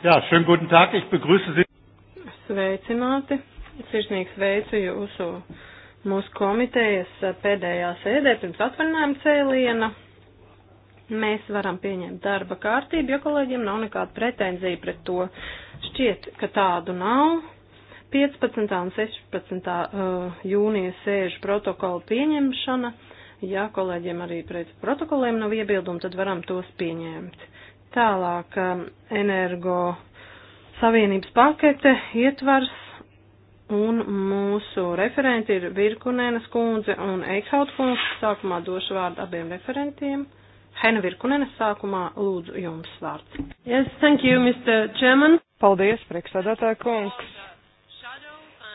Jā, ja, šim guten tag, ich begrüße Sie. Sveicināti, sirsnīgs veicu jūsu mūsu komitejas pēdējā sēdē pirms atvaļinājuma cēliena. Mēs varam pieņemt darba kārtību, jo kolēģiem nav nekāda pretenzija pret to. Šķiet, ka tādu nav. 15. un 16. Uh, jūnija sēžu protokolu pieņemšana. Ja kolēģiem arī pret protokoliem nav iebildumu, tad varam tos pieņemt. Tālāk um, energo savienības pakete ietvars un mūsu referenti ir Virkunēnas kundze un Eikhaut kungs. Sākumā došu vārdu abiem referentiem. Hena Virkunēnas sākumā lūdzu jums vārds. Yes, thank you, Mr. Chairman. Paldies, priekšsēdētāja kungs.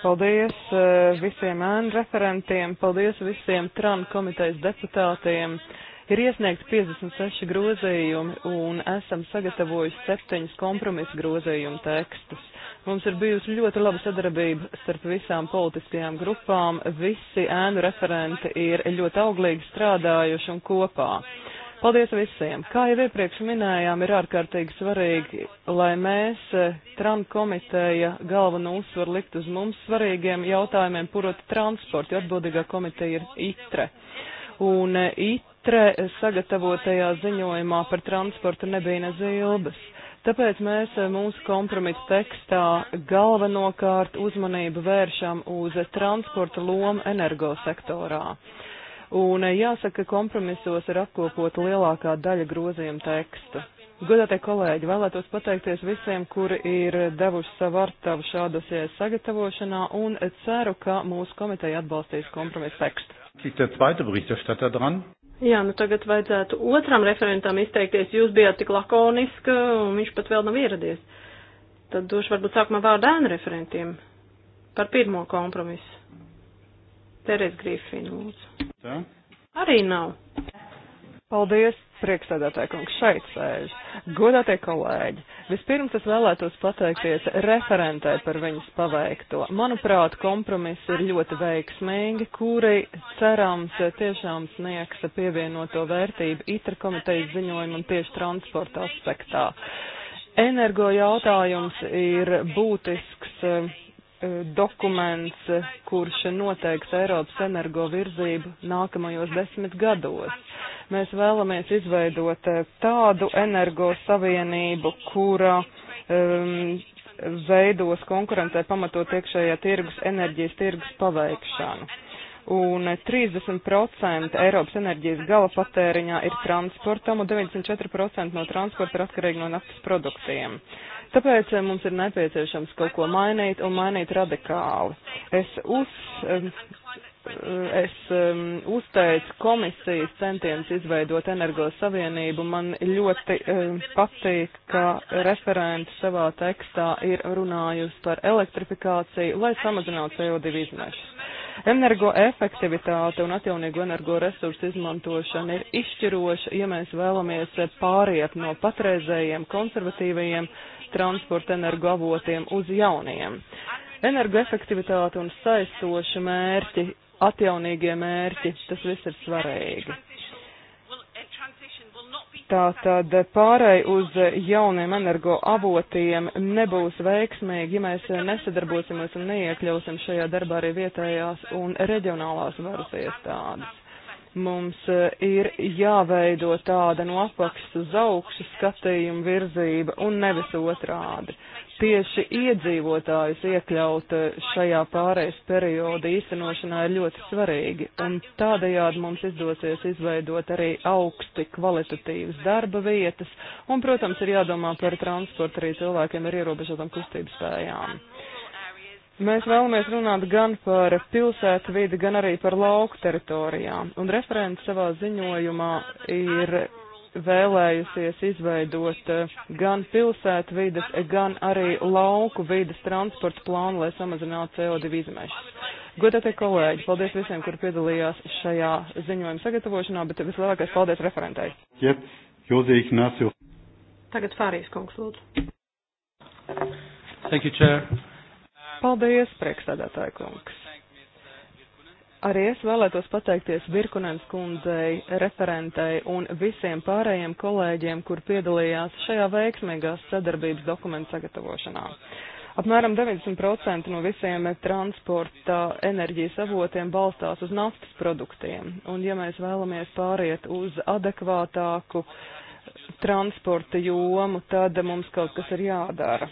Paldies uh, visiem ēnu referentiem, paldies visiem tran komitejas deputātiem. Ir iesniegts 56 grozējumi un esam sagatavojuši septiņus kompromisu grozījumu tekstus. Mums ir bijusi ļoti laba sadarbība starp visām politiskajām grupām, visi ēnu referenti ir ļoti auglīgi strādājuši un kopā. Paldies visiem! Kā jau iepriekš minējām, ir ārkārtīgi svarīgi, lai mēs Trump komiteja galveno uzsvaru likt uz mums svarīgiem jautājumiem, proti transportu, jo atbildīgā komiteja ir ITRE. Un IT eh, itre sagatavotajā ziņojumā par transportu nebija ne zilbas. Tāpēc mēs eh, mūsu kompromisa tekstā galvenokārt uzmanību vēršam uz transporta lomu energosektorā. Un eh, jāsaka, ka kompromisos ir apkopota lielākā daļa grozījuma tekstu. Godātie kolēģi, vēlētos pateikties visiem, kuri ir devuši savu artavu šādosies sagatavošanā un ceru, ka mūsu komiteja atbalstīs kompromisa tekstu. Liegt der zweite Berichterstatter dran? Jā, nu tagad vajadzētu otram referentam izteikties. Jūs bijāt tik lakoniska, un viņš pat vēl nav ieradies. Tad došu varbūt sākumā vārdu ēnu referentiem par pirmo kompromisu. Teres Grīfina, lūdzu. Tā? Arī nav. Paldies priekšsēdētāja kungs šeit sēž. Godātie kolēģi, vispirms es vēlētos pateikties referentē par viņas paveikto. Manuprāt, kompromiss ir ļoti veiksmīgi, kuri cerams tiešām sniegs pievienoto vērtību itra komitejas ziņojumam tieši transporta aspektā. Energo jautājums ir būtisks dokuments, kurš noteiks Eiropas energo virzību nākamajos desmit gados. Mēs vēlamies izveidot eh, tādu energo savienību, kura um, veidos konkurencē pamatot iekšējā tirgus enerģijas tirgus paveikšanu. Un 30% Eiropas enerģijas gala patēriņā ir transportam un 94% no transporta ir atkarīgi no naftas produktiem. Uh, Tāpēc eh, mums ir nepieciešams kaut ko mainīt un mainīt radikāli. Es, uz, eh, es uzteicu komisijas centienus izveidot energosavienību. Man ļoti patīk, ka referenti savā tekstā ir runājusi par elektrifikāciju, lai samazinātu CO2 izmešas. Energoefektivitāte un atjaunīgo energoresursu izmantošana ir izšķiroša, ja mēs vēlamies eh, pāriet no patreizējiem konservatīvajiem transporta energoavotiem uz jauniem. Energoefektivitāte un saistoši mērķi, atjaunīgie mērķi, tas viss ir svarīgi. Tātad pārai uz jauniem energoavotiem nebūs veiksmīgi, ja mēs nesadarbosimies un neiekļausim šajā darbā arī vietējās un reģionālās varas iestādes. Mums e, ir jāveido tāda no apakšas uz augšu skatījuma virzība un nevis otrādi. Tieši iedzīvotājus iekļaut e, šajā pārējais perioda īstenošanā ir ļoti svarīgi, un tādējādi mums izdosies izveidot arī augsti kvalitatīvas darba vietas, un, protams, ir jādomā par transportu arī cilvēkiem ar ierobežotām kustības spējām. Mēs vēlamies runāt gan par pilsētu vidi, gan arī par lauku teritorijām. Un referents savā ziņojumā ir vēlējusies izveidot eh, gan pilsētu vidas, gan arī lauku vidas transporta plānu, lai samazinātu CO2 izmešas. Godātie kolēģi, paldies visiem, kur piedalījās šajā ziņojuma sagatavošanā, bet vislielākais paldies referentai. Jep, Jozī Ignācio. Tagad Fārijas kungs lūdzu. Thank you, Chair. Paldies, priekšstādātāja kungs. Arī es vēlētos pateikties Virkunens kundzei, referentei un visiem pārējiem kolēģiem, kur piedalījās šajā veiksmīgās sadarbības dokumentu sagatavošanā. Apmēram 90% no visiem transporta enerģijas avotiem balstās uz naftas produktiem, un ja mēs vēlamies pāriet uz adekvātāku transporta jomu, tad mums kaut kas ir jādara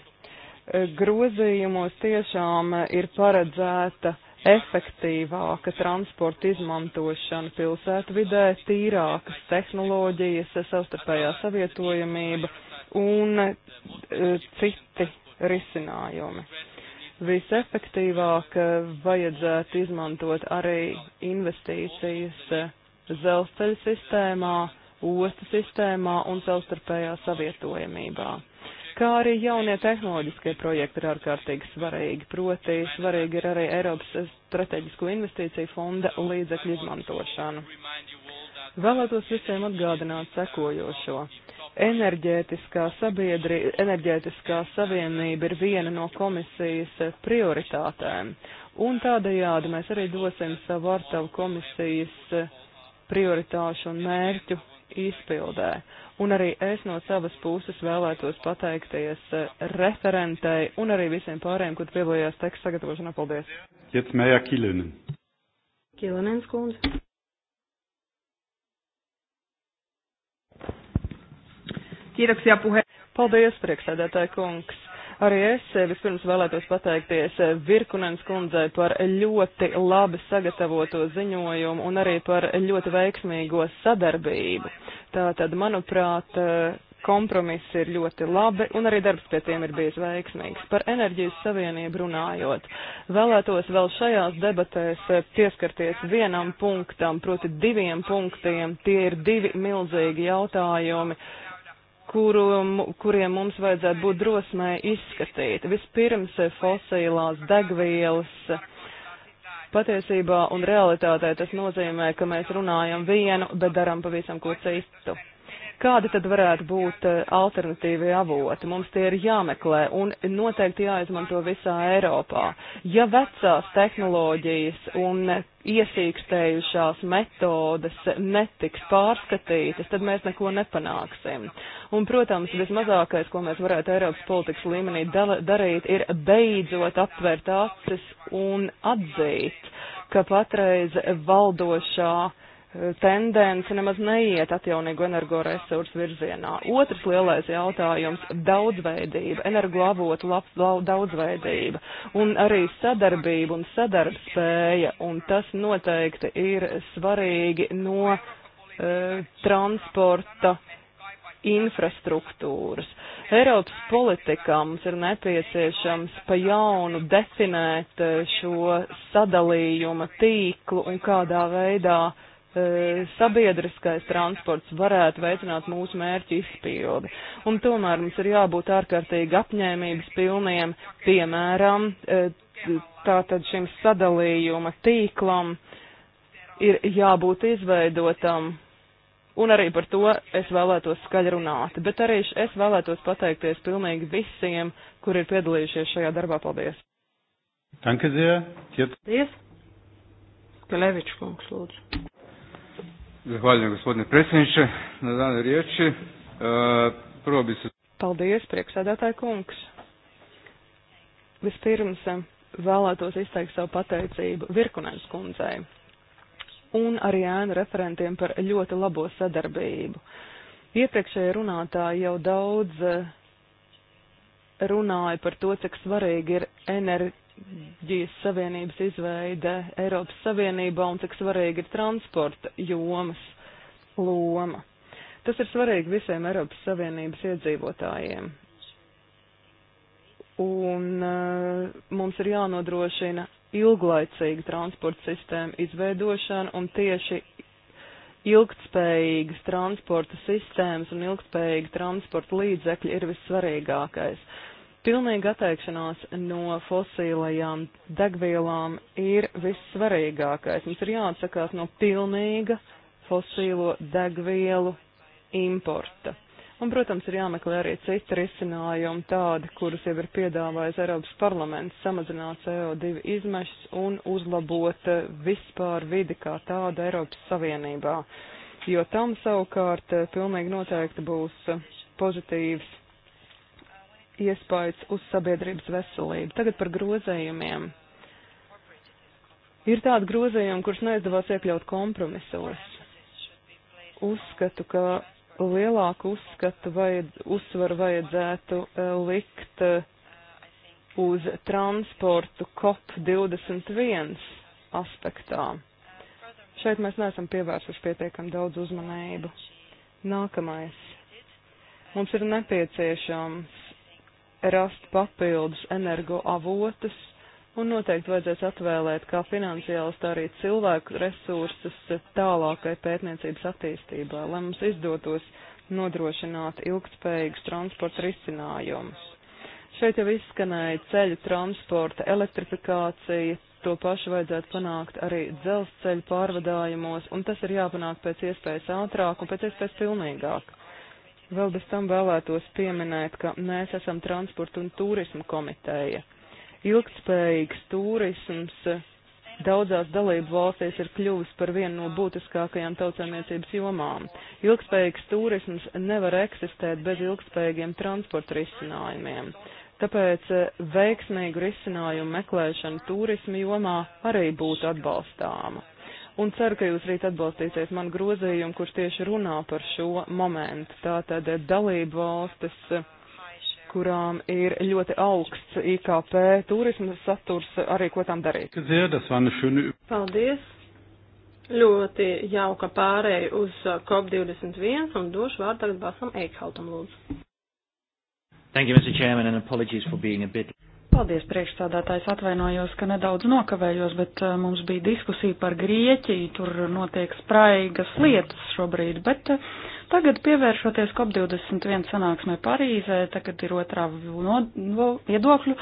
grozījumos tiešām ir paredzēta efektīvāka transporta izmantošana pilsētu vidē, tīrākas tehnoloģijas, savstarpējā savietojamība un e, citi risinājumi. Visefektīvāk e, vajadzētu izmantot arī investīcijas e, dzelzceļa sistēmā, ostu sistēmā un savstarpējā savietojamībā kā arī jaunie tehnoloģiskie projekti ir ārkārtīgi svarīgi. Proti, svarīgi ir arī Eiropas strateģisko investīciju fonda līdzekļu izmantošana. Vēlētos visiem atgādināt sekojošo. Enerģētiskā, sabiedri, enerģētiskā savienība ir viena no komisijas prioritātēm, un tādējādi mēs arī dosim savu ar tavu komisijas prioritāšu un mērķu izpildē. Uh, un arī es no savas puses vēlētos pateikties eh, referentei un arī visiem pārējiem, kur piedalījās teksta sagatavošanā. Paldies! Jetzt Meja Kilinen. Kilinens kundze. Kiitoksia puhe. Paldies, priekšsēdētāja kungs. Arī es vispirms vēlētos pateikties eh, Virkunens kundzei par ļoti labi sagatavoto ziņojumu un arī par ļoti veiksmīgo sadarbību. Tātad, manuprāt, eh, kompromisi ir ļoti labi, un arī darbs pie tiem ir bijis veiksmīgs. Par enerģijas savienību runājot, vēlētos vēl šajās debatēs eh, pieskarties vienam punktam, proti diviem punktiem. Tie ir divi milzīgi jautājumi, kuru, kuriem mums vajadzētu būt drosmē izskatīt. Vispirms eh, fosilās degvielas. Patiesībā un realitātē tas nozīmē, ka mēs runājam vienu, bet daram pavisam ko citu. Kādi tad varētu būt eh, alternatīvi avoti? Mums tie ir jāmeklē un noteikti jāizmanto visā Eiropā. Ja vecās tehnoloģijas un iesīkstējušās metodes netiks pārskatītas, tad mēs neko nepanāksim. Un, protams, vismazākais, ko mēs varētu Eiropas politikas līmenī darīt, ir beidzot apvērt acis un atzīt, ka patreiz valdošā uh, tendence nemaz neiet atjaunīgu energoresursu virzienā. Otrs lielais jautājums - daudzveidība, energoavotu daudzveidība un arī sadarbība un sadarbspēja, un tas noteikti ir svarīgi no uh, transporta infrastruktūras. Eiropas politikams ir nepieciešams pa jaunu definēt e, šo sadalījuma tīklu un kādā veidā uh, Eh, sabiedriskais transports varētu veicināt mūsu mērķu izpildi. Un tomēr mums ir jābūt ārkārtīgi apņēmības pilniem, piemēram, eh, tātad šim sadalījuma tīklam ir jābūt izveidotam. Un arī par to es vēlētos skaļi runāt, bet arī es vēlētos pateikties pilnīgi visiem, kur ir piedalījušies šajā darbā. Paldies! Danke sehr. Jetzt. Paldies. Kalevičs kungs, lūdzu. Zahvaljujem gospodine predsjedniče na dane riječi. E, prvo bi se. Paldies, prieksēdētāji kungs. Vispirms e, vēlētos izteikt savu pateicību Virkunēns kundzei un arī ēnu referentiem par ļoti labo sadarbību. Iepriekšēji runātāji jau daudz e, runāja par to, cik svarīgi ir energi enerģijas savienības izveide Eiropas Savienībā un cik svarīga ir transporta jomas loma. Tas ir svarīgi visiem Eiropas Savienības iedzīvotājiem. Un uh, mums ir jānodrošina ilglaicīga transporta sistēma izveidošana un tieši ilgtspējīgas transporta sistēmas un ilgtspējīga transporta līdzekļi ir vissvarīgākais. Uh, Pilnīga atteikšanās no fosīlajām degvielām ir vissvarīgākais. Mums ir jāatsakās no pilnīga fosīlo degvielu importa. Un, protams, ir jāmeklē arī citi risinājumi, tādi, kurus jau ir piedāvājis Eiropas parlaments, samazināt CO2 izmešas un uzlabot vispār vidi kā tādu Eiropas Savienībā. Jo tam savukārt pilnīgi noteikti būs pozitīvs iespējas uz sabiedrības veselību. Tagad par grozējumiem. Ir tādi grozējumi, kurus neizdevās iekļaut kompromisos. Uzskatu, ka lielāku uzskatu vajad, uzsvaru vajadzētu eh, likt eh, uz transportu COP21 aspektā. Šeit mēs neesam pievērsuši pietiekam daudz uzmanību. Nākamais. Mums ir nepieciešams rast papildus energoavotus, un noteikti vajadzēs atvēlēt kā finansiālus, tā arī cilvēku resursus tālākai pētniecības attīstībā, lai mums izdotos nodrošināt ilgspējīgus transporta risinājumus. Šeit jau izskanēja ceļu transporta elektrifikācija, to pašu vajadzētu panākt arī dzelzceļu pārvadājumos, un tas ir jāpanāk pēc iespējas ātrāk un pēc iespējas pilnīgāk. Vēl bez tam vēlētos pieminēt, ka mēs esam transporta un turisma komiteja. Ilgtspējīgs turisms daudzās dalību valstīs ir kļuvis par vienu no būtiskākajām tautsēmniecības jomām. Ilgspējīgs turisms nevar eksistēt bez ilgspējīgiem transporta risinājumiem. Tāpēc eh, veiksmīgu risinājumu meklēšana turisma jomā arī būtu atbalstāma un ceru, ka jūs rīt atbalstīsiet manu grozījumu, kurš tieši runā par šo momentu. Tātad dalību valstis, kurām ir ļoti augsts IKP turisma saturs, arī ko tam darīt. Paldies! Ļoti jauka pārēja uz COP21 un došu vārdu tagad Basam Eikhautam lūdzu. Thank you, Mr. Chairman, and apologies for being a bit. Paldies, priekšstādātājs. Atvainojos, ka nedaudz nokavējos, bet eh, mums bija diskusija par Grieķiju. Tur notiek spraigas lietas šobrīd, bet eh, tagad pievēršoties COP21 sanāksmē Parīzē, tagad ir otrā no, no, viedokļu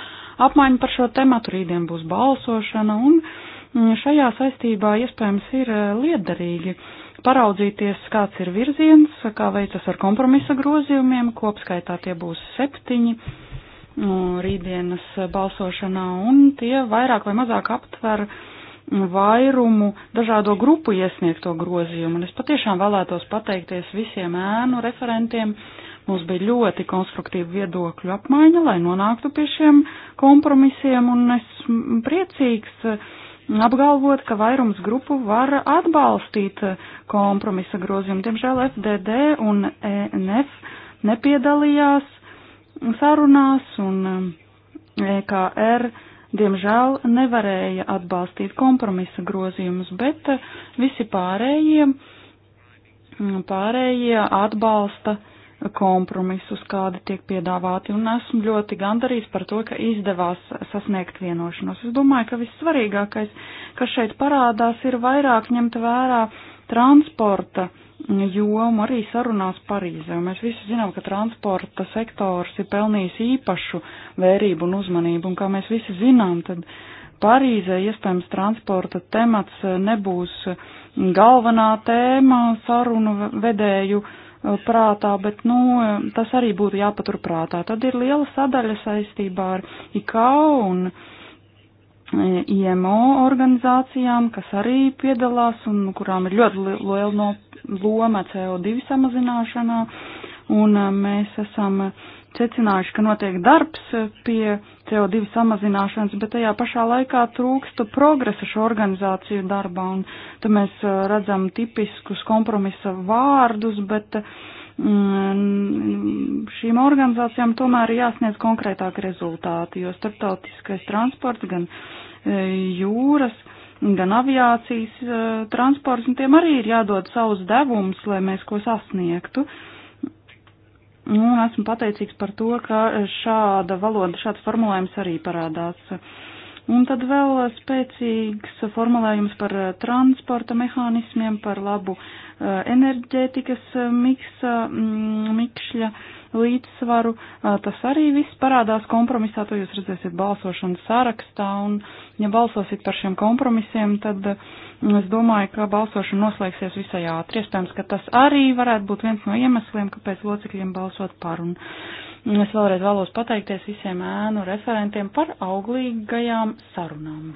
apmaiņa par šo tematu. Rītdien būs balsošana un mm, šajā saistībā iespējams ir eh, liederīgi paraudzīties, kāds ir virziens, kā veicas ar kompromisa grozījumiem. Kopskaitā tie būs septiņi rītdienas balsošanā, un tie vairāk vai mazāk aptver vairumu dažādo grupu iesniegto grozījumu. Un es patiešām vēlētos pateikties visiem ēnu referentiem. Mums bija ļoti konstruktīva viedokļu apmaiņa, lai nonāktu pie šiem kompromisiem, un es priecīgs apgalvot, ka vairums grupu var atbalstīt kompromisa grozījumu. Diemžēl FDD un ENF nepiedalījās sarunās un um, EKR diemžēl nevarēja atbalstīt kompromisa grozījumus, bet uh, visi pārējie, mm, pārējie atbalsta kompromisus, kādi tiek piedāvāti, un esmu ļoti gandarīts par to, ka izdevās sasniegt vienošanos. Es domāju, ka vissvarīgākais, kas šeit parādās, ir vairāk ņemt vērā transporta uh, jomu arī sarunās Parīzē. Mēs visi zinām, ka transporta sektors ir pelnījis īpašu vērību un uzmanību, un kā mēs visi zinām, tad Parīzē iespējams transporta temats nebūs galvenā tēma sarunu vedēju uh, prātā, bet, nu, tas arī būtu jāpatur prātā. Tad ir liela sadaļa saistībā ar IKAU un e, IMO organizācijām, kas arī piedalās un kurām ir ļoti liela no loma CO2 samazināšanā, un uh, mēs esam secinājuši, ka notiek darbs uh, pie CO2 samazināšanas, bet tajā pašā laikā trūksta progresa šo organizāciju darbā, un te mēs uh, redzam tipiskus kompromisa vārdus, bet mm, šīm organizācijām tomēr ir jāsniedz konkrētāki rezultāti, jo starptautiskais transports gan jūras, gan aviācijas e, transports, un tiem arī ir jādod savus devumus, lai mēs ko sasniegtu. Un esmu pateicīgs par to, ka šāda valoda, šāds formulējums arī parādās. Un tad vēl spēcīgs formulējums par e, transporta mehānismiem, par labu e, enerģētikas miksa, mikšļa. Uh, līdzsvaru. Tas arī viss parādās kompromisā, to jūs redzēsiet balsošanas sarakstā, un ja balsosit par šiem kompromisiem, tad mm, es domāju, ka balsošana noslēgsies visai ātri. Iespējams, ka tas arī varētu būt viens no iemesliem, kāpēc locekļiem balsot par. Un, mm, Es vēlreiz vēlos pateikties visiem ēnu referentiem par auglīgajām sarunām.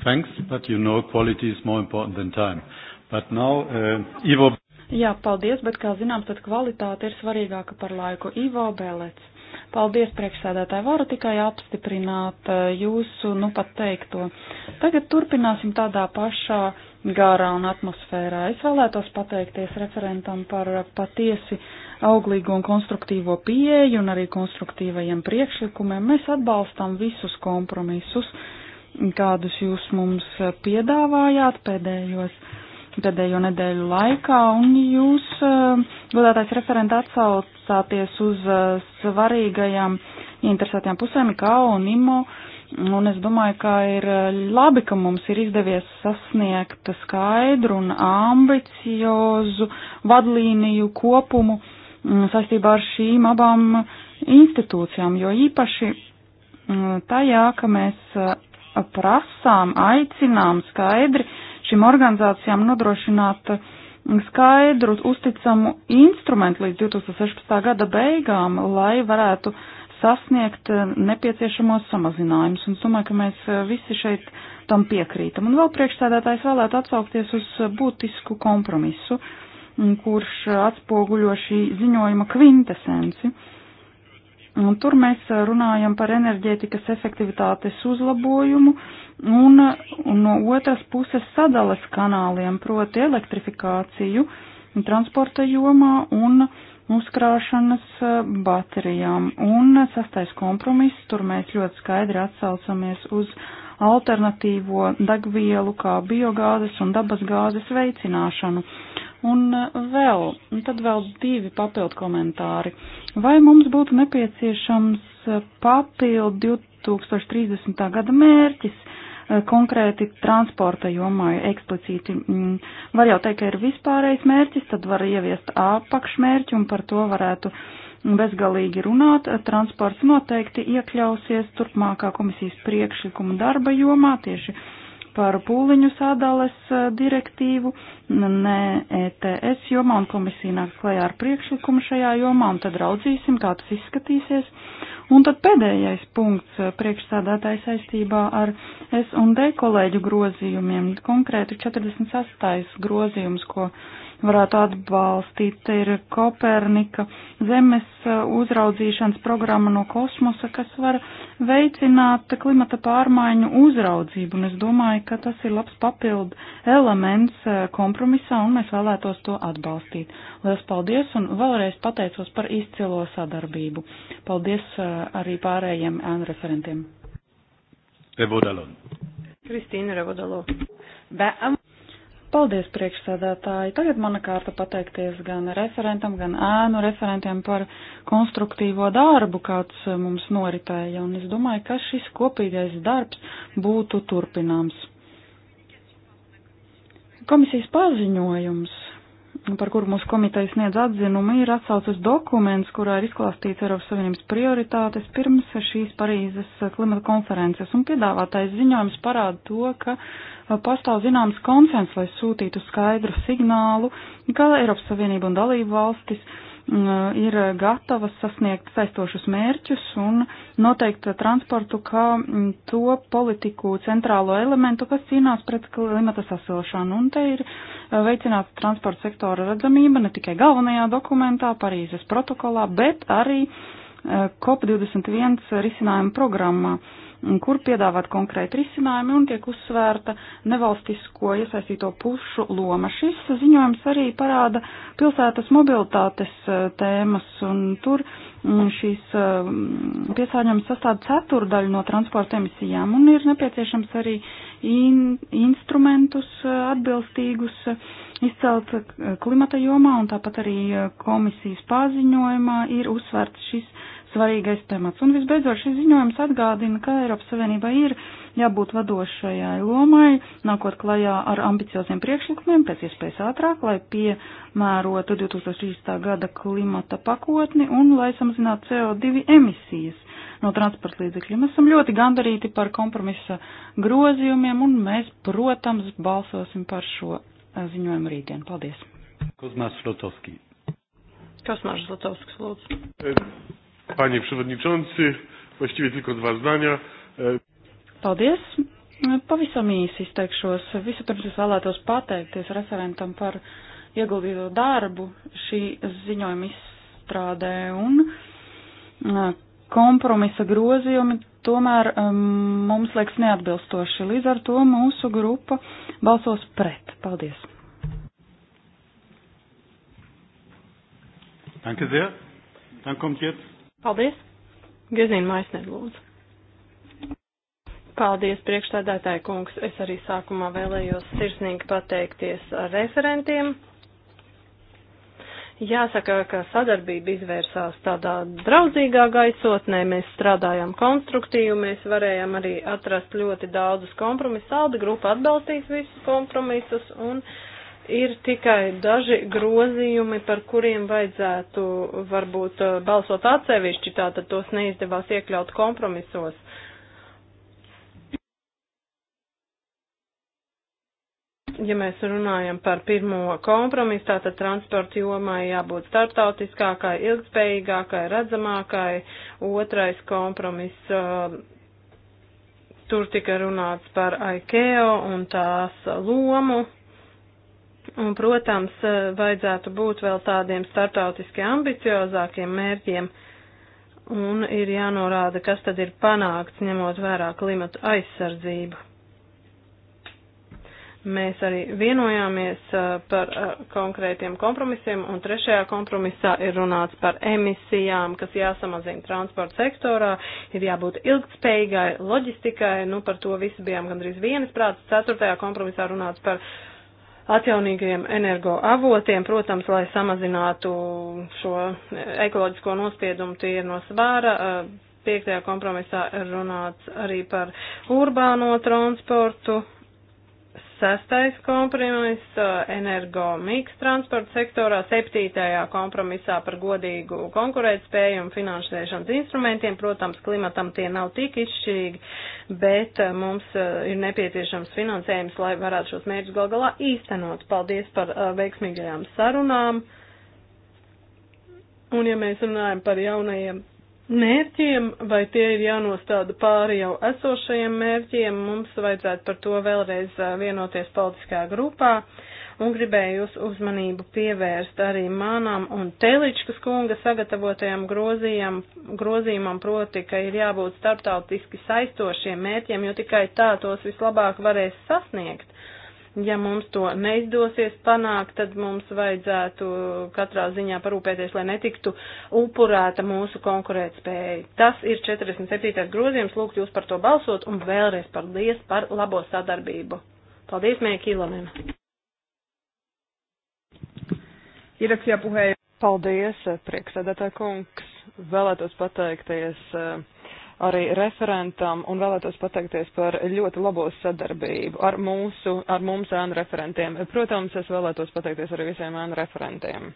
Thanks, but you know quality is more important than time. But now, uh, Ivo. Jā, paldies, bet, kā zināms, tad kvalitāte ir svarīgāka par laiku. Ivo Bēlets. Paldies, priekšsēdētāji, varu tikai apstiprināt eh, jūsu, nu, pat teikto. Tagad turpināsim tādā pašā garā un atmosfērā. Es vēlētos pateikties referentam par patiesi auglīgu un konstruktīvo pieeju un arī konstruktīvajiem priekšlikumiem. Mēs atbalstam visus kompromisus, kādus jūs mums eh, piedāvājāt pēdējos pēdējo nedēļu laikā, un jūs, eh, godātais referents, atsaucāties uz eh, svarīgajām interesētajām pusēm, kā un IMO, un es domāju, ka ir eh, labi, ka mums ir izdevies sasniegt skaidru un ambiciozu vadlīniju kopumu mm, saistībā ar šīm abām institūcijām, jo īpaši mm, tajā, ka mēs prasām, aicinām skaidri, uh, šīm organizācijām nodrošināt eh, skaidru, uzticamu instrumentu līdz 2016. gada beigām, lai varētu sasniegt eh, nepieciešamos samazinājumus. Un es domāju, ka mēs eh, visi šeit tam piekrītam. Un vēl priekšsēdētājs vēlētu atsaukties uz būtisku kompromisu, kurš atspoguļo šī ziņojuma kvintesenci. Un tur mēs runājam par enerģētikas efektivitātes uzlabojumu un, un no otras puses sadales kanāliem, proti elektrifikāciju transporta jomā un uzkrāšanas eh, baterijām. Un sastais kompromiss, tur mēs ļoti skaidri atsaucamies uz alternatīvo degvielu kā biogāzes un dabasgāzes veicināšanu. Un eh, vēl, un tad vēl divi papildu komentāri. Vai mums būtu nepieciešams eh, papildu 2030. gada mērķis? Eh, konkrēti transporta jomā eksplicīti. Mm, var jau teikt, ka ir vispārējais mērķis, tad var ieviest apakšmērķi un par to varētu bezgalīgi runāt. Eh, transports noteikti iekļausies turpmākā komisijas priekšlikuma darba jomā tieši par pūliņu sādales eh, direktīvu, ne ETS jomā, un komisija nāks klajā ar priekšlikumu šajā jomā, un tad raudzīsim, kā tas izskatīsies. Uh, Un tad pēdējais punkts eh, priekšsādātāja saistībā ar S un D kolēģu grozījumiem, konkrēti 46. grozījums, ko varētu atbalstīt. Ir Kopernika zemes uh, uzraudzīšanas programma no kosmosa, kas var veicināt klimata pārmaiņu uzraudzību, un es domāju, ka tas ir labs papildu elements uh, kompromisā, un mēs vēlētos to atbalstīt. Lielas paldies, un vēlreiz pateicos par izcilo sadarbību. Paldies uh, arī pārējiem ēnu referentiem. Revodalon. Cristina Revodalo. Ben, Paldies, priekšsēdētāji. Tagad mana kārta pateikties gan referentam, gan ēnu referentiem par konstruktīvo darbu, kāds eh, mums noritēja, un es domāju, ka šis kopīgais darbs būtu turpināms. Komisijas paziņojums Nu, par kuru mūsu komiteja sniedz atzinumu, ir atsaucas dokuments, kurā ir izklāstīts Eiropas Savienības prioritātes pirms šīs Parīzes klimata konferences, un piedāvātais ziņojums parāda to, ka uh, pastāv zināms konsens, lai sūtītu skaidru signālu, ka Eiropas Savienība un dalību valstis uh, Mm, eh, ir gatavas sasniegt saistošus mērķus un noteikt transportu kā mm, to politiku centrālo elementu, kas cīnās pret klimata sasilšanu. Un te ir eh, veicināts transporta sektora redzamība ne tikai galvenajā dokumentā, Parīzes protokolā, bet arī eh, COP21 risinājuma programmā. Uh, kur piedāvāt konkrēti risinājumi un tiek uzsvērta nevalstisko iesaistīto pušu loma. Šis ziņojums arī parāda pilsētas mobilitātes e, tēmas un tur mm, šīs e, mm, piesāņojums sastāv ceturdaļu no transporta emisijām un ir nepieciešams arī in, instrumentus e, atbilstīgus izcelt klimata jomā un tāpat arī komisijas paziņojumā ir uzsvērts šis svarīgais temats. Un visbeidzot, šis ziņojums atgādina, ka Eiropas Savienībai ir jābūt vadošajai lomai, nākot klajā ar ambicioziem priekšlikumiem pēc iespējas ātrāk, lai piemērotu 2030. gada klimata pakotni un lai samazinātu CO2 emisijas no transporta līdzekļiem. Mēs esam ļoti gandarīti par kompromisa grozījumiem un mēs, protams, balsosim par šo eh, ziņojumu rītdien. Paldies! Kosmārs Rotovskis. Kosmārs Rotovskis, lūdzu. Panie Przewodniczący, właściwie tylko dwa zdania. E, Paldies! Pavisam īsi izteikšos. Vispirms es vēlētos pateikties referentam par ieguldīto darbu šī ziņojuma izstrādē un e, kompromisa grozījumi tomēr e, mums liekas neatbilstoši. Līdz ar to mūsu grupa balsos pret. Paldies! Danke sehr. Dann kommt jetzt Paldies! Gezīna Maisner lūdzu. Paldies, priekšstādātāja kungs. Es arī sākumā vēlējos sirsnīgi pateikties referentiem. Jāsaka, ka sadarbība izvērsās tādā draudzīgā gaisotnē, mēs strādājām konstruktīvi, mēs varējām arī atrast ļoti daudzus kompromisus. Alda grupa atbalstīs visus kompromisus un uh, ir tikai daži grozījumi, par kuriem vajadzētu varbūt eh, balsot atsevišķi, tātad tos neizdevās iekļaut kompromisos. Ja mēs runājam par pirmo kompromisu, tātad transporta jomai jābūt startautiskākai, ilgspējīgākai, redzamākai, otrais kompromiss. Uh, tur tika runāts par IKEA un tās lomu. Un, protams, eh, vajadzētu būt vēl tādiem startautiski ambiciozākiem mērķiem, un ir jānorāda, kas tad ir panākts, ņemot vērā klimatu aizsardzību. Mēs arī vienojāmies eh, par eh, konkrētiem kompromisiem, un trešajā kompromisā ir runāts par emisijām, kas jāsamazina transporta sektorā, ir jābūt ilgtspējīgai loģistikai, nu par to visi bijām gandrīz vienas prātas. Ceturtajā kompromisā runāts par uh, atjaunīgajiem energoavotiem, protams, lai samazinātu šo ekoloģisko nospiedumu, tie ir no svāra. Piektajā kompromisā runāts arī par urbāno transportu, Sastais kompromiss uh, - energo miks transporta sektorā, septītajā kompromisā par godīgu konkurētspēju un finansēšanas instrumentiem. Protams, klimatam tie nav tik izšķirīgi, bet uh, mums uh, ir nepieciešams finansējums, lai varētu šos mērķus gal galā īstenot. Paldies par veiksmīgajām sarunām. Un ja mēs runājam par jaunajiem mērķiem, vai tie ir jānostāda pāri jau esošajiem mērķiem. Mums vajadzētu par to vēlreiz vienoties politiskā grupā. Un gribēju jūs uzmanību pievērst arī manām un Teličkas kunga sagatavotajām grozījumam, proti, ka ir jābūt starptautiski saistošiem mērķiem, jo tikai tā tos vislabāk varēs sasniegt. Uh, Ja mums to neizdosies panākt, tad mums vajadzētu katrā ziņā parūpēties, lai netiktu upurēta mūsu konkurētspēja. Tas ir 47. grozījums, lūgt jūs par to balsot un vēlreiz paldies par labo sadarbību. Paldies, Mēja Kilonen. Ieraksījā puheja. Paldies, prieksēdētā kungs. Vēlētos pateikties. Uh, arī referentam un vēlētos pateikties par ļoti labo sadarbību ar mūsu, ar mums ēnu referentiem. Protams, es vēlētos pateikties arī visiem ēnu referentiem.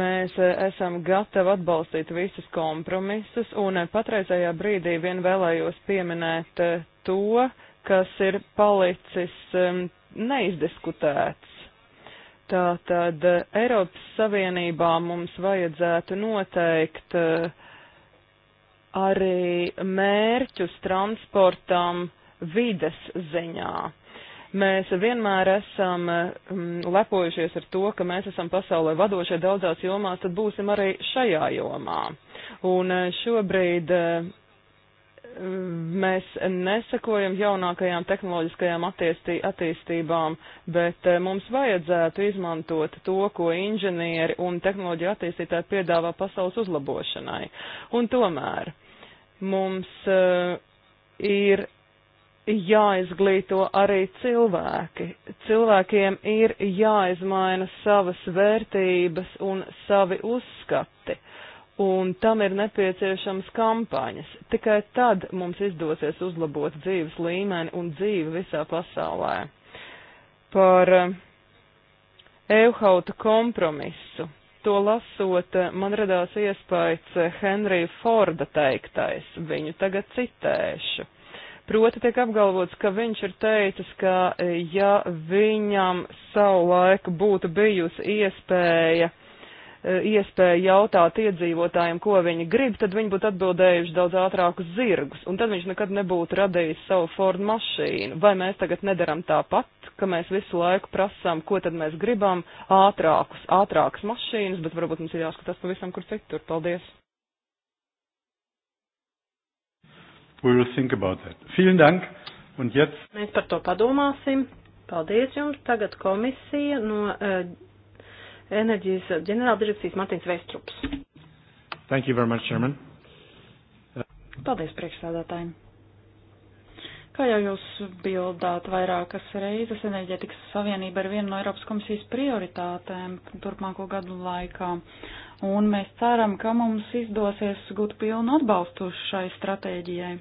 Mēs eh, esam gatavi atbalstīt visus kompromisus un eh, patreizajā brīdī vien vēlējos pieminēt eh, to, kas ir palicis ehm, neizdiskutēts. Tātad Eiropas Savienībā mums vajadzētu noteikt uh, arī mērķus transportam vides ziņā. Mēs vienmēr esam mm, lepojušies ar to, ka mēs esam pasaulē vadošie daudzās jomās, tad būsim arī šajā jomā. Un e, šobrīd e, mēs nesakojam jaunākajām tehnoloģiskajām attīstī, attīstībām, bet e, mums vajadzētu izmantot to, ko inženieri un tehnoloģija attīstītāji piedāvā pasaules uzlabošanai. Un tomēr Mums uh, ir jāizglīto arī cilvēki. Cilvēkiem ir jāizmaina savas vērtības un savi uzskati, un tam ir nepieciešams kampaņas. Tikai tad mums izdosies uzlabot dzīves līmeni un dzīvi visā pasaulē. Par uh, eh, Euhauta kompromisu To lasot, eh, man radās iespējas eh, Henrija Forda teiktais, viņu tagad citēšu. Proti tiek apgalvots, ka viņš ir teicis, ka eh, ja viņam savu laiku būtu bijusi iespēja uh, Eh, iespēju jautāt iedzīvotājiem, ko viņi grib, tad viņi būtu atbildējuši daudz ātrākus zirgus, un tad viņš nekad nebūtu radījis savu Ford mašīnu. Vai mēs tagad nedaram tāpat, ka mēs visu laiku prasām, ko tad mēs gribam, ātrākus, ātrākas mašīnas, bet varbūt mums ir jāskatās pavisam kur citur. Paldies! We will think about that. Vielen Dank. Und jetzt? Mēs par to padomāsim. Paldies jums. Tagad komisija no uh, enerģijas ģenerāldirekcijas Martins Vestrups. Thank you very much, Chairman. Paldies priekšsādātājiem. Kā jau jūs bildāt vairākas reizes, enerģētikas savienība ir viena no Eiropas komisijas prioritātēm turpmāko gadu laikā. Un mēs ceram, ka mums izdosies gūt pilnu atbalstu šai stratēģijai.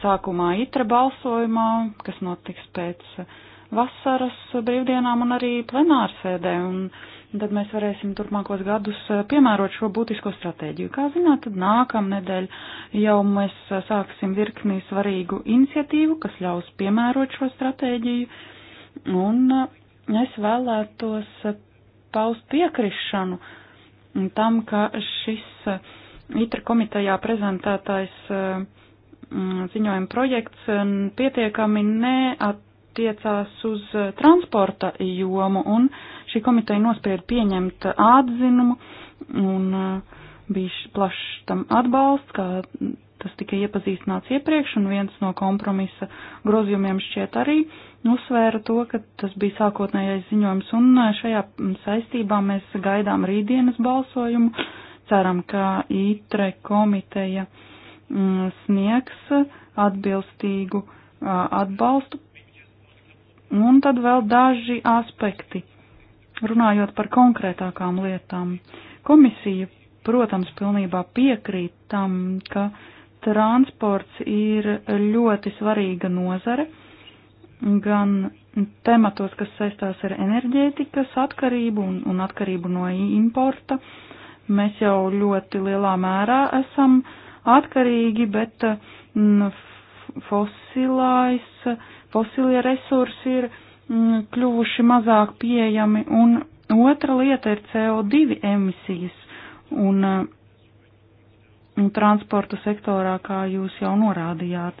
Sākumā itra balsojumā, kas notiks pēc uh, vasaras brīvdienām un arī plenārsēdē, un tad mēs varēsim turpmākos gadus eh, piemērot šo būtisko stratēģiju. Kā zināt, tad nākamnedēļ jau mēs eh, sāksim virknī svarīgu iniciatīvu, kas ļaus piemērot šo stratēģiju, un eh, es vēlētos paust piekrišanu tam, ka šis ITRA komitejā prezentētais ziņojuma projekts pietiekami neat attiecās uz eh, transporta jomu, un šī komiteja nosprieda pieņemt atzinumu, un eh, bija plašs tam atbalsts, kā tas tika iepazīstināts iepriekš, un viens no kompromisa grozījumiem šķiet arī uzsvēra to, ka tas bija sākotnējais ziņojums, un eh, šajā saistībā mēs gaidām rītdienas balsojumu, ceram, ka ITRE komiteja mm, sniegs atbilstīgu atbalstu Un tad vēl daži aspekti, runājot par konkrētākām lietām. Komisija, protams, pilnībā piekrīt tam, ka transports ir ļoti svarīga nozare, gan tematos, kas saistās ar enerģētikas atkarību un, un atkarību no importa. Mēs jau ļoti lielā mērā esam atkarīgi, bet mm, fosilais fosilie resursi ir mm, kļuvuši mazāk pieejami, un otra lieta ir CO2 emisijas un mm, transporta sektorā, kā jūs jau norādījāt,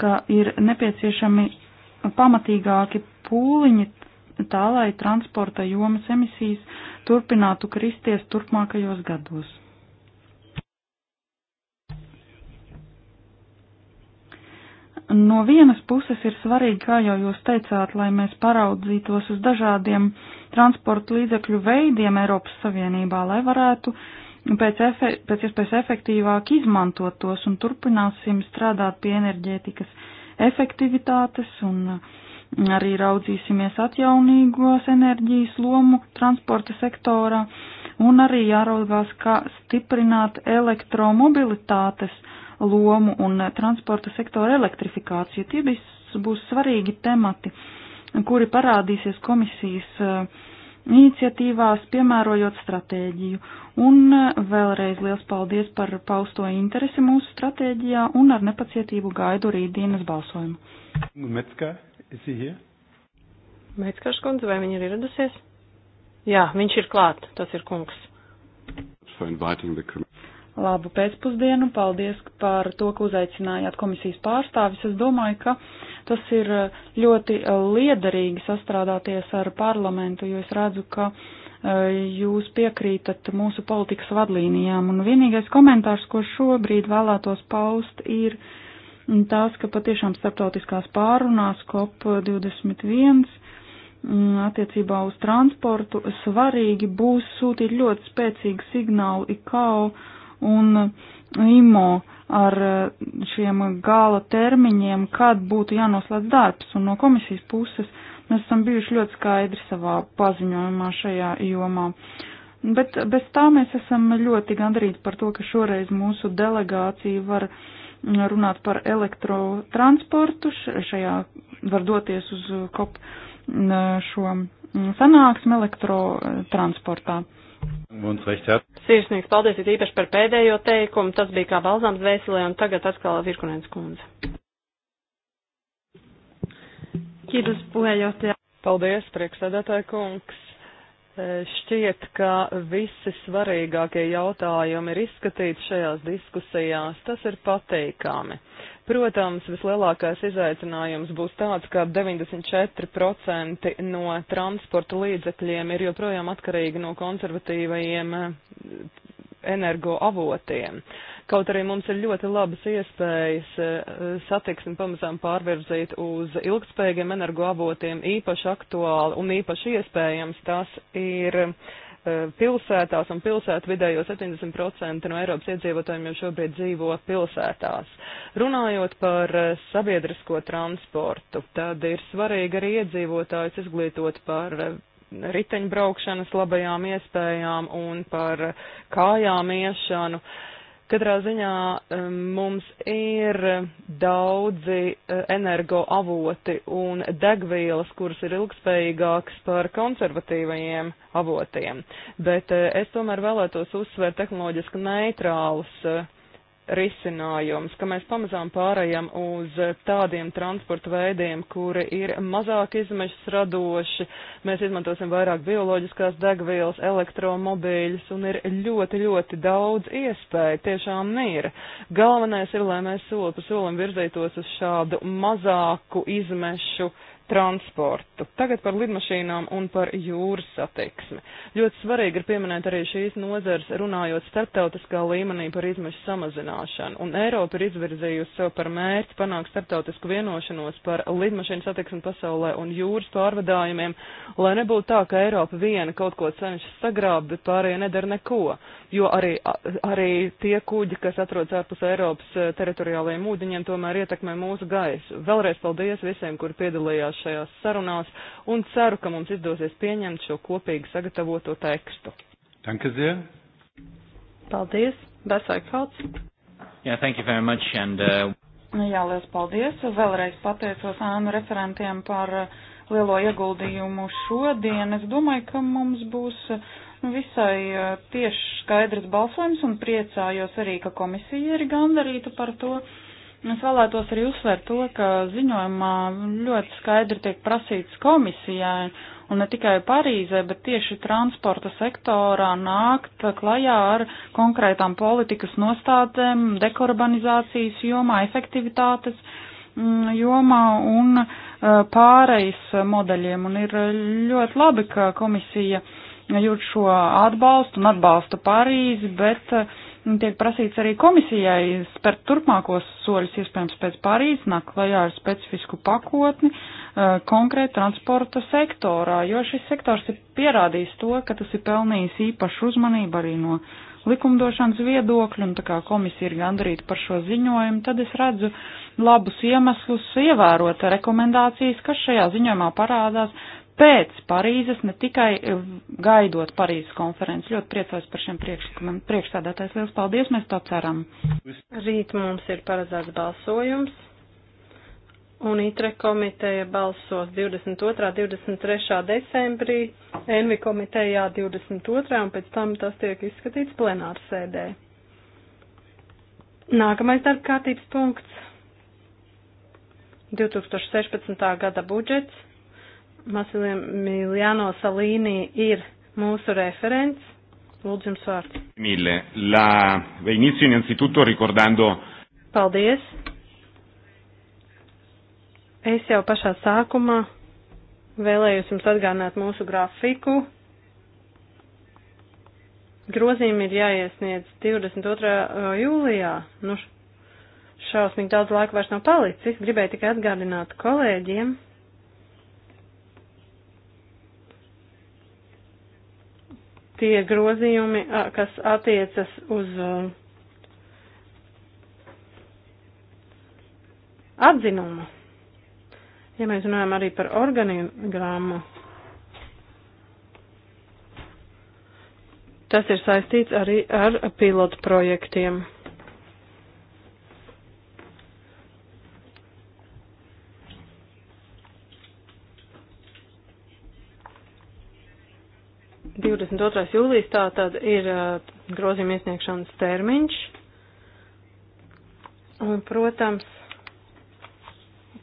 ka ir nepieciešami pamatīgāki pūliņi tā, lai transporta jomas emisijas turpinātu kristies turpmākajos gados. no vienas puses ir svarīgi, kā jau jūs teicāt, lai mēs paraudzītos uz dažādiem transporta līdzekļu veidiem Eiropas Savienībā, lai varētu pēc, efe, pēc iespējas efektīvāk izmantot tos un turpināsim strādāt pie enerģētikas efektivitātes un arī raudzīsimies atjaunīgos enerģijas lomu transporta sektorā un arī jāraugās, kā stiprināt elektromobilitātes uh, lomu un eh, transporta sektora elektrifikāciju. Tie viss būs svarīgi temati, kuri parādīsies komisijas eh, iniciatīvās, piemērojot stratēģiju. Un eh, vēlreiz liels paldies par pausto interesi mūsu stratēģijā un ar nepacietību gaidu rītdienas balsojumu. Metzger, is he here? Metzgers kundze, vai viņa ir ieradusies? Jā, viņš ir klāt, tas ir kungs labu pēcpusdienu. Paldies par to, ka uzaicinājāt komisijas pārstāvis. Es domāju, ka tas ir ļoti liederīgi sastrādāties ar parlamentu, jo es redzu, ka e, jūs piekrītat mūsu politikas vadlīnijām. Un vienīgais komentārs, ko šobrīd vēlētos paust, ir tās, ka patiešām starptautiskās pārunās COP21 mm, attiecībā uz transportu svarīgi būs sūtīt ļoti spēcīgu signālu IKAU un IMO ar eh, šiem gala termiņiem, kad būtu jānoslēdz darbs, un no komisijas puses mēs esam bijuši ļoti skaidri savā paziņojumā šajā jomā. Bet bez tā mēs esam ļoti gandrīti par to, ka šoreiz mūsu delegācija var runāt par elektrotransportu, šajā var doties uz kop šo sanāksmi elektrotransportā. Sirsnīgs paldies ir īpaši par pēdējo teikumu. Tas bija kā balzāms vēselē un tagad atkal virkunēns kundze. Kīdus puheenjohtaja. Paldies, priekšsēdētāja kungs. E, šķiet, ka visi svarīgākie jautājumi ir izskatīti šajās diskusijās. Tas ir pateikami. Protams, vislielākais izaicinājums būs tāds, ka 94% no transporta līdzekļiem ir joprojām atkarīgi no konservatīvajiem eh, energoavotiem. Kaut arī mums ir ļoti labas iespējas eh, satiksmi pamazām pārvirzīt uz ilgspējīgiem energoavotiem, īpaši aktuāli un īpaši iespējams tas ir Eh, pilsētās un pilsētu vidējo 70% no Eiropas iedzīvotājiem jau šobrīd dzīvo pilsētās. Runājot par eh, sabiedrisko transportu, tad ir svarīgi arī iedzīvotājus izglītot par eh, riteņbraukšanas labajām iespējām un par kājām iešanu. Uh, Katrā ziņā mums ir daudzi e, energoavoti un degvielas, kuras ir ilgspējīgākas par konservatīvajiem avotiem, bet e, es tomēr vēlētos uzsvērt tehnoloģiski neitrālus uh, risinājums, ka mēs pamazām pārējām uz tādiem transporta veidiem, kuri ir mazāk izmešas radoši, mēs izmantosim vairāk bioloģiskās degvielas, elektromobīļus un ir ļoti, ļoti daudz iespēju, tiešām ir. Galvenais ir, lai mēs soli pa solim virzītos uz šādu mazāku izmešu uh, transportu. Tagad par lidmašīnām un par jūras satiksmi. Ļoti svarīgi ir pieminēt arī šīs nozars, runājot starptautiskā līmenī par izmešu samazināšanu. Un Eiropa ir izvirzījusi sev par mērķi panākt starptautisku vienošanos par lidmašīnu satiksmi pasaulē un jūras pārvadājumiem, lai nebūtu tā, ka Eiropa viena kaut ko cenšas sagrābt, bet pārējie nedara neko. Jo arī, arī tie kuģi, kas atrodas ārpus Eiropas eh, teritoriālajiem ūdeņiem, tomēr ietekmē mūsu gaisu. Vēlreiz paldies visiem, kuri piedalījās piedalījās šajās sarunās un ceru, ka mums izdosies pieņemt šo kopīgi sagatavoto tekstu. Danke sehr. Paldies. Besaikauts. Yeah, thank you very much and uh... Jā, liels paldies. Vēlreiz pateicos ānu referentiem par uh, lielo ieguldījumu šodien. Es domāju, ka mums būs uh, visai uh, tieši skaidrs balsojums un priecājos arī, ka komisija ir gandarīta par to. Uh, Es vēlētos arī uzsvērt to, ka ziņojumā ļoti skaidri tiek prasīts komisijai un ne tikai Parīzē, bet tieši transporta sektorā nākt klajā ar konkrētām politikas nostādēm, dekarbonizācijas jomā, efektivitātes mm, jomā un eh, pārejas modeļiem. Un ir ļoti labi, ka komisija jūt šo atbalstu un atbalsta Parīzi, bet uh, tiek prasīts arī komisijai spērt turpmākos soļus, iespējams, pēc Parīzes, nāk klajā ar specifisku pakotni eh, konkrēti transporta sektorā, jo šis sektors ir pierādījis to, ka tas ir pelnījis īpašu uzmanību arī no likumdošanas viedokļu, un tā kā komisija ir gandarīta par šo ziņojumu, tad es redzu labus iemeslus ievērot rekomendācijas, kas šajā ziņojumā parādās pēc Parīzes, ne tikai gaidot Parīzes konferenci. Ļoti priecājos par šiem priekšlikumiem. Priekšsādātājs liels paldies, mēs to ceram. Rīt mums ir paredzēts balsojums. Un ITRE komiteja balsos 22. 23. decembrī, ENVI komitejā 22. un pēc tam tas tiek izskatīts plenāru sēdē. Nākamais darba kārtības punkts - 2016. gada budžets Masiliano Salīnī ir mūsu referents. Lūdzu, jums vārds. Mille, la inizio innanzitutto ricordando. Paldies. Es jau pašā sākumā vēlējos jums atgādināt mūsu grafiku. Grozījumi ir jāiesniedz 22. Uh, jūlijā. Nu, šausmīgi daudz laika vairs nav palicis. Gribēju tikai atgādināt kolēģiem. tie grozījumi, kas attiecas uz atzinumu. Ja mēs runājam arī par organigrammu, tas ir saistīts arī ar pilotu projektiem. 22. jūlijas tā tad ir grozījuma iesniegšanas termiņš. Un, protams,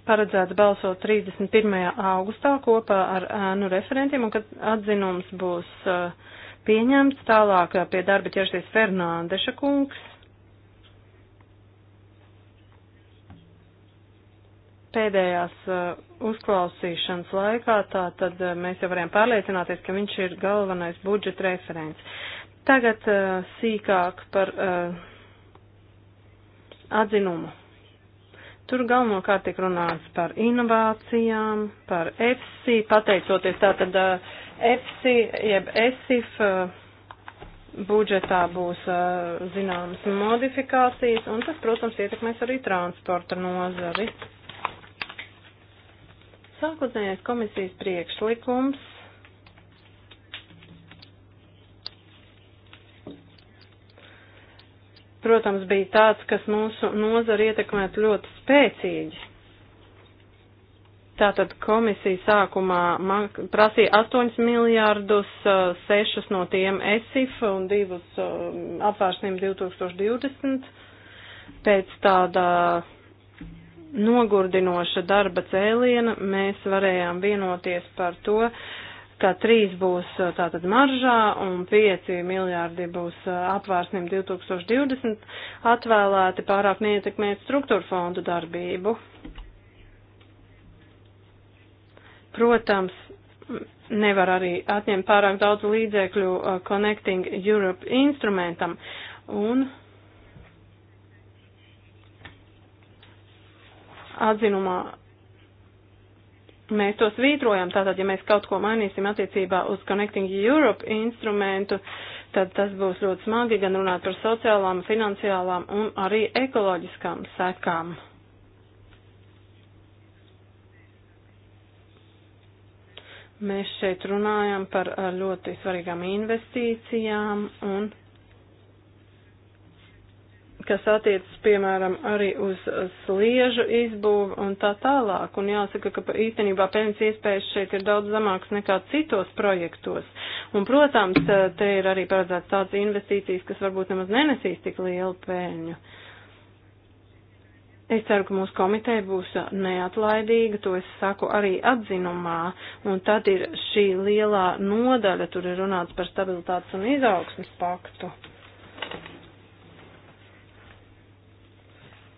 paredzēts balsot 31. augustā kopā ar ēnu referentiem, un kad atzinums būs pieņemts, tālāk pie darba ķersies Fernandeša kungs. pēdējās eh, uzklausīšanas laikā, tā tad eh, mēs jau varējām pārliecināties, ka viņš ir galvenais budžeta referents. Tagad eh, sīkāk par atzinumu. Tur galvenokārt tiek runāts par inovācijām, par EFSI, pateicoties tātad EFSI, jeb ESIF budžetā būs zināmas modifikācijas, un tas, protams, ietekmēs arī transporta nozari. Sākotnējais komisijas priekšlikums protams, bija tāds, kas mūsu nozari ietekmētu ļoti spēcīgi. Tātad komisija sākumā prasīja 8 miljārdus, 6 no tiem ESIF un 2 apvērstiem 2020. Pēc tādā nogurdinoša darba cēliena mēs varējām vienoties par to, ka 3 būs uh, tātad maržā un 5 miljārdi būs uh, apvārsnim 2020 atvēlēti pārāk neietekmēt struktūra fondu darbību. Protams, nevar arī atņemt pārāk daudz līdzekļu uh, Connecting Europe instrumentam un atzinumā mēs to svītrojam. Tātad, ja mēs kaut ko mainīsim attiecībā uz Connecting Europe instrumentu, tad tas būs ļoti smagi gan runāt par sociālām, finansiālām un arī ekoloģiskām sekām. Mēs šeit runājam par ļoti svarīgām investīcijām un kas attiecas, piemēram, arī uz sliežu izbūvu un tā tālāk. Un jāsaka, ka īstenībā peļņas iespējas šeit ir daudz zamāks nekā citos projektos. Un, protams, te ir arī paredzēts tāds investīcijas, kas varbūt nemaz nenesīs tik lielu peļņu. Es ceru, ka mūsu komiteja būs neatlaidīga, to es saku arī atzinumā, un tad ir šī lielā nodaļa, tur ir runāts par stabilitātes un izaugsmas paktu.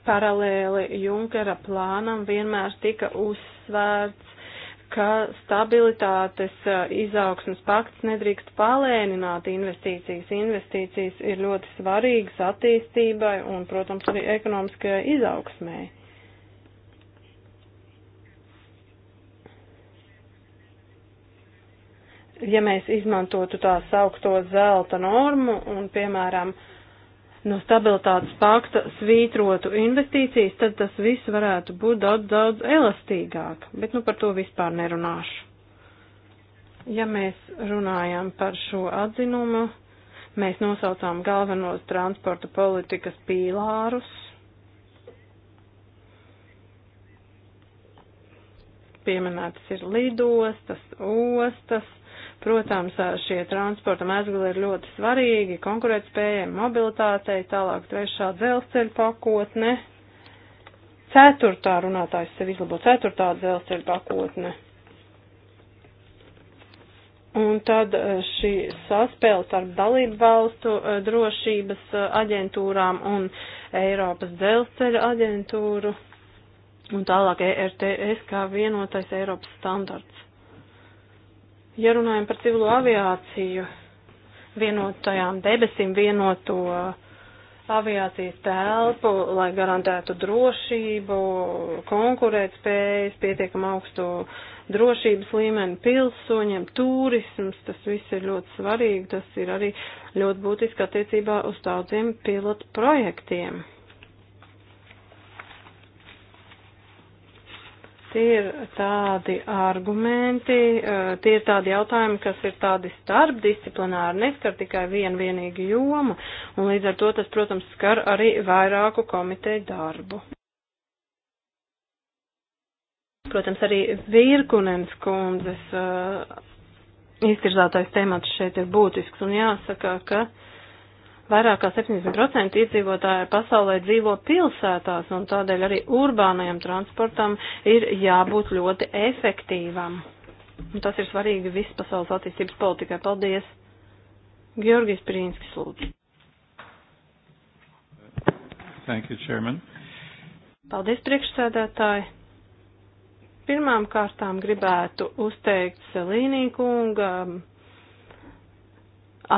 Paralēli Junkera plānam vienmēr tika uzsvērts, ka stabilitātes izaugsmas pakts nedrīkst palēnināt investīcijas. Investīcijas ir ļoti svarīgas attīstībai un, protams, arī ekonomiskajai izaugsmai. ja mēs izmantotu tā saukto zelta normu un, piemēram, uh, no stabilitātes pakta svītrotu investīcijas, tad tas viss varētu būt daudz, daudz elastīgāk, bet nu par to vispār nerunāšu. Ja mēs runājam par šo atzinumu, mēs nosaucām galvenos transporta politikas pīlārus. Pieminētas ir lidostas, ostas, Protams, šie transporta mezgli ir ļoti svarīgi konkurētspējai, mobilitātei, tālāk trešā dzelzceļa pakotne, ceturtā runātājs sev izlabo ceturtā dzelzceļa pakotne. Un tad šī saspēle starp dalību valstu drošības aģentūrām un Eiropas dzelzceļa aģentūru un tālāk ERTS kā vienotais Eiropas standarts. Ja runājam par civilo aviāciju, vienotajām debesīm, vienoto aviācijas telpu, lai garantētu drošību, konkurētspējas, pietiekam augstu drošības līmeni pilsoņiem, turisms, tas viss ir ļoti svarīgi, tas ir arī ļoti būtiski attiecībā uz daudziem pilotu projektiem. Tie ir tādi argumenti, e, tie ir tādi jautājumi, kas ir tādi starpdisciplināri, neskar tikai vienu vienīgu jomu, un līdz ar to tas, protams, skar arī vairāku komiteju darbu. Protams, arī Virkunens kundzes e, iztirzātais temats šeit ir būtisks, un jāsaka, ka Vairāk kā 70% iedzīvotāji pasaulē dzīvo pilsētās, un tādēļ arī urbānajam transportam ir jābūt ļoti efektīvam. Un tas ir svarīgi viss pasaules attīstības politikai. Paldies! Georgijas Prīnskis lūdzu. Thank you, Chairman. Paldies, priekšsēdētāji. Pirmām kārtām gribētu uzteikt Selīnī kungam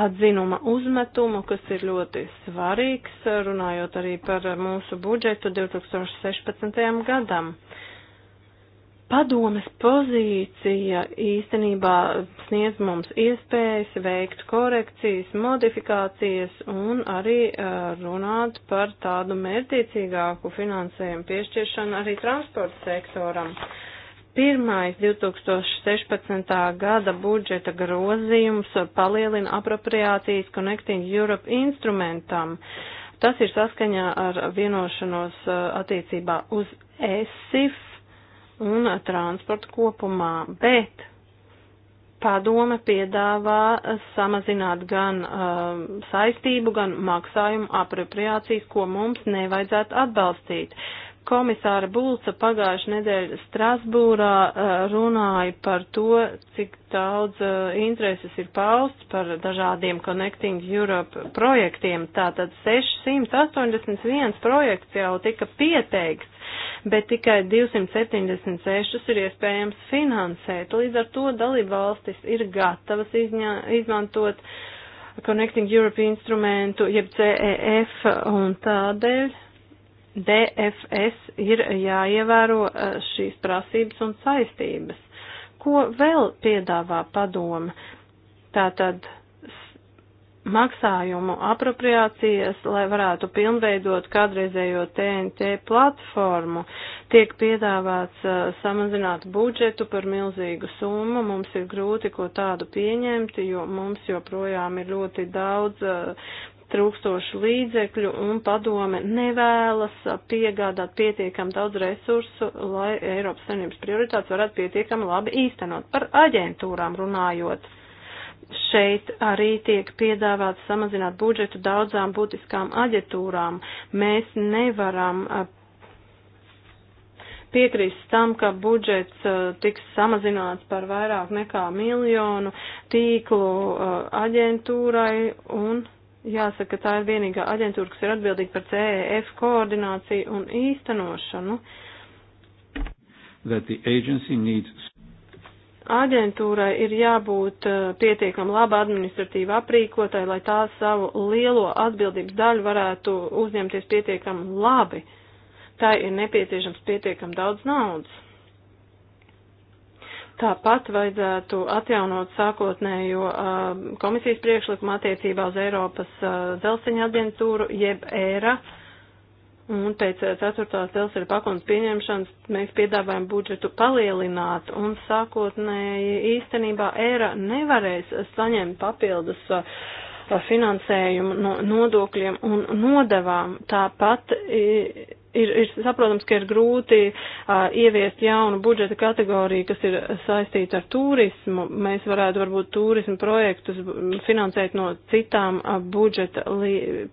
atzinuma uzmetumu, kas ir ļoti svarīgs, runājot arī par mūsu budžetu 2016. gadam. Padomes pozīcija īstenībā sniedz mums iespējas veikt korekcijas, modifikācijas un arī runāt par tādu mērķiecīgāku finansējumu piešķiršanu arī transporta sektoram. Uh, Pirmais 2016. gada budžeta grozījums palielina apropriācijas Connecting Europe instrumentam. Tas ir saskaņā ar vienošanos uh, attiecībā uz ESIF un transportu kopumā, bet padome piedāvā samazināt gan um, saistību, gan maksājumu apropriācijas, ko mums nevajadzētu atbalstīt komisāra Bulca pagājušajā nedēļā Strasbūrā eh, runāja par to, cik daudz eh, intereses ir pausts par dažādiem Connecting Europe projektiem. Tātad 681 projekts jau tika pieteikts, bet tikai 276 ir iespējams finansēt. Līdz ar to dalība valstis ir gatavas izņā, izmantot Connecting Europe instrumentu, jeb CEF, un tādēļ DFS ir jāievēro e, šīs prasības un saistības. Ko vēl piedāvā padoma? Tātad maksājumu apropriācijas, lai varētu pilnveidot kādreizējo TNT platformu. Tiek piedāvāts uh, samazināt budžetu par milzīgu summu. Mums ir grūti ko tādu pieņemt, jo mums joprojām ir ļoti daudz uh, trūkstošu līdzekļu un padome nevēlas piegādāt pietiekam daudz resursu, lai Eiropas Savienības prioritātes varētu pietiekami labi īstenot. Par aģentūrām runājot, šeit arī tiek piedāvāts samazināt budžetu daudzām būtiskām aģentūrām. Mēs nevaram piekrīst tam, ka budžets uh, tiks samazināts par vairāk nekā miljonu tīklu uh, aģentūrai un Jāsaka, tā ir vienīgā aģentūra, kas ir atbildīga par CEF koordināciju un īstenošanu. Needs... Aģentūrai ir jābūt uh, pietiekam laba administratīva aprīkotai, lai tā savu lielo atbildības daļu varētu uzņemties pietiekam labi. Tai ir nepieciešams pietiekam daudz naudas. Tāpat vajadzētu atjaunot sākotnējo uh, komisijas priekšlikumu attiecībā uz Eiropas uh, dzelzceļa aģentūru, jeb ERA. Un pēc ceturtās dzelzceļa pakonas pieņemšanas mēs piedāvājam budžetu palielināt, un sākotnēji īstenībā ERA nevarēs saņemt papildus uh, finansējumu no nodokļiem un nodevām. Tāpat. Uh, ir, ir saprotams, ka ir grūti uh, ieviest jaunu budžeta kategoriju, kas ir saistīta ar turismu. Mēs varētu varbūt turismu projektus finansēt no citām uh, budžeta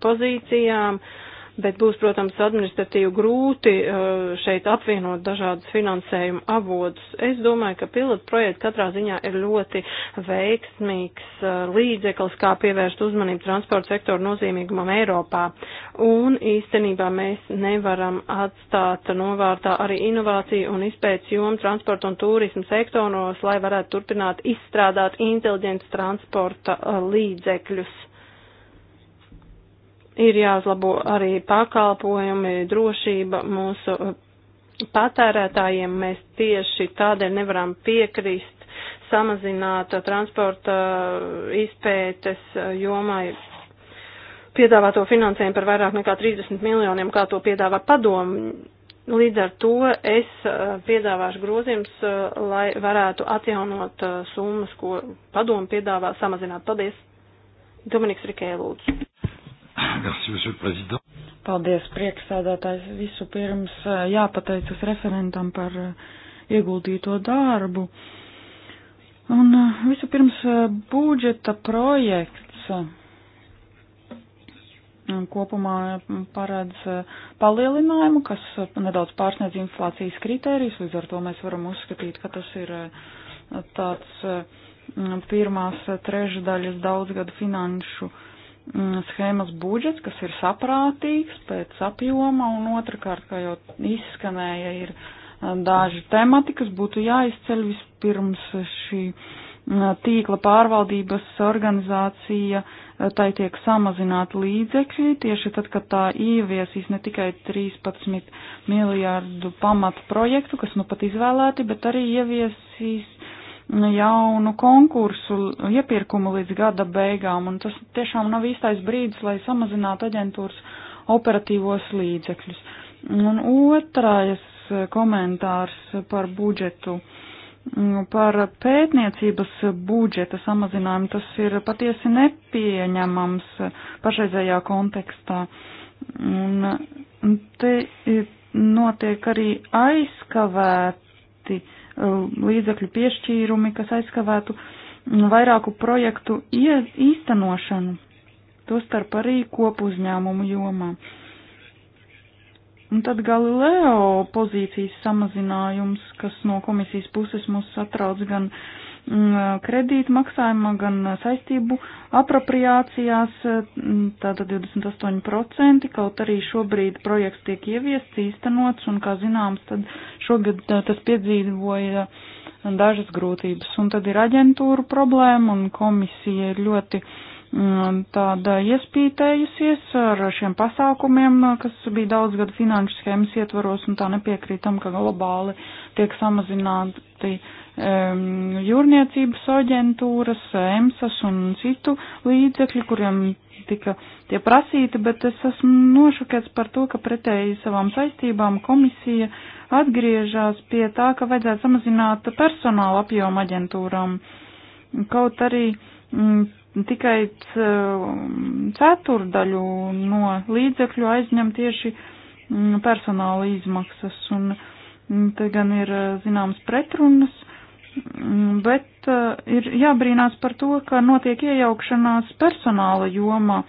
pozīcijām. Uh, Bet būs, protams, administratīvi grūti uh, šeit apvienot dažādas finansējuma avotus. Es domāju, ka pilotu projekts katrā ziņā ir ļoti veiksmīgs uh, līdzeklis, kā pievērst uzmanību transporta sektoru nozīmīgumam Eiropā. Un īstenībā mēs nevaram atstāt novārtā arī inovāciju un izpētes jomu transporta un turismu sektoros, lai varētu turpināt izstrādāt inteliģentus transporta uh, līdzekļus. Ir jāuzlabo arī pakalpojumi, drošība mūsu uh, patērētājiem. Mēs tieši tādēļ nevaram piekrist samazināt uh, transporta uh, izpētes jomai piedāvāto finansējumu par vairāk nekā 30 miljoniem, kā to piedāvā padomu. Līdz ar to es piedāvāšu grozījums, lai varētu atjaunot summas, ko padomu piedāvā samazināt. Paldies! Dominiks Rikē, lūdzu. Merci, monsieur le président. Paldies, priekšsēdētājs. Visu pirms jāpateicas referentam par ieguldīto darbu. Un visu pirms budžeta projekts kopumā paredz palielinājumu, kas nedaudz pārsniedz inflācijas kritērijus, līdz ar to mēs varam uzskatīt, ka tas ir tāds pirmās trešdaļas daudzgadu finanšu Mm, schēmas budžets, kas ir saprātīgs pēc apjoma, un otrkārt, kā jau izskanēja, ir uh, daži temati, kas būtu jāizceļ vispirms šī mm, tīkla pārvaldības organizācija, uh, tai tiek samazināta līdzekļi, tieši tad, kad tā ieviesīs ne tikai 13 miljārdu pamatu projektu, kas nu pat izvēlēti, bet arī ieviesīs jaunu konkursu iepirkumu līdz gada beigām, un tas tiešām nav īstais brīdis, lai samazinātu aģentūras operatīvos līdzekļus. Un otrais komentārs par budžetu. Par pētniecības budžeta samazinājumu tas ir patiesi nepieņemams pašreizējā kontekstā. Un te notiek arī aizkavēti uh, Um, līdzekļu piešķīrumi, kas aizskavētu vairāku projektu īstenošanu, tostarp arī kopu uzņēmumu jomā. Un tad Galileo pozīcijas samazinājums, kas no komisijas puses mūs satrauc gan uh, Mm, kredītu maksājumā, gan saistību apropriācijās, mm, tātad 28%, kaut arī šobrīd projekts tiek ieviests, īstenots, un, kā zināms, tad šogad tas piedzīvoja dažas grūtības. Un tad ir aģentūra problēma, un komisija ir ļoti mm, tāda iespītējusies ar šiem pasākumiem, kas bija daudz gadu finanšu schēmas ietvaros, un tā nepiekrītam, ka globāli tiek samazināti uh, um, jūrniecības aģentūras, EMSAS un citu līdzekļu, kuriem tika tie prasīti, bet es esmu nošokēts par to, ka pretēji savām saistībām komisija atgriežas pie tā, ka vajadzētu samazināt personāla apjomu aģentūram. Kaut arī m, mm, tikai mm, ceturdaļu no līdzekļu aizņem tieši mm, personāla izmaksas. Un, Te gan ir zināmas pretrunas Mm, bet eh, ir jābrīnās par to, ka notiek iejaukšanās personāla jomā,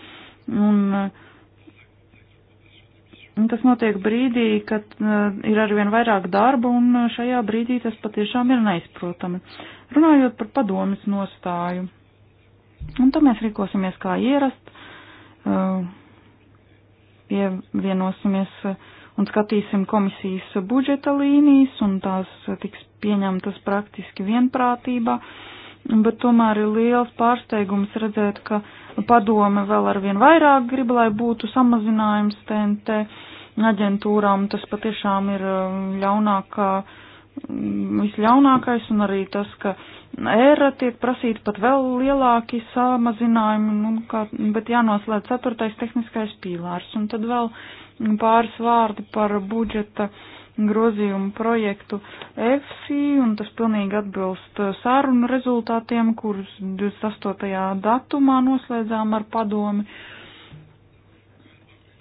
un eh, tas notiek brīdī, kad eh, ir arvien vairāk darba, un šajā brīdī tas patiešām ir neizprotami. Runājot par padomis nostāju, un tam mēs rīkosimies kā ierast, pievienosimies. Uh, un skatīsim komisijas budžeta līnijas, un tās tiks pieņemtas praktiski vienprātībā, bet tomēr ir liels pārsteigums redzēt, ka padome vēl arvien vairāk grib, lai būtu samazinājums TNT aģentūrām, tas patiešām ir um, ļaunākā, mm, visļaunākais, un arī tas, ka ēra tiek prasīta pat vēl lielāki samazinājumi, nu, kā, bet jānoslēdz ceturtais tehniskais pīlārs, un tad vēl pāris vārdi par budžeta grozījumu projektu EFSI, un tas pilnīgi atbilst uh, sarunu rezultātiem, kurus 28. datumā noslēdzām ar padomi.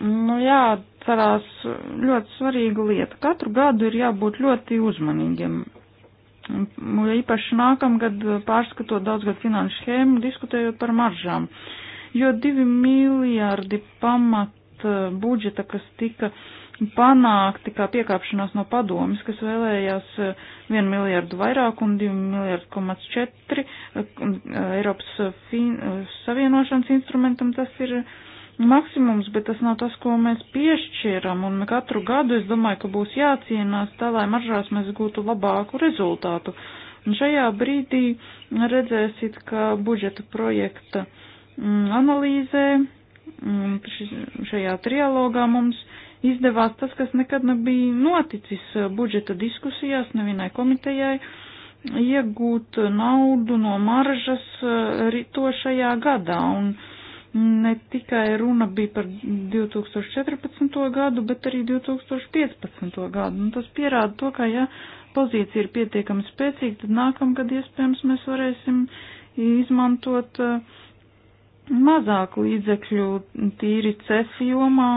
Nu jā, cerās ļoti svarīga lieta. Katru gadu ir jābūt ļoti uzmanīgiem. Ja īpaši nākamgad uh, pārskatot daudzgad finanšu schēmu, diskutējot par maržām, jo divi miljardi pamat Uh, budžeta, kas tika panākti kā piekāpšanās no padomis, kas vēlējās 1 uh, miljardu vairāk un 2 miljardu komats 4 uh, Eiropas fin, savienošanas instrumentam. Tas ir maksimums, bet tas nav tas, ko mēs piešķiram. Un katru gadu es domāju, ka būs jācīnās tā, lai maržās mēs gūtu labāku rezultātu. Un šajā brīdī redzēsit, ka budžeta projekta mm, analīzē Mm, šajā trialogā mums izdevās tas, kas nekad nebija noticis uh, budžeta diskusijās nevienai komitejai, iegūt naudu no maržas uh, ritošajā gadā. Un ne tikai runa bija par 2014. gadu, bet arī 2015. gadu. Un tas pierāda to, ka ja pozīcija ir pietiekami spēcīga, tad nākamgad iespējams mēs varēsim izmantot uh, mazāk līdzekļu tīri cefi jomā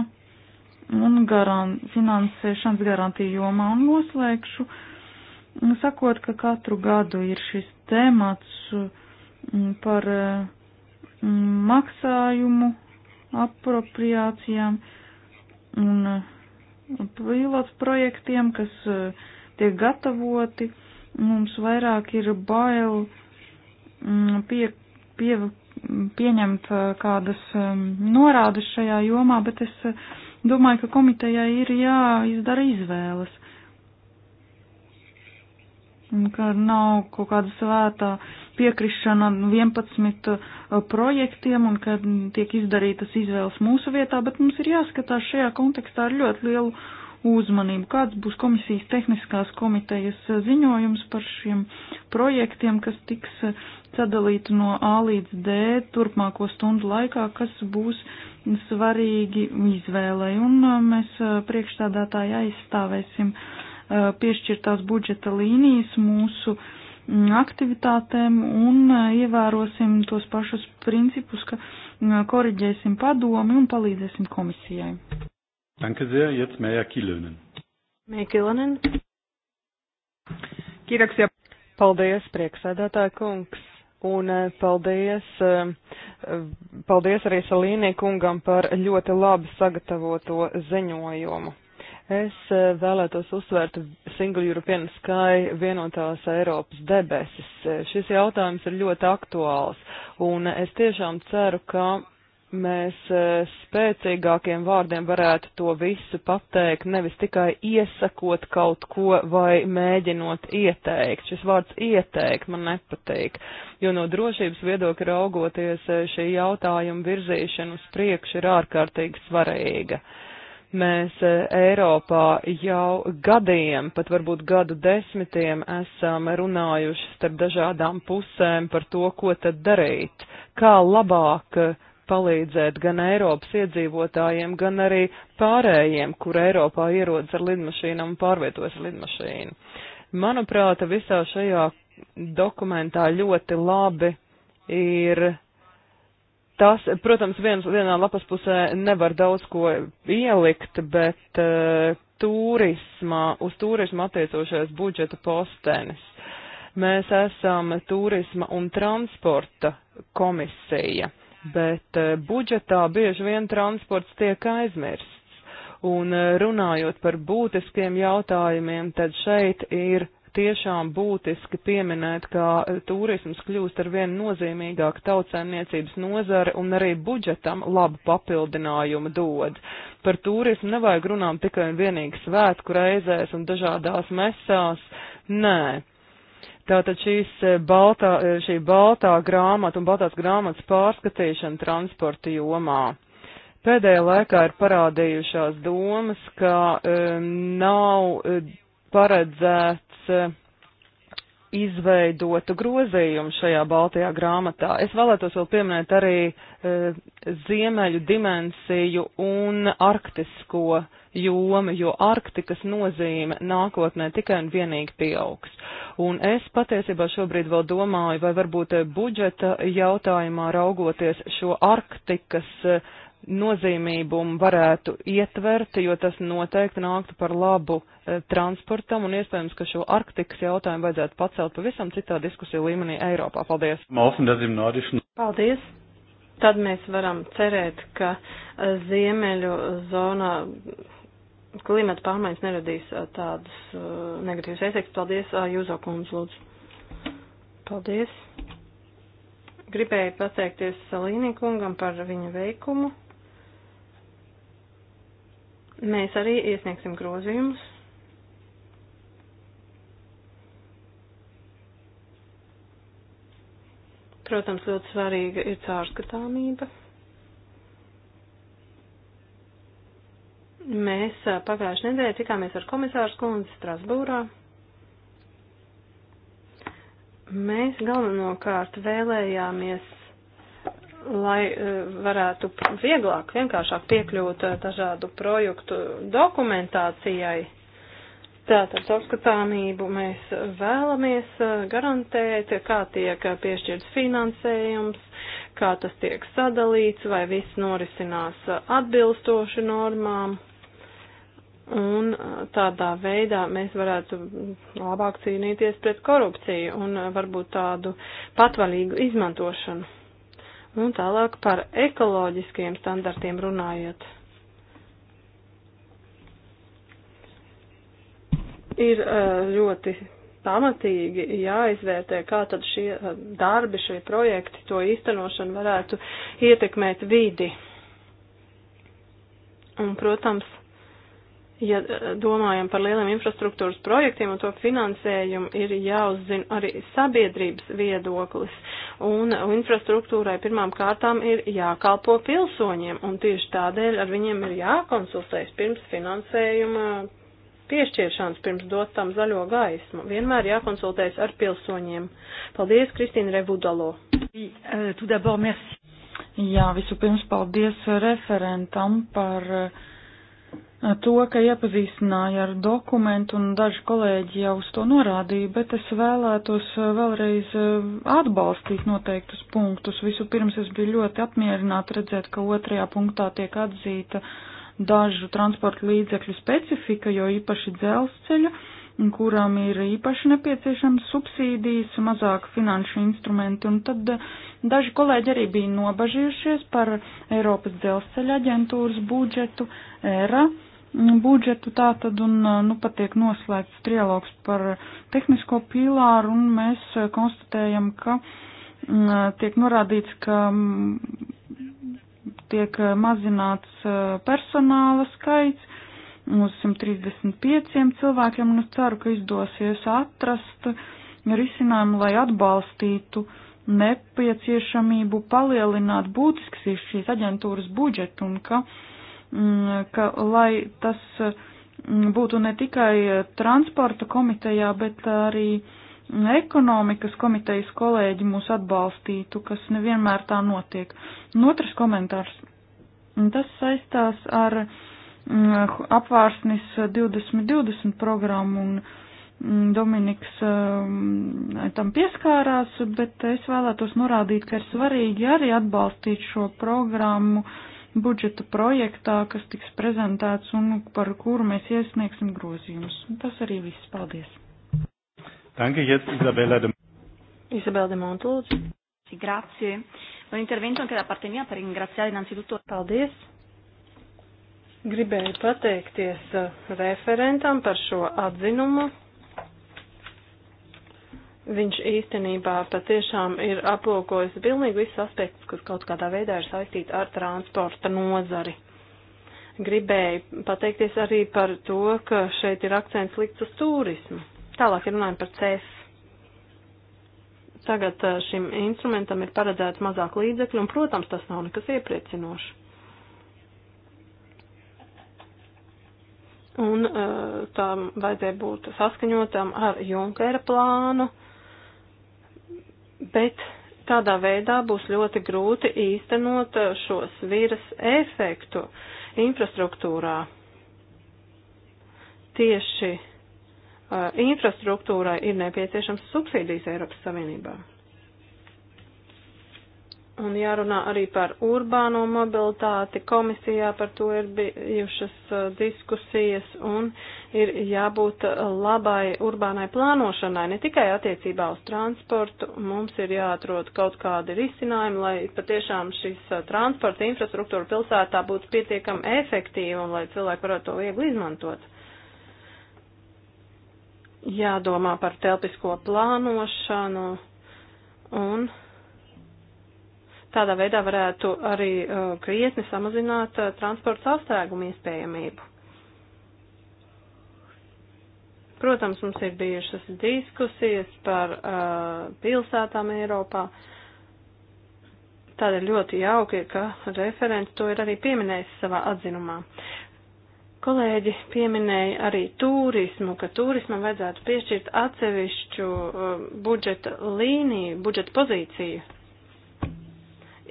un garan, finansēšanas garantiju jomā un noslēgšu, sakot, ka katru gadu ir šis temats mm, par mm, maksājumu apropriācijām un mm, pilots projektiem, kas tiek gatavoti, mums vairāk ir bail pie, pie, pieņemt eh, kādas eh, norādes šajā jomā, bet es eh, domāju, ka komitejai ir jāizdara izvēles. Un ka nav kaut kāda svētā piekrišana 11 projektiem un ka tiek izdarītas izvēles mūsu vietā, bet mums ir jāskatās šajā kontekstā ar ļoti lielu uzmanību. Kāds būs komisijas tehniskās komitejas eh, ziņojums par šiem projektiem, kas tiks eh, sadalīti no A līdz D turpmāko stundu laikā, kas būs svarīgi izvēlei. Un eh, mēs priekšstādātāji aizstāvēsim piešķirtās budžeta līnijas mūsu mm, aktivitātēm un ievērosim tos pašus principus, ka mm, koriģēsim padomi un palīdzēsim komisijai. Danke sehr. Jetzt Merja Kilönen. Merja Kilönen. Kiitoksia. Paldies, prieksēdētāja kungs. Un eh, paldies, eh, paldies arī Salīnī kungam par ļoti labi sagatavoto ziņojumu. Es eh, vēlētos uzsvērt Single European Sky vienotās Eiropas debesis. Šis jautājums ir ļoti aktuāls, un es tiešām ceru, ka mēs eh, spēcīgākiem vārdiem varētu to visu pateikt, nevis tikai iesakot kaut ko vai mēģinot ieteikt. Šis vārds ieteikt man nepatīk, jo no drošības viedokļa raugoties eh, šī jautājuma virzīšana uz priekšu ir ārkārtīgi svarīga. Mēs eh, Eiropā jau gadiem, pat varbūt gadu desmitiem, esam runājuši starp dažādām pusēm par to, ko tad darīt, kā labāk palīdzēt gan Eiropas iedzīvotājiem, gan arī pārējiem, kur Eiropā ierodas ar lidmašīnām un pārvietojas ar lidmašīnu. Manuprāt, visā šajā dokumentā ļoti labi ir tas, protams, viens, vienā lapas pusē nevar daudz ko ielikt, bet uh, eh, turismā, uz turismu attiecošais budžeta postenis. Mēs esam turisma un transporta komisija bet eh, budžetā bieži vien transports tiek aizmirsts. Un eh, runājot par būtiskiem jautājumiem, tad šeit ir tiešām būtiski pieminēt, ka eh, turisms kļūst ar vien nozīmīgāk tautsēmniecības nozare un arī budžetam labu papildinājumu dod. Par turismu nevajag runāt tikai un vienīgi svētku reizēs un dažādās mesās. Nē Tātad šīs e, baltā, e, šī baltā grāmata un baltās grāmatas pārskatīšana transporta jomā. Pēdējā laikā ir parādījušās domas, ka um, nav paredzēts izveidotu grozījumu šajā baltajā grāmatā. Es vēlētos vēl pieminēt arī uh, ziemeļu dimensiju un arktisko uh, joma, jo Arktikas nozīme nākotnē tikai un vienīgi pieaugs. Un es patiesībā šobrīd vēl domāju, vai varbūt eh, budžeta jautājumā raugoties šo Arktikas eh, nozīmībumu varētu ietvert, jo tas noteikti nāktu par labu e, transportam un iespējams, ka šo Arktikas jautājumu vajadzētu pacelt pavisam citā diskusiju līmenī Eiropā. Paldies! Paldies! Tad mēs varam cerēt, ka ziemeļu zonā klimata pārmaiņas neradīs uh, tādus uh, negatīvus efektus. Paldies, uh, Jūzo kundze, lūdzu. Paldies. Gribēju pateikties Salīnī kungam par viņa veikumu. Mēs arī iesniegsim grozījumus. Protams, ļoti svarīga ir cārskatāmība. Mēs pagājušajā nedēļā tikāmies ar komisāru skundzi Strasbūrā. Mēs galvenokārt vēlējāmies, lai varētu vieglāk, vienkāršāk piekļūt dažādu projektu dokumentācijai. Tātad caurskatāmību mēs vēlamies garantēt, kā tiek piešķirts finansējums, kā tas tiek sadalīts, vai viss norisinās atbilstoši normām. Un uh, tādā veidā mēs varētu labāk cīnīties pret korupciju un uh, varbūt tādu patvaļīgu izmantošanu. Un tālāk par ekoloģiskiem standartiem runājot. Ir uh, ļoti pamatīgi jāizvērtē, kā tad šie darbi, šie projekti, to īstenošanu varētu ietekmēt vidi. Un, protams, ja eh, domājam par lieliem infrastruktūras projektiem un to finansējumu, ir jāuzzina arī sabiedrības viedoklis. Un infrastruktūrai pirmām kārtām ir jākalpo pilsoņiem, un tieši tādēļ ar viņiem ir jākonsultējas pirms finansējuma piešķiršanas, pirms dot tam zaļo gaismu. Vienmēr jākonsultējas ar pilsoņiem. Paldies, Kristīna Revudalo. E, Jā, visu pirms paldies referentam par uh, to, ka iepazīstināja ar dokumentu, un daži kolēģi jau uz to norādīja, bet es vēlētos uh, vēlreiz uh, atbalstīt noteiktus punktus. Vispirms es biju ļoti apmierināta redzēt, ka otrajā punktā tiek atzīta dažu transporta līdzekļu specifika, jo īpaši dzelzceļa kurām ir īpaši nepieciešams subsīdijas, mazāk finanšu instrumenti, un tad uh, daži kolēģi arī bija nobažījušies par Eiropas dzelzceļa aģentūras budžetu ERA budžetu tātad un nu pat tiek noslēgts trialogs par tehnisko pīlāru un mēs konstatējam, ka tiek norādīts, ka tiek mazināts personāla skaits uz 135 cilvēkiem un es ceru, ka izdosies atrast risinājumu, lai atbalstītu nepieciešamību palielināt būtiski šīs aģentūras budžetu un ka uh, Mm, ka lai tas mm, būtu ne tikai transporta komitejā, bet arī ekonomikas komitejas kolēģi mūs atbalstītu, kas nevienmēr tā notiek. Un otrs komentārs. Tas saistās ar mm, apvārsnis 2020 programmu un Dominiks tam pieskārās, bet es vēlētos norādīt, ka ir svarīgi arī atbalstīt šo programmu uh, budžeta projektā, kas tiks prezentēts un par kuru mēs iesniegsim grozījumus. Tas arī viss. Paldies! Danke, jetzt Isabella de, Isabella de Montlūdzu. Grazie. Un intervento anche da parte mia per ringraziare innanzitutto. Paldies! Gribēju pateikties eh, referentam par šo atzinumu. Viņš īstenībā patiešām ir aplūkojis pilnīgi visus aspektus, kas kaut kādā veidā ir saistīti ar transporta nozari. Gribēju pateikties arī par to, ka šeit ir akcents likts uz turismu. Tālāk ir runājumi par CEF. Tagad uh, šim instrumentam ir paredzēts mazāk līdzekļu, un, protams, tas nav nekas iepriecinošs. Un uh, tam vajadzēja būt saskaņotam ar Junkera plānu. Uh, bet tādā veidā būs ļoti grūti īstenot šo sviras efektu infrastruktūrā. Tieši uh, infrastruktūrai ir nepieciešams subsīdijas Eiropas Savienībā. Un jārunā arī par urbāno mobilitāti. Komisijā par to ir bijušas uh, diskusijas un ir jābūt uh, labai urbānai plānošanai. Ne tikai attiecībā uz transportu, mums ir jāatrod kaut kādi risinājumi, lai patiešām šis uh, transporta infrastruktūra pilsētā būtu pietiekami efektīva un lai cilvēki varētu to viegli izmantot. Jādomā par telpisko plānošanu un Tādā veidā varētu arī uh, krietni samazināt uh, transporta sastrēgumu iespējamību. Protams, mums ir bijušas diskusijas par uh, pilsētām Eiropā. Tādēļ ļoti jauki, ka referents to ir arī pieminējis savā atzinumā. Kolēģi pieminēja arī turismu, ka turismam vajadzētu piešķirt atsevišķu uh, budžeta līniju, budžeta pozīciju.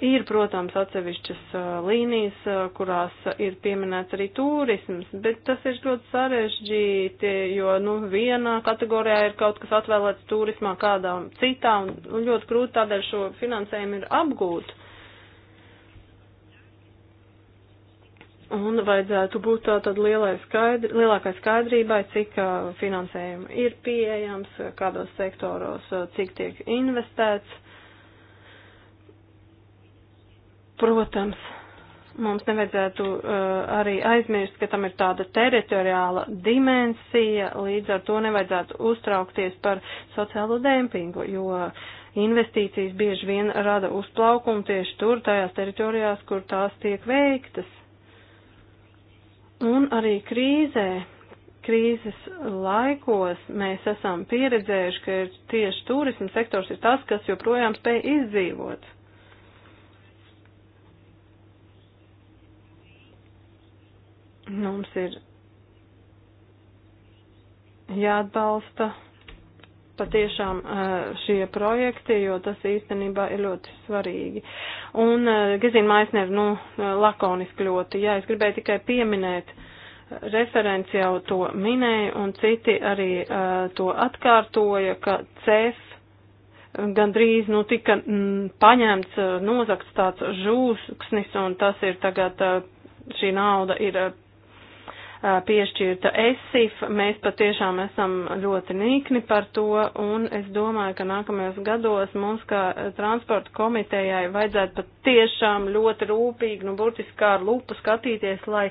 Ir, protams, atsevišķas līnijas, kurās ir pieminēts arī turisms, bet tas ir ļoti sarežģīti, jo, nu, vienā kategorijā ir kaut kas atvēlēts turismā, kādā citā, un, un ļoti grūti tādēļ šo finansējumu ir apgūt. Un vajadzētu būt tā tad skaidri, lielākai skaidrībai, cik finansējumu ir pieejams, kādos sektoros, cik tiek investēts Protams, mums nevajadzētu uh, arī aizmirst, ka tam ir tāda teritoriāla dimensija, līdz ar to nevajadzētu uztraukties par sociālo dempingu, jo investīcijas bieži vien rada uzplaukumu tieši tur, tajās teritorijās, kur tās tiek veiktas. Un arī krīzē, krīzes laikos mēs esam pieredzējuši, ka tieši turismu sektors ir tas, kas joprojām spēj izdzīvot. Mums ir jāatbalsta patiešām šie projekti, jo tas īstenībā ir ļoti svarīgi. Un Gezīna Maisner, nu, lakoniski ļoti, jā, es gribēju tikai pieminēt, referents jau to minēja un citi arī uh, to atkārtoja, ka CEF gandrīz, nu, tika m, paņemts, nozakts tāds žūsksnis un tas ir tagad, uh, šī nauda ir piešķirta ESIF. Mēs patiešām esam ļoti nīkni par to, un es domāju, ka nākamajos gados mums, kā transporta komitejai, vajadzētu patiešām ļoti rūpīgi, nu, burtiski kā ar lupu skatīties, lai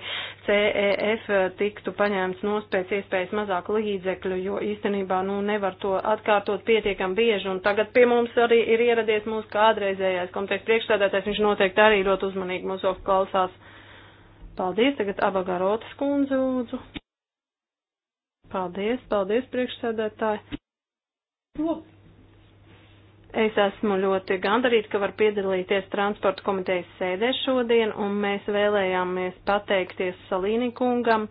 CEF tiktu paņēmts nospēc iespējas mazāk līdzekļu, jo īstenībā, nu, nevar to atkārtot pietiekam bieži, un tagad pie mums arī ir ieradies mūsu kādreizējais komitejas priekšstādātais, viņš noteikti arī ļoti uzmanīgi mūsu klausās. Paldies, tagad Abagarotas kundze lūdzu. Paldies, paldies, priekšsēdētāji. Es esmu ļoti gandarīta, ka var piedalīties transporta komitejas sēdē šodien, un mēs vēlējāmies pateikties Salīni kungam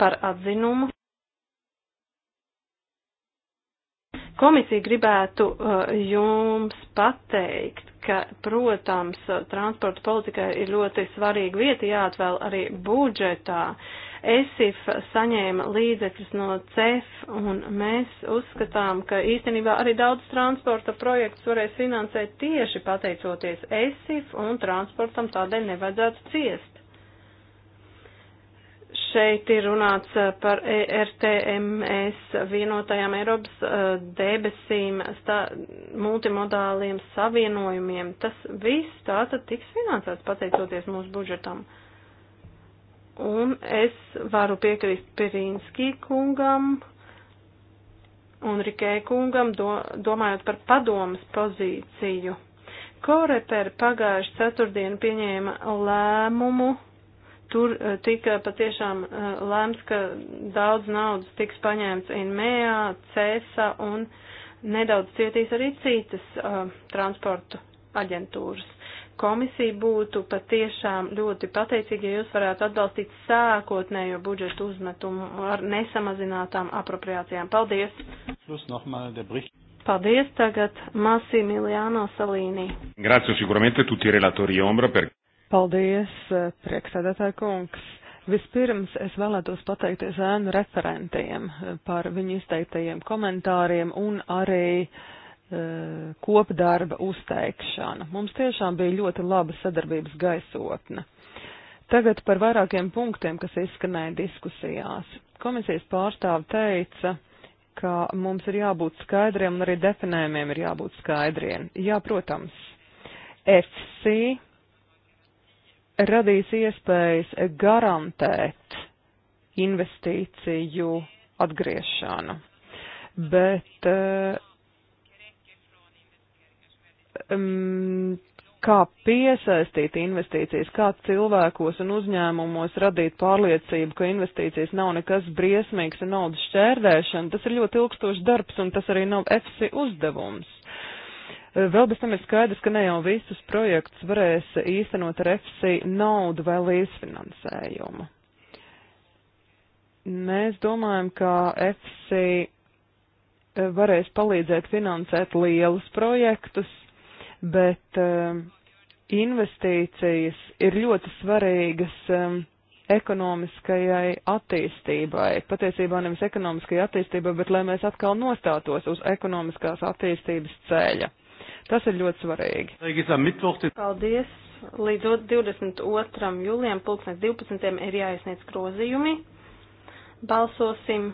par atzinumu. Komisija gribētu uh, jums pateikt, ka, protams, transporta politikai ir ļoti svarīga vieta jāatvēl arī budžetā. ESIF saņēma līdzekļus no CEF, un mēs uzskatām, ka īstenībā arī daudz transporta projekts varēs finansēt tieši pateicoties ESIF, un transportam tādēļ nevajadzētu ciest. Šeit ir runāts eh, par ERTMS vienotajām Eiropas eh, debesīm, stā, multimodāliem savienojumiem. Tas viss tātad tiks finansēts pateicoties mūsu budžetam. Un es varu piekrist Pirinskī kungam un Rikē kungam, do, domājot par padomas pozīciju. Koreper pagājuši ceturtdien pieņēma lēmumu Tur eh, tika patiešām eh, lēmts, ka daudz naudas tiks paņēmts Inmējā, Cēsa un nedaudz cietīs arī citas uh, transportu aģentūras. Komisija būtu patiešām ļoti pateicīga, ja jūs varētu atbalstīt sākotnējo budžetu uzmetumu ar nesamazinātām apropriācijām. Paldies! Paldies tagad Massimiliano Salīnī. Grazie sicuramente tutti i relatori ombra per. Paldies, eh, priekšsēdētāja kungs. Vispirms es vēlētos pateikties ēnu referentiem eh, par viņu izteiktajiem komentāriem un arī uh, kopdarba uzteikšanu. Mums tiešām bija ļoti laba sadarbības gaisotne. Tagad par vairākiem punktiem, kas izskanēja diskusijās. Komisijas pārstāve teica, ka mums ir jābūt skaidriem un arī definējumiem ir jābūt skaidriem. Jā, protams, FC radīs iespējas garantēt investīciju atgriešanu. Bet um, kā piesaistīt investīcijas, kā cilvēkos un uzņēmumos radīt pārliecību, ka investīcijas nav nekas briesmīgs un naudas šķērdēšana, tas ir ļoti ilgstošs darbs un tas arī nav EFSI uzdevums. Vēl bez tam ir skaidrs, ka ne jau visus projektus varēs īstenot ar FC naudu vai līdzfinansējumu. Mēs domājam, ka FC varēs palīdzēt finansēt lielus projektus, bet um, investīcijas ir ļoti svarīgas um, ekonomiskajai attīstībai. Patiesībā nevis ekonomiskajai attīstībai, bet lai mēs atkal nostātos uz ekonomiskās attīstības ceļa. Tas ir ļoti svarīgi. Paldies! Līdz 22. jūlijam, pulkstens 12. ir jāiesniedz grozījumi. Balsosim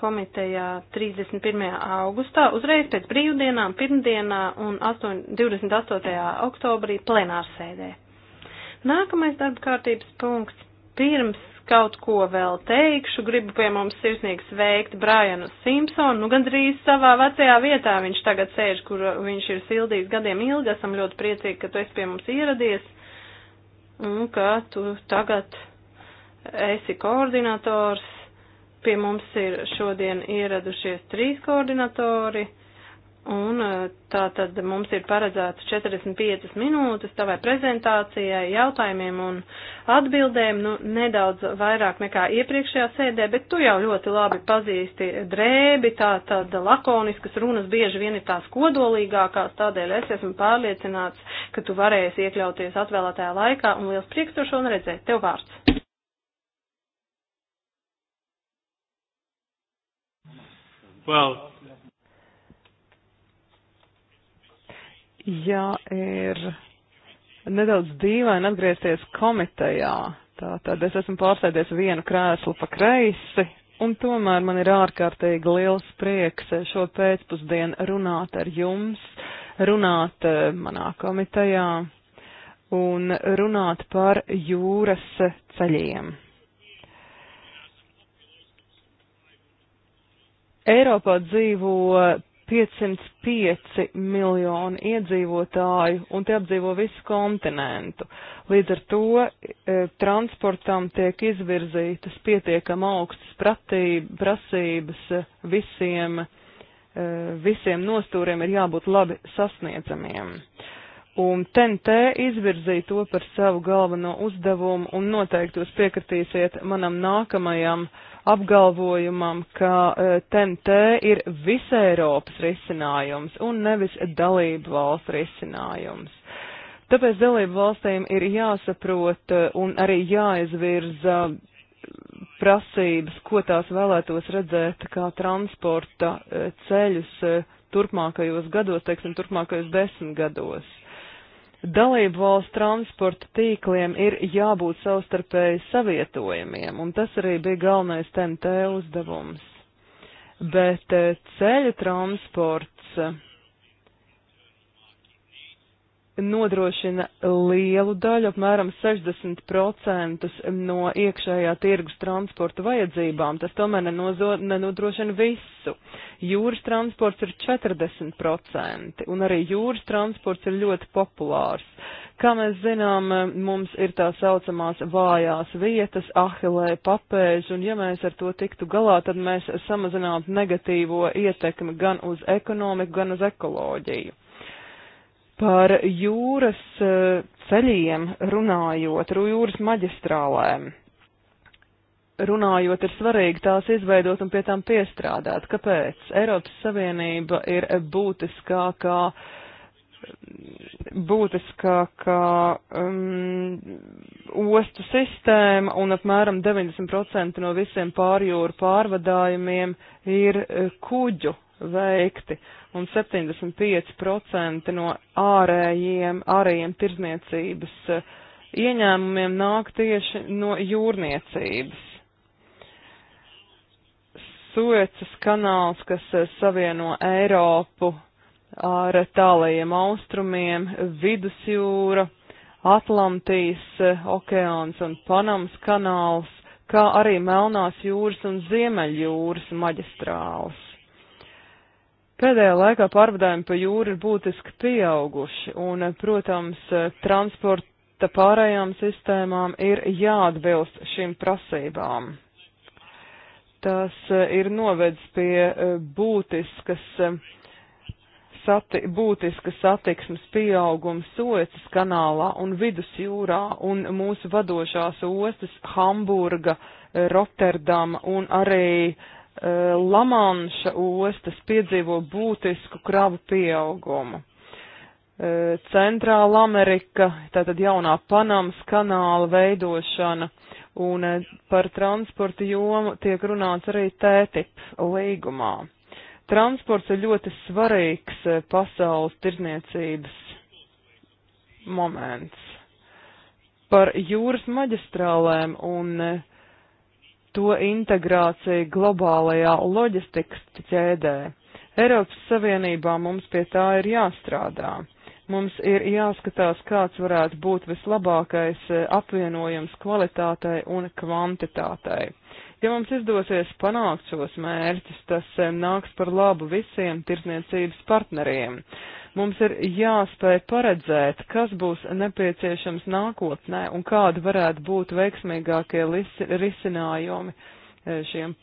komitejā 31. augustā, uzreiz pēc brīvdienām, pirmdienā un 8, 28. oktobrī plenārsēdē. Nākamais darba kārtības punkts pirms kaut ko vēl teikšu. Gribu pie mums sirsnīgi sveikt Brianu Simpsonu. Nu, gandrīz savā vecajā vietā viņš tagad sēž, kur viņš ir sildījis gadiem ilgi. Esam ļoti priecīgi, ka tu esi pie mums ieradies un ka tu tagad esi koordinators. Pie mums ir šodien ieradušies trīs koordinatori. Un eh, tā tad mums ir paredzēts 45 minūtes tavai prezentācijai, jautājumiem un atbildēm, nu, nedaudz vairāk nekā iepriekšējā sēdē, bet tu jau ļoti labi pazīsti drēbi, tā tad lakoniskas runas bieži vien ir tās kodolīgākās, tādēļ es esmu pārliecināts, ka tu varēsi iekļauties atvēlētajā laikā un liels prieks to šodien redzēt. Tev vārds! Well, Jā, ir nedaudz dīvaini atgriezties komitejā. Tātad es esmu pārsēdies vienu krēslu pa kreisi, un tomēr man ir ārkārtīgi liels prieks šo pēcpusdienu runāt ar jums, runāt eh, manā komitejā un runāt par jūras ceļiem. Eiropā dzīvo 505 miljoni iedzīvotāju, un te apdzīvo visu kontinentu. Līdz ar to e, transportam tiek izvirzītas pietiekam augstas pratība, prasības visiem, e, visiem nostūriem ir jābūt labi sasniedzamiem. Un TNT izvirzīja to par savu galveno uzdevumu, un noteikti jūs piekritīsiet manam nākamajam uh, apgalvojumam, ka TNT e, ir visai Eiropas risinājums un nevis dalību valstu risinājums. Tāpēc dalību valstīm ir jāsaprot e, un arī jāizvirza prasības, ko tās vēlētos redzēt kā transporta e, ceļus turpmākajos gados, teiksim, turpmākajos desmit gados. Dalību valsts transporta tīkliem ir jābūt savstarpēji savietojamiem, un tas arī bija galvenais TNT uzdevums. Bet eh, ceļu transports nodrošina lielu daļu, apmēram 60% no iekšējā tirgus transporta vajadzībām. Tas tomēr nenozo, nenodrošina visu. Jūras transports ir 40% un arī jūras transports ir ļoti populārs. Kā mēs zinām, mums ir tā saucamās vājās vietas, ahilē, papēži, un ja mēs ar to tiktu galā, tad mēs samazinātu negatīvo ietekmi gan uz ekonomiku, gan uz ekoloģiju. Par jūras eh, ceļiem runājot, jūras maģistrālēm runājot, ir svarīgi tās izveidot un pie tām piestrādāt. Kāpēc? Eiropas Savienība ir būtiskākā, būtiskākā um, ostu sistēma un apmēram 90% no visiem pārjūru pārvadājumiem ir eh, kuģu veikti, un 75% no ārējiem, ārējiem tirzniecības eh, ieņēmumiem nāk tieši no jūrniecības. Suecas kanāls, kas eh, savieno Eiropu ar tālajiem austrumiem, vidusjūra, Atlantijas eh, okeāns un Panamas kanāls, kā arī Melnās jūras un Ziemeļjūras maģistrāls. Pēdējā laikā pārvadājumi pa jūru ir būtiski pieauguši, un, protams, transporta pārējām sistēmām ir jāatbilst šīm prasībām. Tas e, ir novedis pie e, būtiskas e, sati, būtiska satiksmes pieaugums Soecas kanālā un Vidusjūrā un mūsu vadošās ostas Hamburga, Rotterdama un arī Eh, Lamanša ostas piedzīvo būtisku kravu pieaugumu. Eh, Centrāla Amerika, tātad jaunā Panamas kanāla veidošana un eh, par transporta jomu tiek runāts arī TTIP līgumā. Transports ir ļoti svarīgs pasaules tirzniecības moments. Par jūras maģistrālēm un uh, to integrāciju globālajā loģistikas ķēdē. Eiropas Savienībā mums pie tā ir jāstrādā. Mums ir jāskatās, kāds varētu būt vislabākais eh, apvienojums kvalitātei un kvantitātei. Ja mums izdosies panākt šos mērķus, tas eh, nāks par labu visiem tirsniecības partneriem. Mums ir jāspēj paredzēt, kas būs nepieciešams nākotnē un kādi varētu būt veiksmīgākie risinājumi eh, šiem,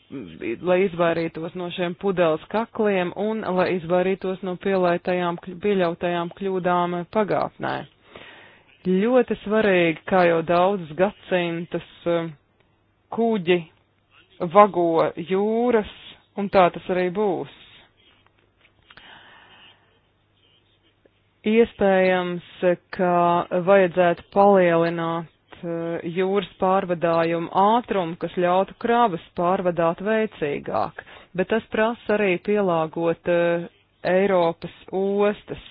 lai izvairītos no šiem pudeles kakliem un lai izvairītos no pieļautajām kļūdām pagātnē. Ļoti svarīgi, kā jau daudzas gadsimtas eh, kuģi vago jūras, un tā tas arī būs. Iespējams, ka vajadzētu palielināt e, jūras pārvadājumu ātrumu, kas ļautu kravas pārvadāt veicīgāk, bet tas prasa arī pielāgot e, Eiropas ostas.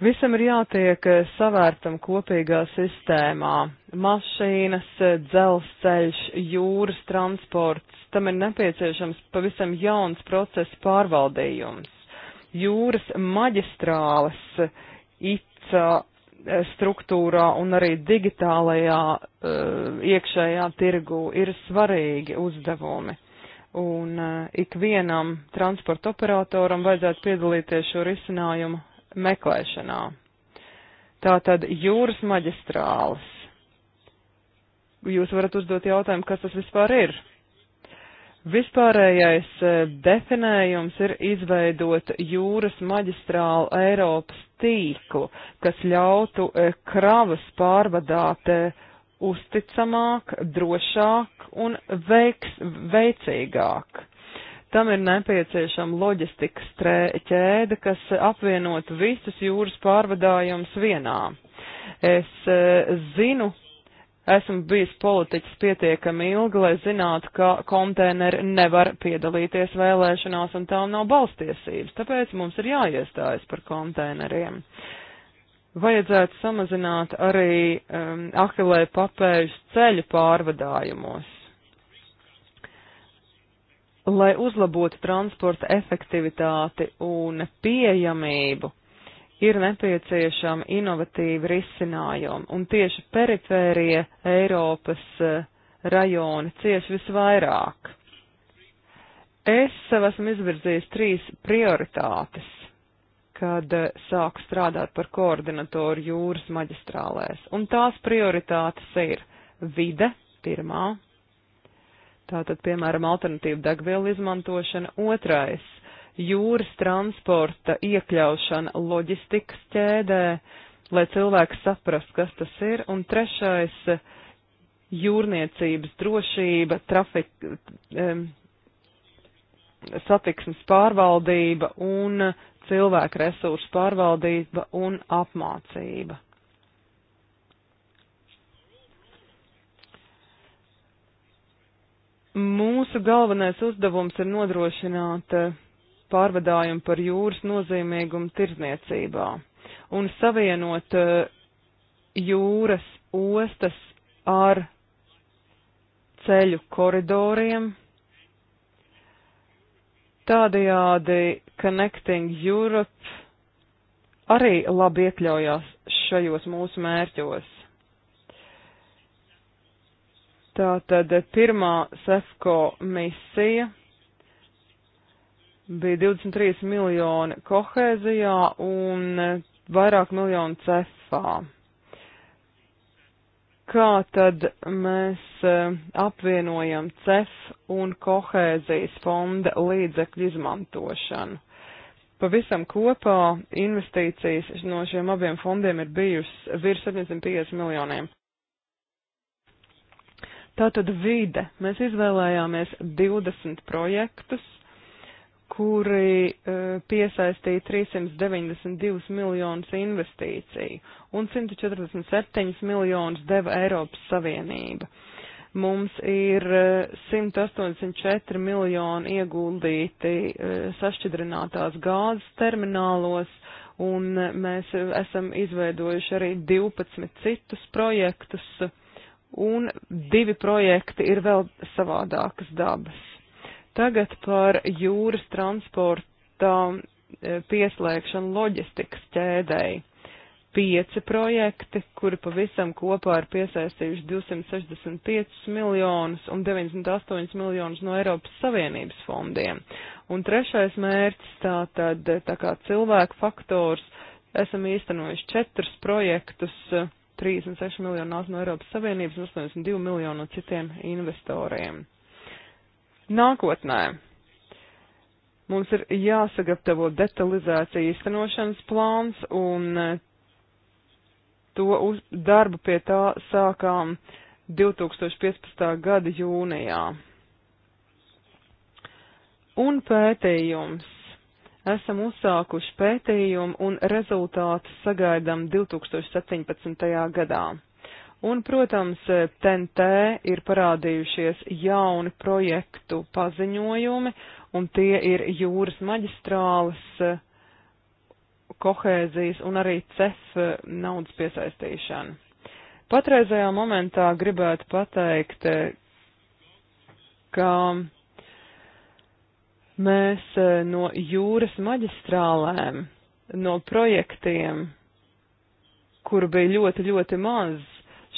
Visam ir jātiek e, savērtam kopīgā sistēmā - mašīnas, dzelzceļš, jūras transports, tam ir nepieciešams pavisam jauns process pārvaldījums jūras maģistrāles ICA eh, struktūrā un arī digitālajā eh, iekšējā tirgu ir svarīgi uzdevumi. Un eh, ikvienam transporta operatoram vajadzētu piedalīties šo risinājumu meklēšanā. Tātad jūras maģistrāles. Jūs varat uzdot jautājumu, kas tas vispār ir? Vispārējais eh, definējums ir izveidot jūras maģistrālu Eiropas tīklu, kas ļautu eh, kravas pārvadāt eh, uzticamāk, drošāk un veiks, veicīgāk. Tam ir nepieciešama loģistikas ķēde, kas apvienot visus jūras pārvadājumus vienā. Es zinu, Esmu bijis politiķis pietiekami ilgi, lai zinātu, ka konteineri nevar piedalīties vēlēšanās un tām nav balstiesības, tāpēc mums ir jāiestājas par konteineriem. Vajadzētu samazināt arī um, ahilē papēžu ceļu pārvadājumos. Lai uzlabotu transporta efektivitāti un pieejamību, ir nepieciešama inovatīva risinājuma, un tieši perifērie Eiropas eh, rajoni cieši visvairāk. Es sev esmu izvirzījis trīs prioritātes, kad eh, sāku strādāt par koordinatoru jūras maģistrālēs, un tās prioritātes ir vide pirmā, tātad, piemēram, alternatīva degviela izmantošana, otrais jūras transporta iekļaušana loģistikas ķēdē, lai cilvēks saprast, kas tas ir. Un trešais - jūrniecības drošība, trafik, um, satiksmes pārvaldība un cilvēku resursu pārvaldība un apmācība. Mūsu galvenais uzdevums ir nodrošināt uh, pārvadājumu par jūras nozīmīgumu tirzniecībā un savienot eh, jūras ostas ar ceļu koridoriem. Tādējādi Connecting Europe arī labi iekļaujās šajos mūsu mērķos. Tātad pirmā SEFCO misija bija 23 miljoni kohēzijā un vairāk miljonu cefā. Kā tad mēs e, apvienojam cef un kohēzijas fonda līdzekļu izmantošanu? Pavisam kopā investīcijas no šiem abiem fondiem ir bijusi virs 750 miljoniem. Tātad vide. Mēs izvēlējāmies 20 projektus, kuri e, piesaistīja 392 miljonus investīciju un 147 miljonus deva Eiropas Savienība. Mums ir 184 e, miljoni ieguldīti e, sašķidrinātās gāzes terminālos, un mēs esam izveidojuši arī 12 citus projektus, un divi projekti ir vēl savādākas dabas Tagad par jūras transporta e, pieslēgšanu loģistikas ķēdēji. Pieci projekti, kuri pavisam kopā ir piesaistījuši 265 miljonus un 98 miljonus no Eiropas Savienības fondiem. Un trešais mērķis tātad, tā kā cilvēku faktors, esam īstenojuši četrus projektus, 36 e, miljonus no Eiropas Savienības un 82 miljonu no citiem investoriem nākotnē. Mums ir jāsagatavo detalizēts īstenošanas plāns un eh, to uz, darbu pie tā sākām 2015. gada jūnijā. Un pētījums. Esam uzsākuši pētījumu un rezultātus sagaidām 2017. gadā. Un, protams, TNT ir parādījušies jauni projektu paziņojumi, un tie ir jūras maģistrāles, kohēzijas un arī CEF naudas piesaistīšana. Patreizajā momentā gribētu pateikt, ka mēs no jūras maģistrālēm, no projektiem, kuru bija ļoti, ļoti maz,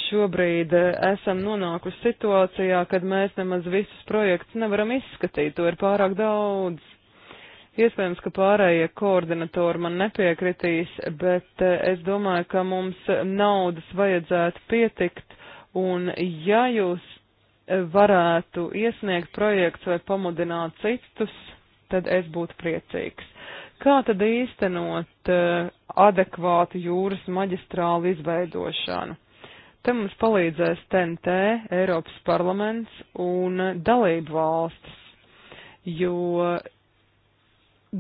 šobrīd eh, esam nonākuši situācijā, kad mēs nemaz visus projektus nevaram izskatīt, to ir pārāk daudz. Iespējams, ka pārējie koordinatori man nepiekritīs, bet eh, es domāju, ka mums naudas vajadzētu pietikt, un ja jūs eh, varētu iesniegt projekts vai pamudināt citus, tad es būtu priecīgs. Kā tad īstenot adekvātu jūras maģistrālu izveidošanu? Te mums palīdzēs TNT, Eiropas parlaments un dalību valstis, jo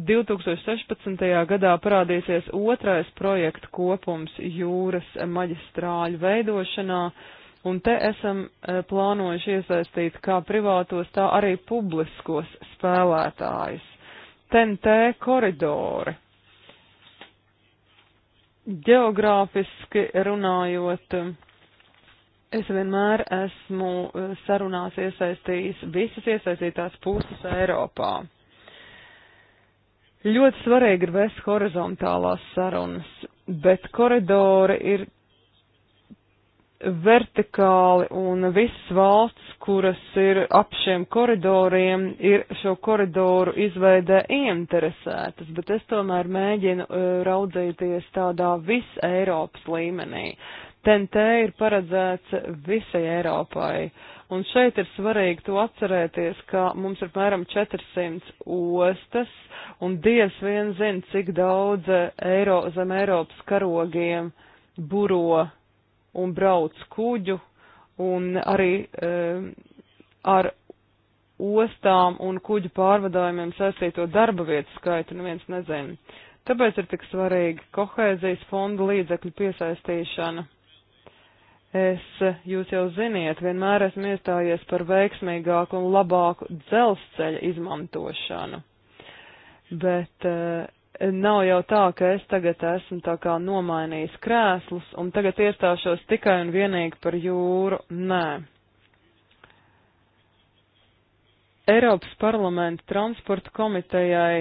2016. gadā parādīsies otrais projekta kopums jūras maģistrāļu veidošanā, un te esam e, plānojuši iesaistīt kā privātos, tā arī publiskos spēlētājus. TNT koridori. Geogrāfiski runājot, Es vienmēr esmu eh, sarunās iesaistījis visas iesaistītās puses Eiropā. Ļoti svarīgi ir vest horizontālās sarunas, bet koridori ir vertikāli un visas valsts, kuras ir ap šiem koridoriem, ir šo koridoru izveidē ieinteresētas, bet es tomēr mēģinu eh, raudzīties tādā vis Eiropas līmenī. TNT ir paredzēts visai Eiropai. Un šeit ir svarīgi to atcerēties, ka mums ir apmēram 400 ostas, un Dievs vien zina, cik daudz eiro, zem Eiropas karogiem buro un brauc kuģu, un arī um, ar ostām un kuģu pārvadājumiem saistīto darba vietu skaitu neviens nezina. Tāpēc ir tik svarīgi kohēzijas fonda līdzekļu piesaistīšana Es, jūs jau ziniet, vienmēr esmu iestājies par veiksmīgāku un labāku dzelzceļa izmantošanu. Bet eh, nav jau tā, ka es tagad esmu tā kā nomainījis krēslus un tagad iestāšos tikai un vienīgi par jūru. Nē. Eiropas parlamenta transporta komitejai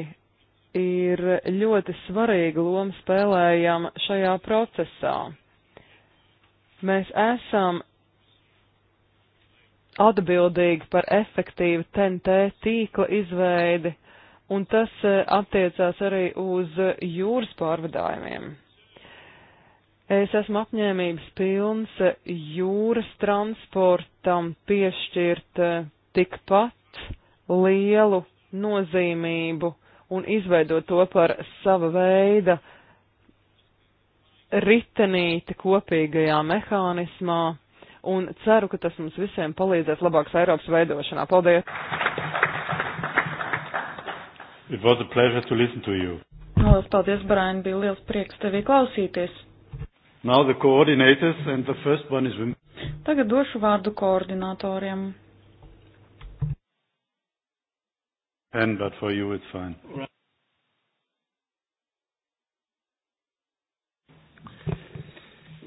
ir ļoti svarīga loma spēlējama šajā procesā. Mēs esam atbildīgi par efektīvu TNT tīkla izveidi, un tas e, attiecās arī uz jūras pārvadājumiem. Es esmu apņēmības pilns e, jūras transportam piešķirt e, tikpat lielu nozīmību un izveidot to par sava veida uh, ritenīti kopīgajā mehānismā, un ceru, ka tas mums visiem palīdzēs labākas Eiropas veidošanā. Paldies! It was a pleasure to listen to you. Lielas paldies, Brian, bija liels prieks tevi klausīties. Now the coordinators and the first one is Wim. Tagad došu vārdu koordinatoriem. And but for you it's fine. Right.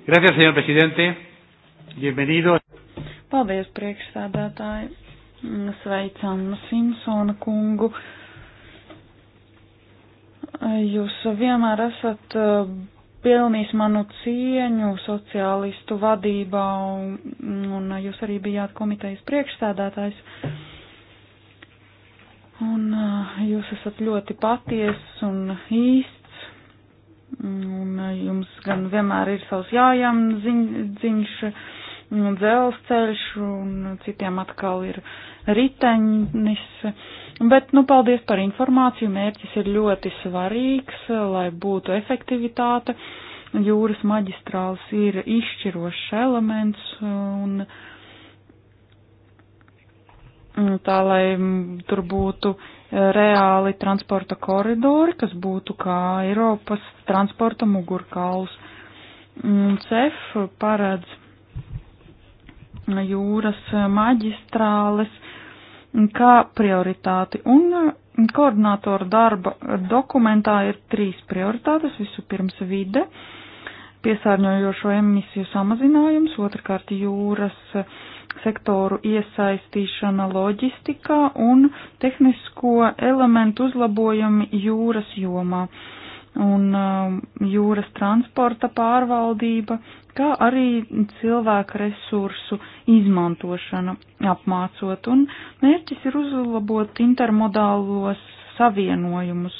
Gracias, señor presidente. Bienvenido. Paldies, priekšsādātāji. Sveicam Simpsona kungu. Jūs vienmēr esat eh, pelnījis manu cieņu sociālistu vadībā, un, un jūs arī bijāt komitejas priekšstādātājs. Un eh, jūs esat ļoti paties un īsts Un eh, jums gan vienmēr ir savs jājām ziņ, ziņš un dzelzceļš, un citiem atkal ir riteņnis. Bet, nu, paldies par informāciju. Mērķis ir ļoti svarīgs, lai būtu efektivitāte. Jūras maģistrāls ir izšķirošs elements, un uh, Mm, tā lai mm, tur būtu e, reāli transporta koridori, kas būtu kā Eiropas transporta mugurkauls. Mm, CEF paredz jūras maģistrāles kā prioritāti un koordinātoru darba dokumentā ir trīs prioritātes. Vispirms vide, piesārņojošo emisiju samazinājums, otrkārt jūras uh, sektoru iesaistīšana loģistikā un tehnisko elementu uzlabojumi jūras jomā un um, jūras transporta pārvaldība, kā arī cilvēku resursu izmantošana apmācot. Un mērķis ir uzlabot intermodālos savienojumus.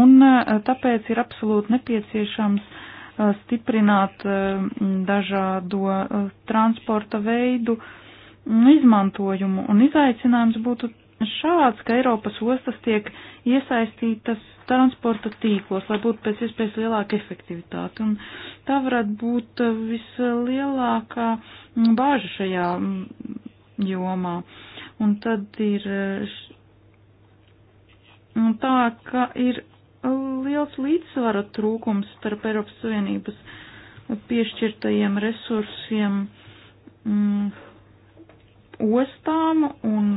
Un uh, tāpēc ir absolūti nepieciešams Uh, stiprināt uh, dažādo uh, transporta veidu mm, izmantojumu. Un izaicinājums būtu šāds, ka Eiropas ostas tiek iesaistītas transporta tīklos, lai būtu pēc iespējas lielāka efektivitāte. Un tā varētu būt vislielākā mm, bāža šajā mm, jomā. Un tad ir un tā, ka ir liels līdzsvara trūkums starp Eiropas Savienības piešķirtajiem resursiem mm, ostām un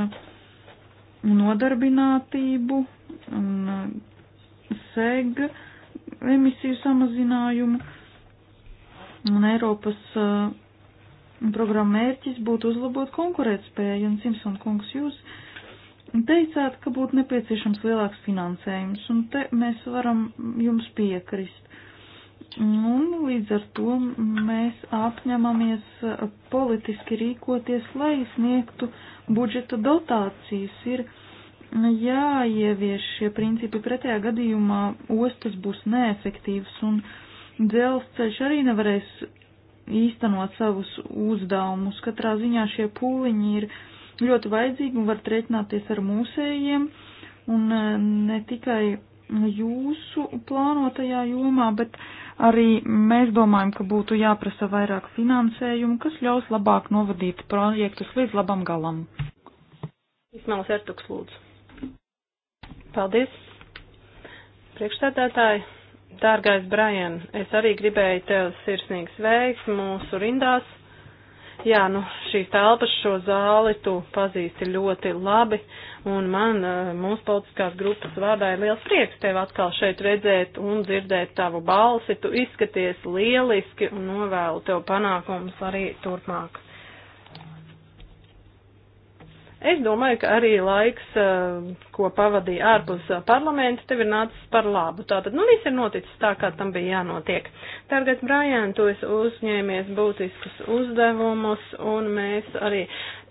nodarbinātību un mm, seg emisiju samazinājumu. Un Eiropas uh, programma mērķis būtu uzlabot konkurētspēju, un Simpson kungs jūs uh, teicāt, ka būtu nepieciešams lielāks finansējums, un te mēs varam jums piekrist. Un līdz ar to mēs apņemamies politiski rīkoties, lai sniegtu budžeta dotācijas. Ir jāievieš šie principi, pretējā gadījumā ostas būs neefektīvas un dzelzceļš arī nevarēs īstenot savus uzdevumus. Katrā ziņā šie pūliņi ir uh, ļoti vajadzīgi un var treitināties ar mūsējiem un e, ne tikai jūsu plānotajā jomā, bet arī mēs domājam, ka būtu jāprasa vairāk finansējumu, kas ļaus labāk novadīt projektus līdz labam galam. Ismēls Ertuks lūdzu. Paldies. Priekšstādātāji, dārgais Brian, es arī gribēju tev sirsnīgi sveikt mūsu rindās. Jā, nu šīs telpas, šo zāli tu pazīsti ļoti labi, un man eh, mūsu politiskās grupas vārdā ir liels prieks tevi atkal šeit redzēt un dzirdēt tavu balsi. Tu izskaties lieliski un novēlu tev panākumus arī turpmāk. Es domāju, ka arī laiks, eh, ko pavadīja ārpus eh, parlamenta, tev ir nācis par labu. Tātad, nu, viss ir noticis tā, kā tam bija jānotiek. Targais Brajān, tu esi uzņēmies būtiskus uzdevumus, un mēs arī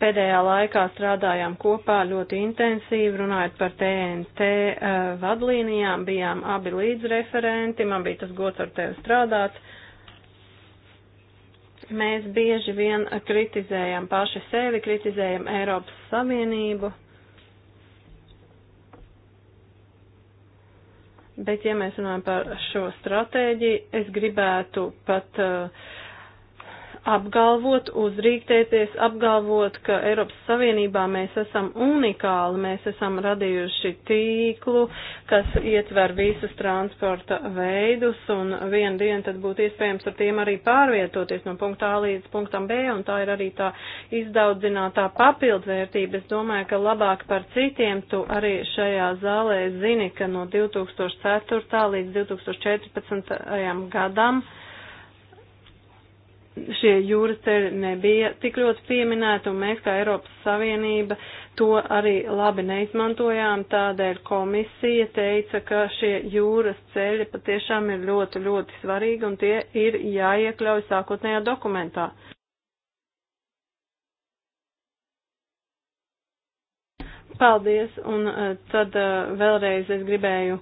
pēdējā laikā strādājām kopā ļoti intensīvi, runājot par TNT eh, vadlīnijām, bijām abi līdzreferenti, man bija tas gods ar tevi strādāt. Uh, Mēs bieži vien kritizējam paši sevi, kritizējam Eiropas Savienību, bet ja mēs runājam par šo stratēģiju, es gribētu pat uh, apgalvot, uzrīktēties, apgalvot, ka Eiropas Savienībā mēs esam unikāli, mēs esam radījuši tīklu, kas ietver visus transporta veidus, un vienu dienu tad būtu iespējams ar tiem arī pārvietoties no punkta A līdz punktam B, un tā ir arī tā izdaudzinātā papildvērtība. Es domāju, ka labāk par citiem tu arī šajā zālē zini, ka no 2004. līdz 2014. gadam, šie jūras ceļi nebija tik ļoti pieminēti, un mēs kā Eiropas Savienība to arī labi neizmantojām. Tādēļ komisija teica, ka šie jūras ceļi patiešām ir ļoti, ļoti svarīgi, un tie ir jāiekļauj sākotnējā dokumentā. Paldies, un eh, tad eh, vēlreiz es gribēju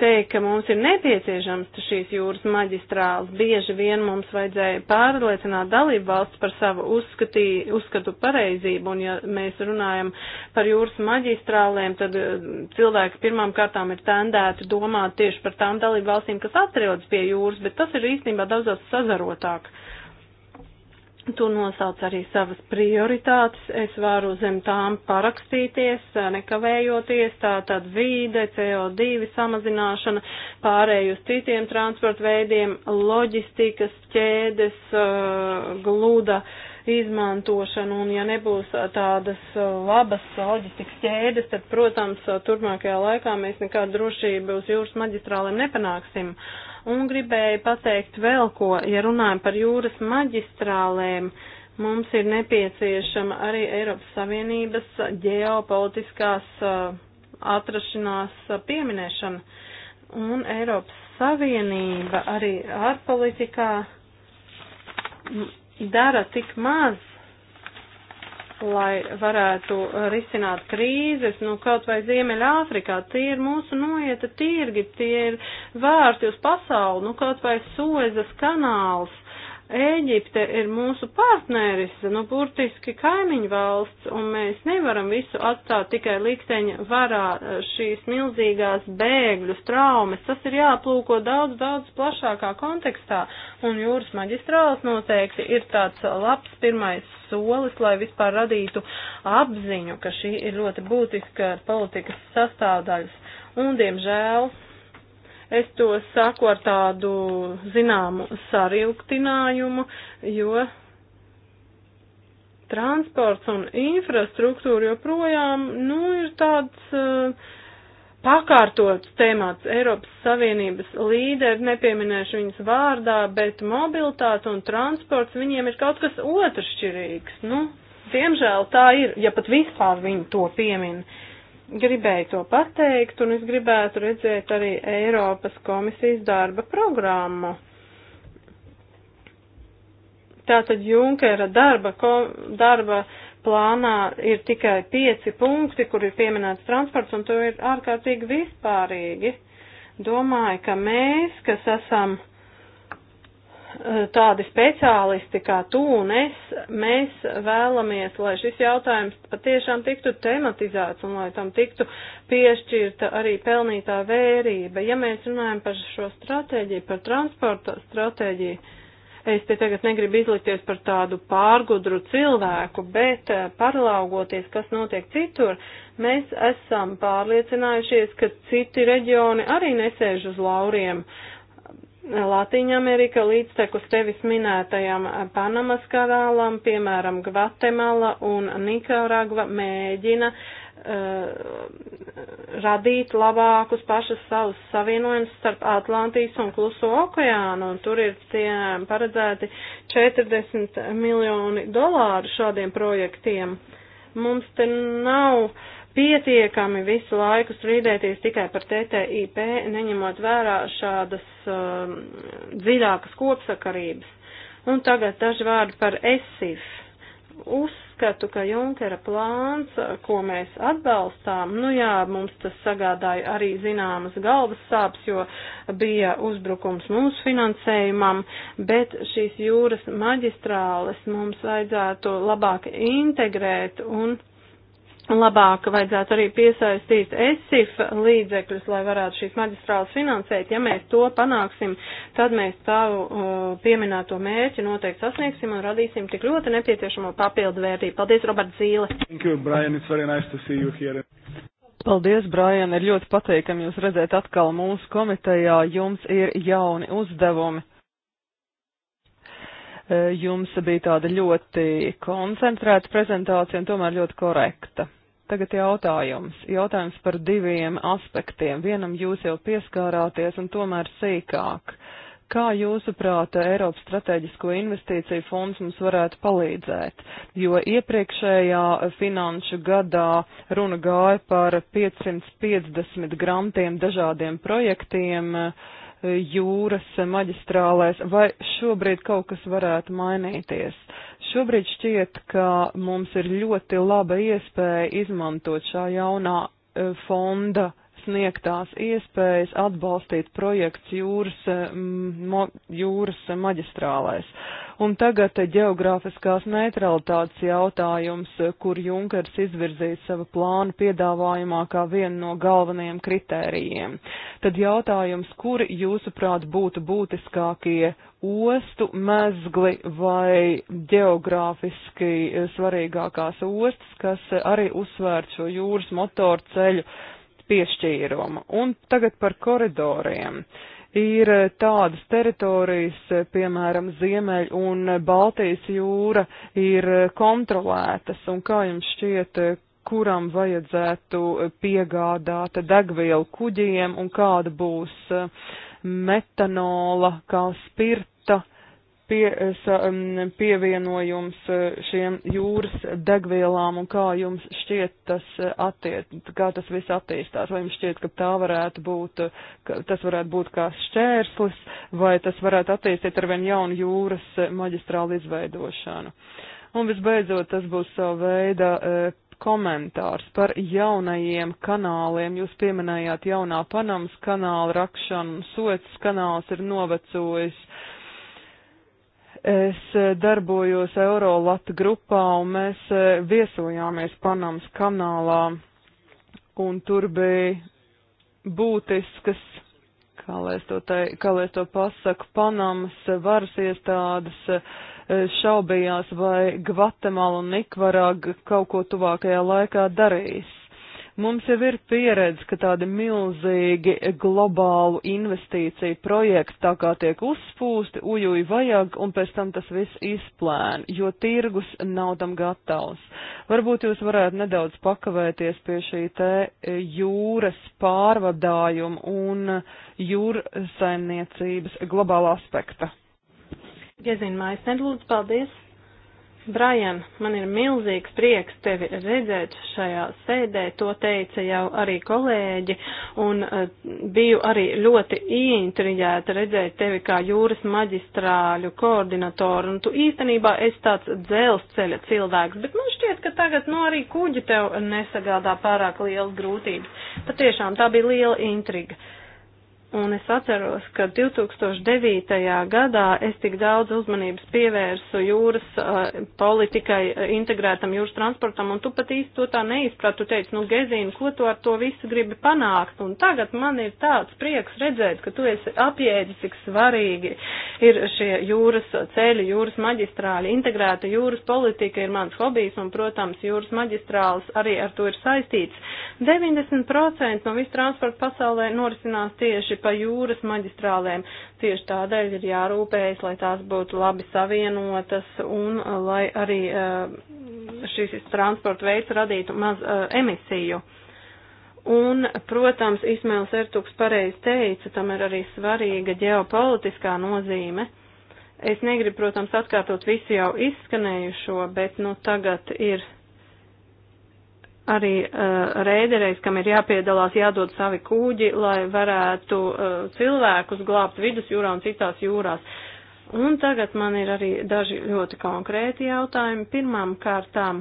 teikt, ka mums ir nepieciešams šīs jūras maģistrāls. Bieži vien mums vajadzēja pārliecināt dalību valsts par savu uzskatī, uzskatu pareizību, un ja mēs runājam par jūras maģistrāliem, tad eh, cilvēki pirmām kārtām ir tendēti domāt tieši par tām dalību valstīm, kas atrodas pie jūras, bet tas ir īstenībā daudz sazarotāk. Tu nosauc arī savas prioritātes, es varu zem tām parakstīties, nekavējoties, tā tad vīde, CO2 samazināšana, pārēju uz citiem transporta veidiem, loģistikas ķēdes, glūda. Uh, izmantošanu, un ja nebūs uh, tādas uh, labas loģistikas ķēdes, tad, protams, uh, turpmākajā laikā mēs nekādu drošību uz jūras maģistrālēm nepanāksim. Un gribēju pateikt vēl ko, ja runājam par jūras maģistrālēm, mums ir nepieciešama arī Eiropas Savienības ģeopolitiskās atrašanās pieminēšana. Un Eiropas Savienība arī ārpolitikā dara tik maz, lai varētu risināt krīzes, nu kaut vai Ziemeļāfrikā, tie ir mūsu noieta tirgi, tie ir vērti uz pasauli, nu kaut vai Suezas kanāls, Ēģipte ir mūsu partneris, nu, burtiski kaimiņu valsts, un mēs nevaram visu atstāt tikai likteņa varā eh, šīs milzīgās bēgļu traumas. Tas ir jāplūko daudz, daudz plašākā kontekstā, un jūras maģistrāls noteikti ir tāds labs pirmais solis, lai vispār radītu apziņu, ka šī ir ļoti būtiska politikas sastāvdaļas. Un, diemžēl, Es to saku ar tādu zināmu sarilktinājumu, jo transports un infrastruktūra joprojām, nu, ir tāds uh, pakārtots temats Eiropas Savienības līderi, nepieminēšu viņas vārdā, bet mobilitāte un transports viņiem ir kaut kas otršķirīgs. Nu, diemžēl tā ir, ja pat vispār viņi to piemina. Uh, gribēju to pateikt, un es gribētu redzēt arī Eiropas komisijas darba programmu. Tātad Junkera darba, ko, darba plānā ir tikai pieci punkti, kur ir pieminēts transports, un to ir ārkārtīgi vispārīgi. Domāju, ka mēs, kas esam tādi speciālisti kā tu un es, mēs vēlamies, lai šis jautājums patiešām tiktu tematizēts un lai tam tiktu piešķirta arī pelnītā vērība. Ja mēs runājam par šo stratēģiju, par transporta stratēģiju, es te tagad negribu izlikties par tādu pārgudru cilvēku, bet eh, parlaugoties, kas notiek citur, mēs esam pārliecinājušies, ka citi reģioni arī nesēž uz lauriem. Uh, Latīņa Amerika līdztekus tevis minētajam Panamas kanālam, piemēram, Gvatemala un Nikaragva mēģina uh, radīt labākus pašas savus savienojumus starp Atlantijas un Kluso okeānu, un tur ir tie paredzēti 40 miljoni dolāru šādiem projektiem. Mums te nav uh, pietiekami visu laiku strīdēties tikai par TTIP, neņemot vērā šādas uh, dziļākas kopsakarības. Un tagad daži vārdi par ESIF. Uzskatu, ka Junkera plāns, ko mēs atbalstām, nu jā, mums tas sagādāja arī zināmas galvas sāpes, jo bija uzbrukums mūsu finansējumam, bet šīs jūras maģistrāles mums vajadzētu labāk integrēt un labāk vajadzētu arī piesaistīt ESIF līdzekļus, lai varētu šīs maģistrāles finansēt. Ja mēs to panāksim, tad mēs tavu uh, pieminēto mērķi noteikti sasniegsim un radīsim tik ļoti nepieciešamo papildu vērtību. Paldies, Robert Zīle! Thank you, Brian. It's very nice to see you here. Paldies, Brian. Ir ļoti pateikami jūs redzēt atkal mūsu komitejā. Jums ir jauni uzdevumi. E, jums bija tāda ļoti koncentrēta prezentācija un tomēr ļoti korekta. Tagad jautājums. Jautājums par diviem aspektiem. Vienam jūs jau pieskārāties un tomēr sīkāk. Kā jūsuprāt, Eiropas strateģisko investīciju fonds mums varētu palīdzēt? Jo iepriekšējā finanšu gadā runa gāja par 550 grantiem dažādiem projektiem. Uh, jūras maģistrālēs, vai šobrīd kaut kas varētu mainīties. Šobrīd šķiet, ka mums ir ļoti laba iespēja izmantot šā jaunā eh, fonda uh, sniegtās iespējas atbalstīt projekts jūras, eh, mo, jūras maģistrālēs. Un tagad geogrāfiskās neutralitātes jautājums, kur Junkers izvirzīja savu plānu piedāvājumā kā vienu no galvenajiem kritērijiem. Tad jautājums, kuri jūsuprāt būtu būtiskākie ostu mezgli vai geogrāfiski eh, svarīgākās ostas, kas arī uzsvērt šo jūras motoru ceļu piešķīrumu. Un tagad par koridoriem. Ir eh, tādas teritorijas, eh, piemēram, Ziemeļ un Baltijas jūra ir eh, kontrolētas, un kā jums šķiet, kuram vajadzētu piegādāt degvielu kuģiem un kāda būs metanola kā spirt pie, sa, pievienojums e, šiem jūras degvielām un kā jums šķiet tas e, attiec, kā tas viss attīstās, vai jums šķiet, ka tā varētu būt, ka tas varētu būt kā šķērslis, vai tas varētu attīstīt arvien jaunu jūras e, maģistrālu izveidošanu. Un visbeidzot, tas būs savu veidu komentārs par jaunajiem kanāliem. Jūs pieminējāt jaunā Panamas kanāla rakšanu, sots kanāls ir novecojis Es eh, darbojos Eurolata grupā un mēs eh, viesojāmies Panamas kanālā un tur bija būtiskas, kā lai es to, te, kā lai es to pasaku, Panamas varas iestādes eh, šaubījās, vai Gvatemala un Nikvarāga kaut ko tuvākajā laikā darīs. Mums jau ir pieredze, ka tādi milzīgi globālu investīciju projekti tā kā tiek uzspūsti, ujuj vajag, un pēc tam tas viss izplēn, jo tirgus nav tam gatavs. Varbūt jūs varētu nedaudz pakavēties pie šī te e, jūras pārvadājuma un jūrsaimniecības globāla aspekta. Gezina Maisner, lūdzu, paldies! Brian, man ir milzīgs prieks tevi redzēt šajā sēdē, to teica jau arī kolēģi, un uh, biju arī ļoti ieintriģēta redzēt tevi kā jūras maģistrāļu koordinatoru, un tu īstenībā esi tāds dzelzceļa cilvēks, bet man šķiet, ka tagad, nu, arī kuģi tev nesagādā pārāk lielas grūtības. Patiešām tā bija liela intriga. Uh, Un es atceros, ka 2009. gadā es tik daudz uzmanības pievērsu jūras uh, politikai, uh, integrētam jūras transportam, un tu pat īsti to tā neizprāt. Tu teici, nu, Gezīna, ko tu ar to visu gribi panākt? Un tagad man ir tāds prieks redzēt, ka tu esi apjēdzis, cik svarīgi ir šie jūras ceļi, jūras maģistrāļi. Integrēta jūras politika ir mans hobijs, un, protams, jūras maģistrāls arī ar to ir saistīts. 90% no visu transportu pasaulē norisinās tieši pa jūras maģistrālēm. Tieši tādēļ ir jārūpējas, lai tās būtu labi savienotas un lai arī eh, šis transporta veids radītu maz eh, emisiju. Un, protams, Ismēls Ertuks pareizi teica, tam ir arī svarīga ģeopolitiskā nozīme. Es negribu, protams, atkārtot visu jau izskanējušo, bet, nu, tagad ir arī uh, reidereis, kam ir jāpiedalās, jādod savi kūģi, lai varētu uh, cilvēkus glābt vidusjūrā un citās jūrās. Un tagad man ir arī daži ļoti konkrēti jautājumi. Pirmām kārtām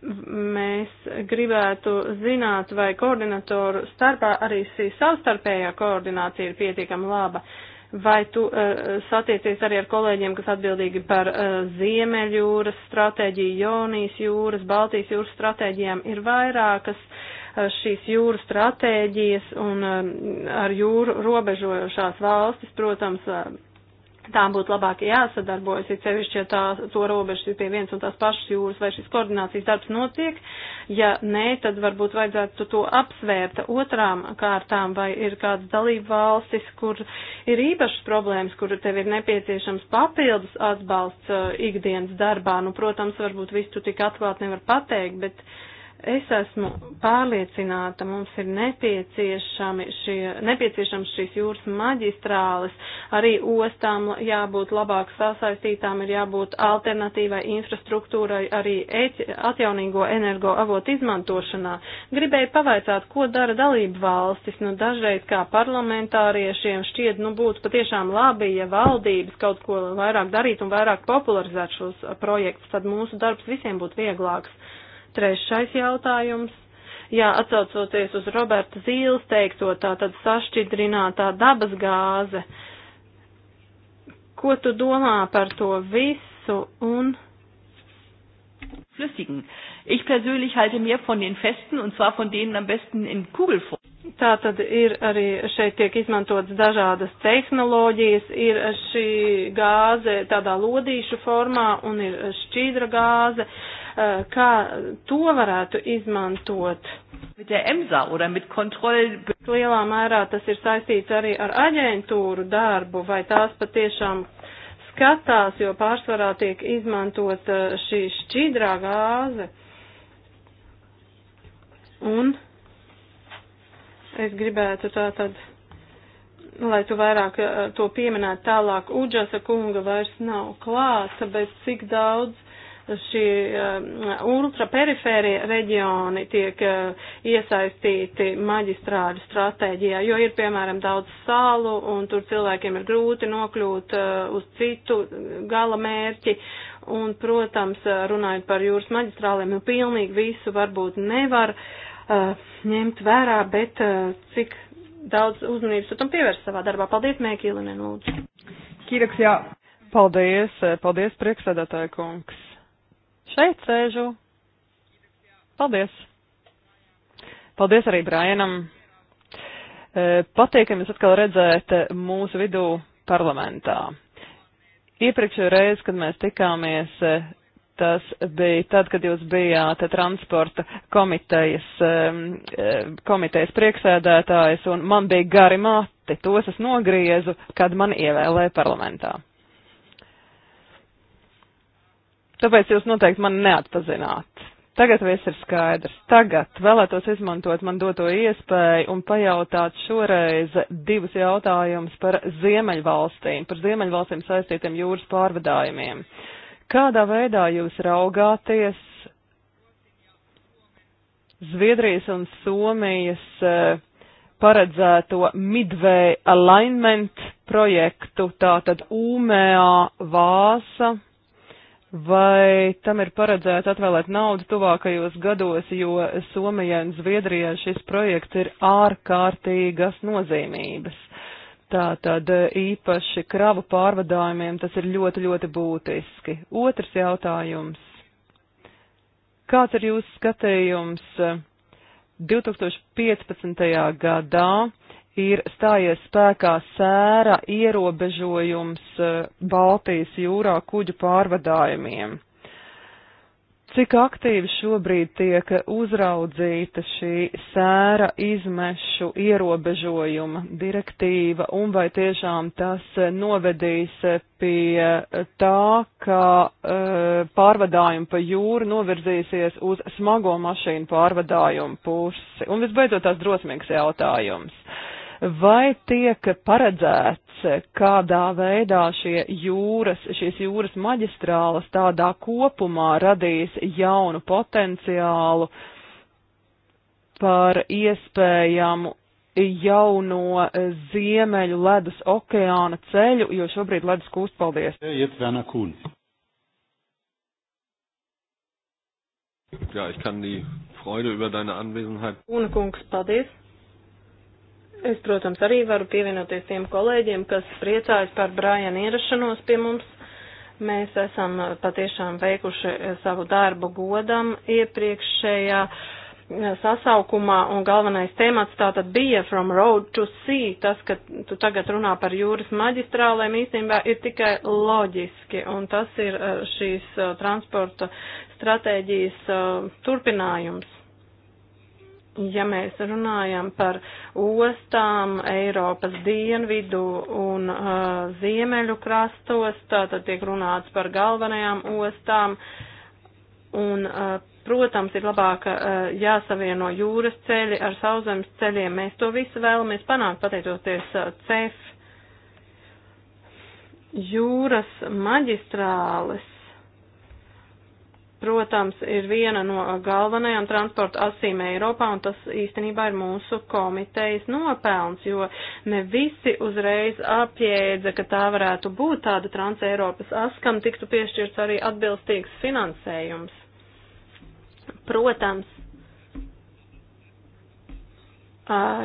mēs gribētu zināt, vai koordinatoru starpā arī savstarpējā koordinācija ir pietiekama laba. Uh, Vai tu uh, satiecies arī ar kolēģiem, kas atbildīgi par uh, Ziemeļjūras stratēģiju, Jonijas jūras, Baltijas jūras stratēģijām? Ir vairākas uh, šīs jūras stratēģijas un uh, ar jūru robežojošās valstis, protams, uh, tām būtu labāk jāsadarbojas, ir sevišķi, ja tā, to robežu ir pie viens un tās pašas jūras, vai šis koordinācijas darbs notiek. Ja nē, tad varbūt vajadzētu to apsvērt otrām kārtām, vai ir kādas dalība valstis, kur ir īpašas problēmas, kur tev ir nepieciešams papildus atbalsts uh, ikdienas darbā. Nu, protams, varbūt visu tik atklāt nevar pateikt, bet. Uh, Es esmu pārliecināta, mums ir nepieciešami šie, nepieciešams šīs jūras maģistrāles, arī ostām jābūt labāk sasaistītām, ir jābūt alternatīvai infrastruktūrai, arī atjaunīgo energo avotu izmantošanā. Gribēju pavaicāt, ko dara dalību valstis, nu dažreiz kā parlamentāriešiem šķiet, nu būtu patiešām labi, ja valdības kaut ko vairāk darītu un vairāk popularizētu šos projektus, tad mūsu darbs visiem būtu vieglāks. Trešais jautājums. Jā, atcaucoties uz Roberta Zīles teikto, tā tad sašķidrinātā dabas gāze. Ko tu domā par to visu un? Flüssigen. Ich persönlich halte mehr von den festen und zwar von denen am besten in Kugelform. Tā tad ir arī šeit tiek izmantotas dažādas tehnoloģijas, ir šī gāze tādā lodīšu formā un ir šķīdra gāze. Eh, kā to varētu izmantot. Lielā mērā tas ir saistīts arī ar aģentūru darbu, vai tās patiešām skatās, jo pārsvarā tiek izmantot eh, šī šķidrā gāze. Un es gribētu tā tad, lai tu vairāk eh, to pieminētu tālāk, Uģasa kunga vairs nav klāta, bet cik daudz šie eh, ultraperifērie reģioni tiek eh, iesaistīti maģistrāļu stratēģijā, jo ir, piemēram, daudz salu un tur cilvēkiem ir grūti nokļūt eh, uz citu gala mērķi. Un, protams, runājot par jūras maģistrāliem, nu pilnīgi visu varbūt nevar uh, ņemt vērā, bet uh, cik daudz uzmanības tu tam pievērst savā darbā. Paldies, Mēkīlinen, lūdzu. Kīraks, jā. Paldies, paldies, priekšsēdētāja kungs. Šeit sēžu. Paldies! Paldies arī Brānam! E, Patīkam jūs atkal redzēt mūsu vidū parlamentā. Iepriekšējā reize, kad mēs tikāmies, e, tas bija tad, kad jūs bijāt transporta komitejas, e, komitejas prieksēdētājs, un man bija gari mati, tos es nogriezu, kad man ievēlēja parlamentā. Tāpēc jūs noteikti mani neatpazināt. Tagad viss ir skaidrs. Tagad vēlētos izmantot man doto iespēju un pajautāt šoreiz divus jautājumus par Ziemeļvalstīm, par Ziemeļvalstīm saistītiem jūras pārvadājumiem. Kādā veidā jūs raugāties Zviedrijas un Somijas eh, paredzēto Midway Alignment projektu, tātad UMEA vāsa? Vai tam ir paredzēts atvēlēt naudu tuvākajos gados, jo Somijai un Zviedrijai šis projekts ir ārkārtīgas nozīmības? Tātad īpaši kravu pārvadājumiem tas ir ļoti, ļoti būtiski. Otrs jautājums. Kāds ir jūsu skatījums 2015. gadā? ir stājies spēkā sēra ierobežojums e, Baltijas jūrā kuģu pārvadājumiem. Cik aktīvi šobrīd tiek uzraudzīta šī sēra izmešu ierobežojuma direktīva un vai tiešām tas novedīs pie tā, ka uh, pārvadājumi pa jūru novirzīsies uz smago mašīnu pārvadājumu pusi? Un visbeidzot tās drosmīgs jautājums. Uh, vai tiek paredzēts, kādā veidā šie jūras, šīs jūras maģistrālas tādā kopumā radīs jaunu potenciālu par iespējamu jauno ziemeļu ledus okeāna ceļu, jo šobrīd ledus kūst paldies. Ja, ich kann die Freude über deine Anwesenheit. Ohne Kungs, paldies. Es, protams, arī varu pievienoties tiem kolēģiem, kas priecājas par Brājana ierašanos pie mums. Mēs esam uh, patiešām veikuši uh, savu darbu godam iepriekšējā uh, sasaukumā, un galvenais temats tātad bija From Road to Sea. Tas, ka tu tagad runā par jūras maģistrālēm, īstenībā ir tikai loģiski, un tas ir šīs transporta stratēģijas turpinājums ja mēs runājam par ostām Eiropas dienvidu un uh, ziemeļu krastos, tātad tiek runāts par galvenajām ostām. Un, uh, protams, ir labāk uh, jāsavieno jūras ceļi ar sauszemes ceļiem. Mēs to visu vēlamies panākt pateicoties uh, CEF jūras maģistrāles protams, ir viena no galvenajām transporta asīm Eiropā, un tas īstenībā ir mūsu komitejas nopelns, jo ne visi uzreiz apjēdza, ka tā varētu būt tāda Trans-Eiropas as, kam tiktu piešķirts arī atbilstīgs finansējums. Protams,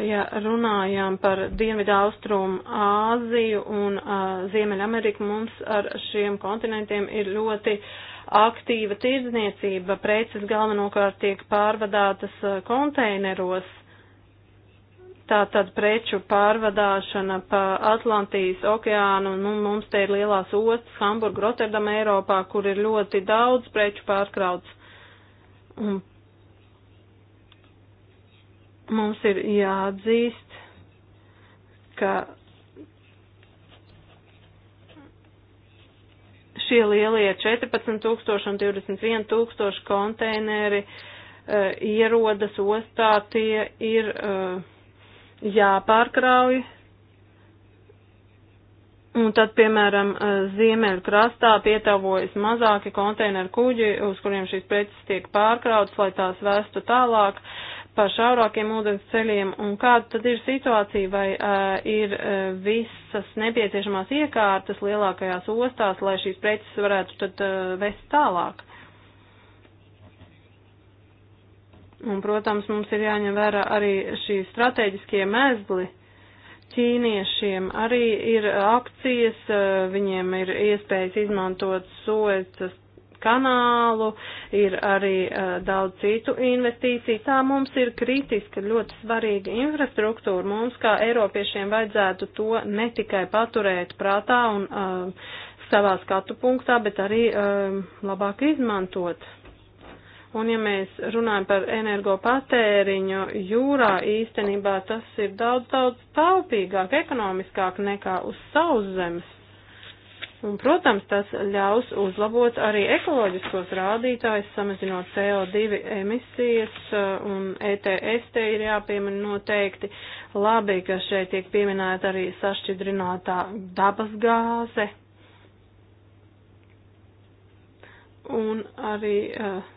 ja runājām par Dienvidu Austrumu Āziju un Ziemeļameriku, mums ar šiem kontinentiem ir ļoti uh, aktīva tirdzniecība, preces galvenokārt tiek pārvadātas uh, konteineros, tātad preču pārvadāšana pa Atlantijas okeānu, nu, mums te ir lielās ostas, Hamburga, Rotterdama Eiropā, kur ir ļoti daudz preču pārkrauts. Un mums ir jāatzīst, ka šie lielie 14 tūkstoši un 21 tūkstoši konteineri uh, ierodas ostā, tie ir uh, jāpārkrauj. Un tad, piemēram, e, ziemeļu krastā pietavojas mazāki konteineru kuģi, uz kuriem šīs preces tiek pārkrautas, lai tās vestu tālāk. Uh, par šaurākiem ūdens ceļiem un kāda tad ir situācija, vai uh, ir uh, visas nepieciešamās iekārtas lielākajās ostās, lai šīs preces varētu tad uh, vest tālāk. Un, protams, mums ir jāņem vērā arī šī strateģiskie mezgli. Ķīniešiem arī ir akcijas, viņiem ir iespējas izmantot soecas kanālu, ir arī uh, daudz citu investīciju. Tā mums ir kritiska, ļoti svarīga infrastruktūra. Mums kā Eiropiešiem vajadzētu to ne tikai paturēt prātā un uh, savā skatu punktā, bet arī uh, labāk izmantot. Un ja mēs runājam par energopatēriņu jūrā, īstenībā tas ir daudz, daudz taupīgāk, ekonomiskāk nekā uz sauszemes. Un, protams, tas ļaus uzlabot arī ekoloģiskos rādītājus, samazinot CO2 emisijas, uh, un ETS te ir jāpiemina noteikti. Labi, ka šeit tiek pieminēta arī sašķidrinātā dabas gāze. Un arī uh,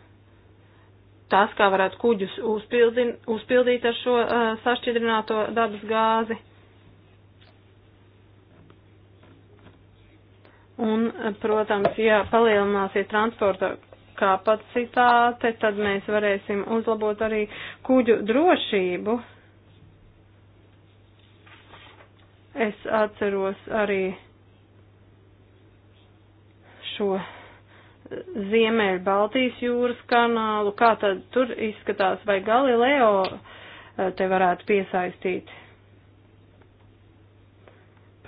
tas, kā varētu kuģus uzpildin, uzpildīt ar šo uh, sašķidrināto dabas gāzi. Un, protams, ja palielināsies transporta kapacitāte, tad mēs varēsim uzlabot arī kuģu drošību. Es atceros arī šo Ziemeļ Baltijas jūras kanālu, kā tad tur izskatās, vai Galileo eh, te varētu piesaistīt.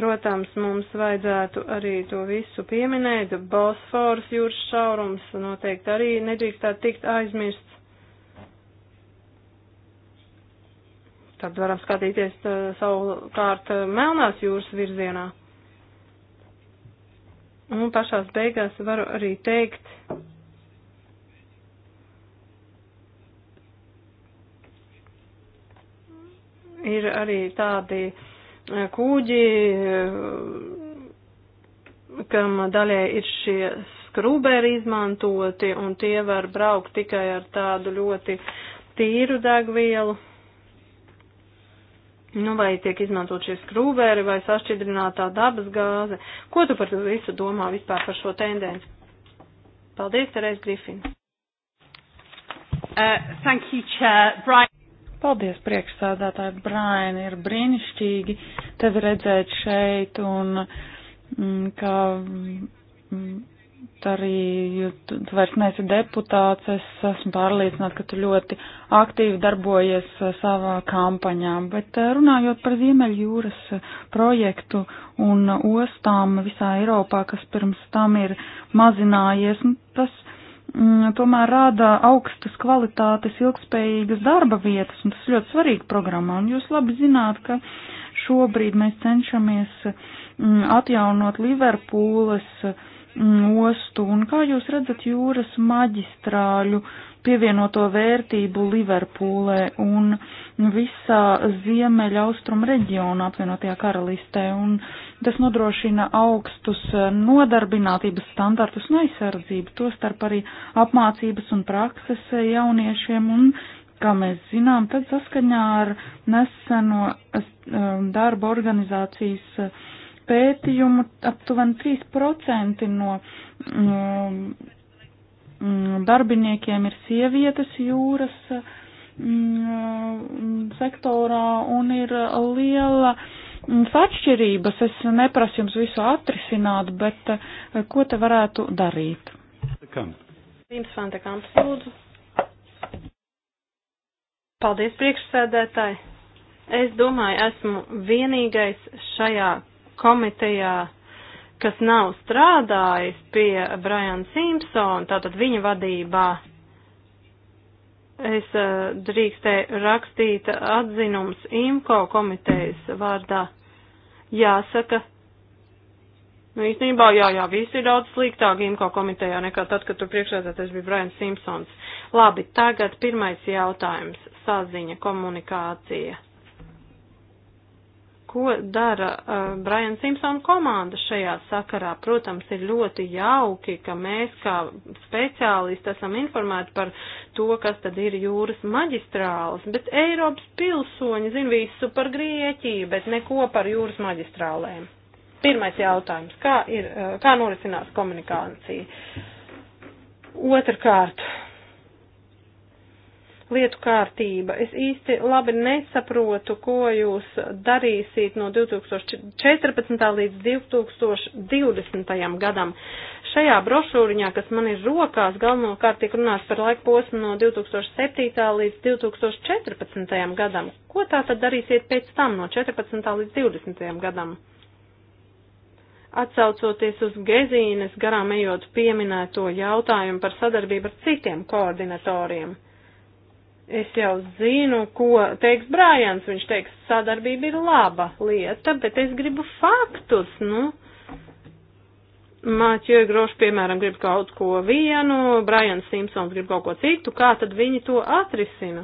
Protams, mums vajadzētu arī to visu pieminēt. Bosforas jūras šaurums noteikti arī nedrīkstētu tikt aizmirsts. Tad varam skatīties uh, savukārt uh, Melnās jūras virzienā. Un pašās beigās varu arī teikt, ir arī tādi kūģi, eh, kam daļai ir šie skrūbēri izmantoti, un tie var braukt tikai ar tādu ļoti tīru degvielu. Nu, vai tiek izmantot šie skrūvēri vai sašķidrinātā dabas gāze. Ko tu par to visu domā vispār par šo tendenci? Paldies, Terēs Grifin. Uh, thank you, Chair. Brian. Paldies, priekšsādātāji Brain, ir brīnišķīgi tevi redzēt šeit un mm, ka mm, arī tu, tu vairs neesi deputāts, es esmu pārliecināta, ka tu ļoti aktīvi darbojies eh, savā kampaņā, bet eh, runājot par Ziemeļjūras eh, projektu un ostām visā Eiropā, kas pirms tam ir mazinājies, nu, tas Mm, tomēr rāda augstas kvalitātes, ilgspējīgas darba vietas, un tas ļoti svarīgi programmā. Un jūs labi zināt, ka šobrīd mēs cenšamies mm, atjaunot Liverpūles mm, ostu, un kā jūs redzat jūras maģistrāļu pievienoto vērtību Liverpūlē un visā ziemeļa austrum reģionu apvienotajā karalistē, un tas nodrošina augstus nodarbinātības standartus un aizsardzību, to starp arī apmācības un prakses jauniešiem un kā mēs zinām, tad saskaņā ar neseno um, darba organizācijas pētījumu aptuveni 3% no um, Mm, darbiniekiem ir sievietes jūras mm, mm, sektorā un ir liela atšķirības. Es neprasu jums visu atrisināt, bet eh, ko te varētu darīt? Kam? Jums Fanta Kamps lūdzu. Paldies priekšsēdētāji. Es domāju, esmu vienīgais šajā komitejā kas nav strādājis pie Brian Simpsona, tātad viņa vadībā, es uh, drīkstēju rakstīt atzinums IMCO komitejas vārdā. Jāsaka, nu īstenībā, jā, jā, viss ir daudz sliktāk IMCO komitejā nekā tad, kad tur priekšsēdētājs bija Brian Simpsons. Labi, tagad pirmais jautājums - saziņa, komunikācija ko dara uh, Brian Simpsona komanda šajā sakarā. Protams, ir ļoti jauki, ka mēs kā speciālisti esam informēti par to, kas tad ir jūras maģistrāls, bet Eiropas pilsoņi zin visu par Grieķiju, bet neko par jūras maģistrālēm. Pirmais jautājums, kā, ir, uh, kā norisinās komunikācija? Otrkārt, lietu kārtība. Es īsti labi nesaprotu, ko jūs darīsiet no 2014. līdz 2020. gadam. Šajā brošūriņā, kas man ir rokās, galvenokārt tiek runāts par laika posmu no 2007. līdz 2014. gadam. Ko tā tad darīsiet pēc tam no 14. līdz 20. gadam? Atcaucoties uz Gezīnes garām ejot pieminēto jautājumu par sadarbību ar citiem koordinatoriem. Es jau zinu, ko teiks Brājans. Viņš teiks, sadarbība ir laba lieta, bet es gribu faktus. Nu, Māķie Grošs, piemēram, grib kaut ko vienu, Brajans Simpsons grib kaut ko citu. Kā tad viņi to atrisina?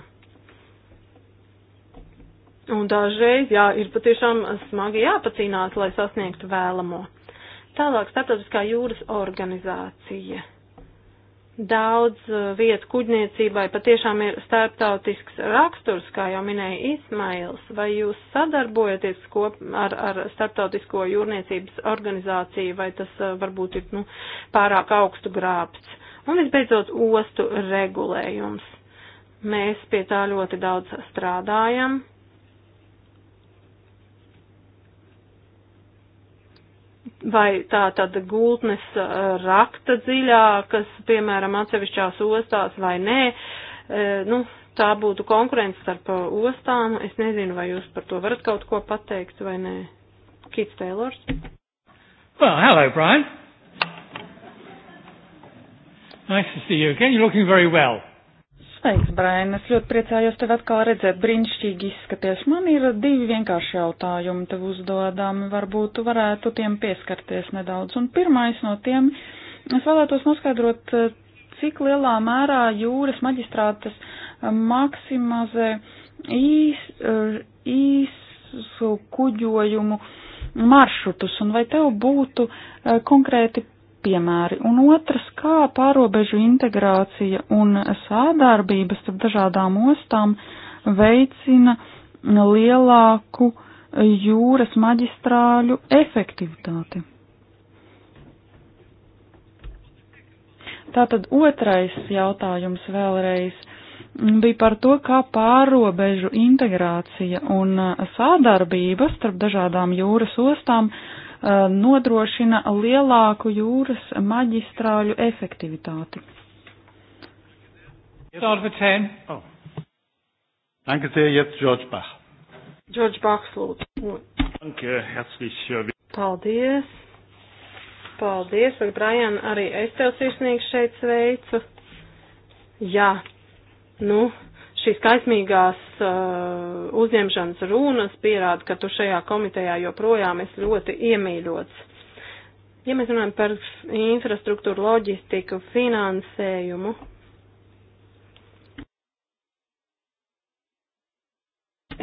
Un dažreiz, jā, ir patiešām smagi jāpacīnās, lai sasniegtu vēlamo. Tālāk starptautiskā jūras organizācija. Daudz uh, vietu kuģniecībai patiešām ir starptautisks raksturs, kā jau minēja Ismails. Vai jūs sadarbojaties kop ar, ar starptautisko jūrniecības organizāciju, vai tas uh, varbūt ir nu, pārāk augstu grābts? Un visbeidzot, ostu regulējums. Mēs pie tā ļoti daudz strādājam vai tā tad gultnes uh, rakta dziļā, kas, piemēram, atsevišķās ostās vai nē, e, nu, tā būtu konkurence starp uh, ostām. Es nezinu, vai jūs par to varat kaut ko pateikt vai nē. Kits Taylors. Well, hello, Brian. Nice to see you again. You're looking very well. Sveiks, Brain! Es ļoti priecājos tevi atkal redzēt. Brīnišķīgi izskaties. Man ir divi vienkārši jautājumi tev uzdodami. Varbūt tu varētu tiem pieskarties nedaudz. Un pirmais no tiem, es vēlētos noskaidrot, cik lielā mērā jūras maģistrātes eh, maksimizē īs, eh, īsu kuģojumu maršrutus. Un vai tev būtu eh, konkrēti piemēri, un otrs, kā pārobežu integrācija un sādarbības starp dažādām ostām veicina lielāku jūras maģistrāļu efektivitāti. Tātad otrais jautājums vēlreiz bija par to, kā pārobežu integrācija un sādarbība starp dažādām jūras ostām uh, Uh, nodrošina lielāku jūras maģistrāļu efektivitāti. Oh. Danke sehr, jetzt George Bach. George Bachs lūdzu. Danke, herzlich. Paldies. Paldies, vai Brian, arī es tev sirsnīgi šeit sveicu. Jā, nu, šīs kaismīgās uh, uzņemšanas runas pierāda, ka tu šajā komitejā joprojām esi ļoti iemīļots. Ja mēs runājam par infrastruktūru, loģistiku, finansējumu,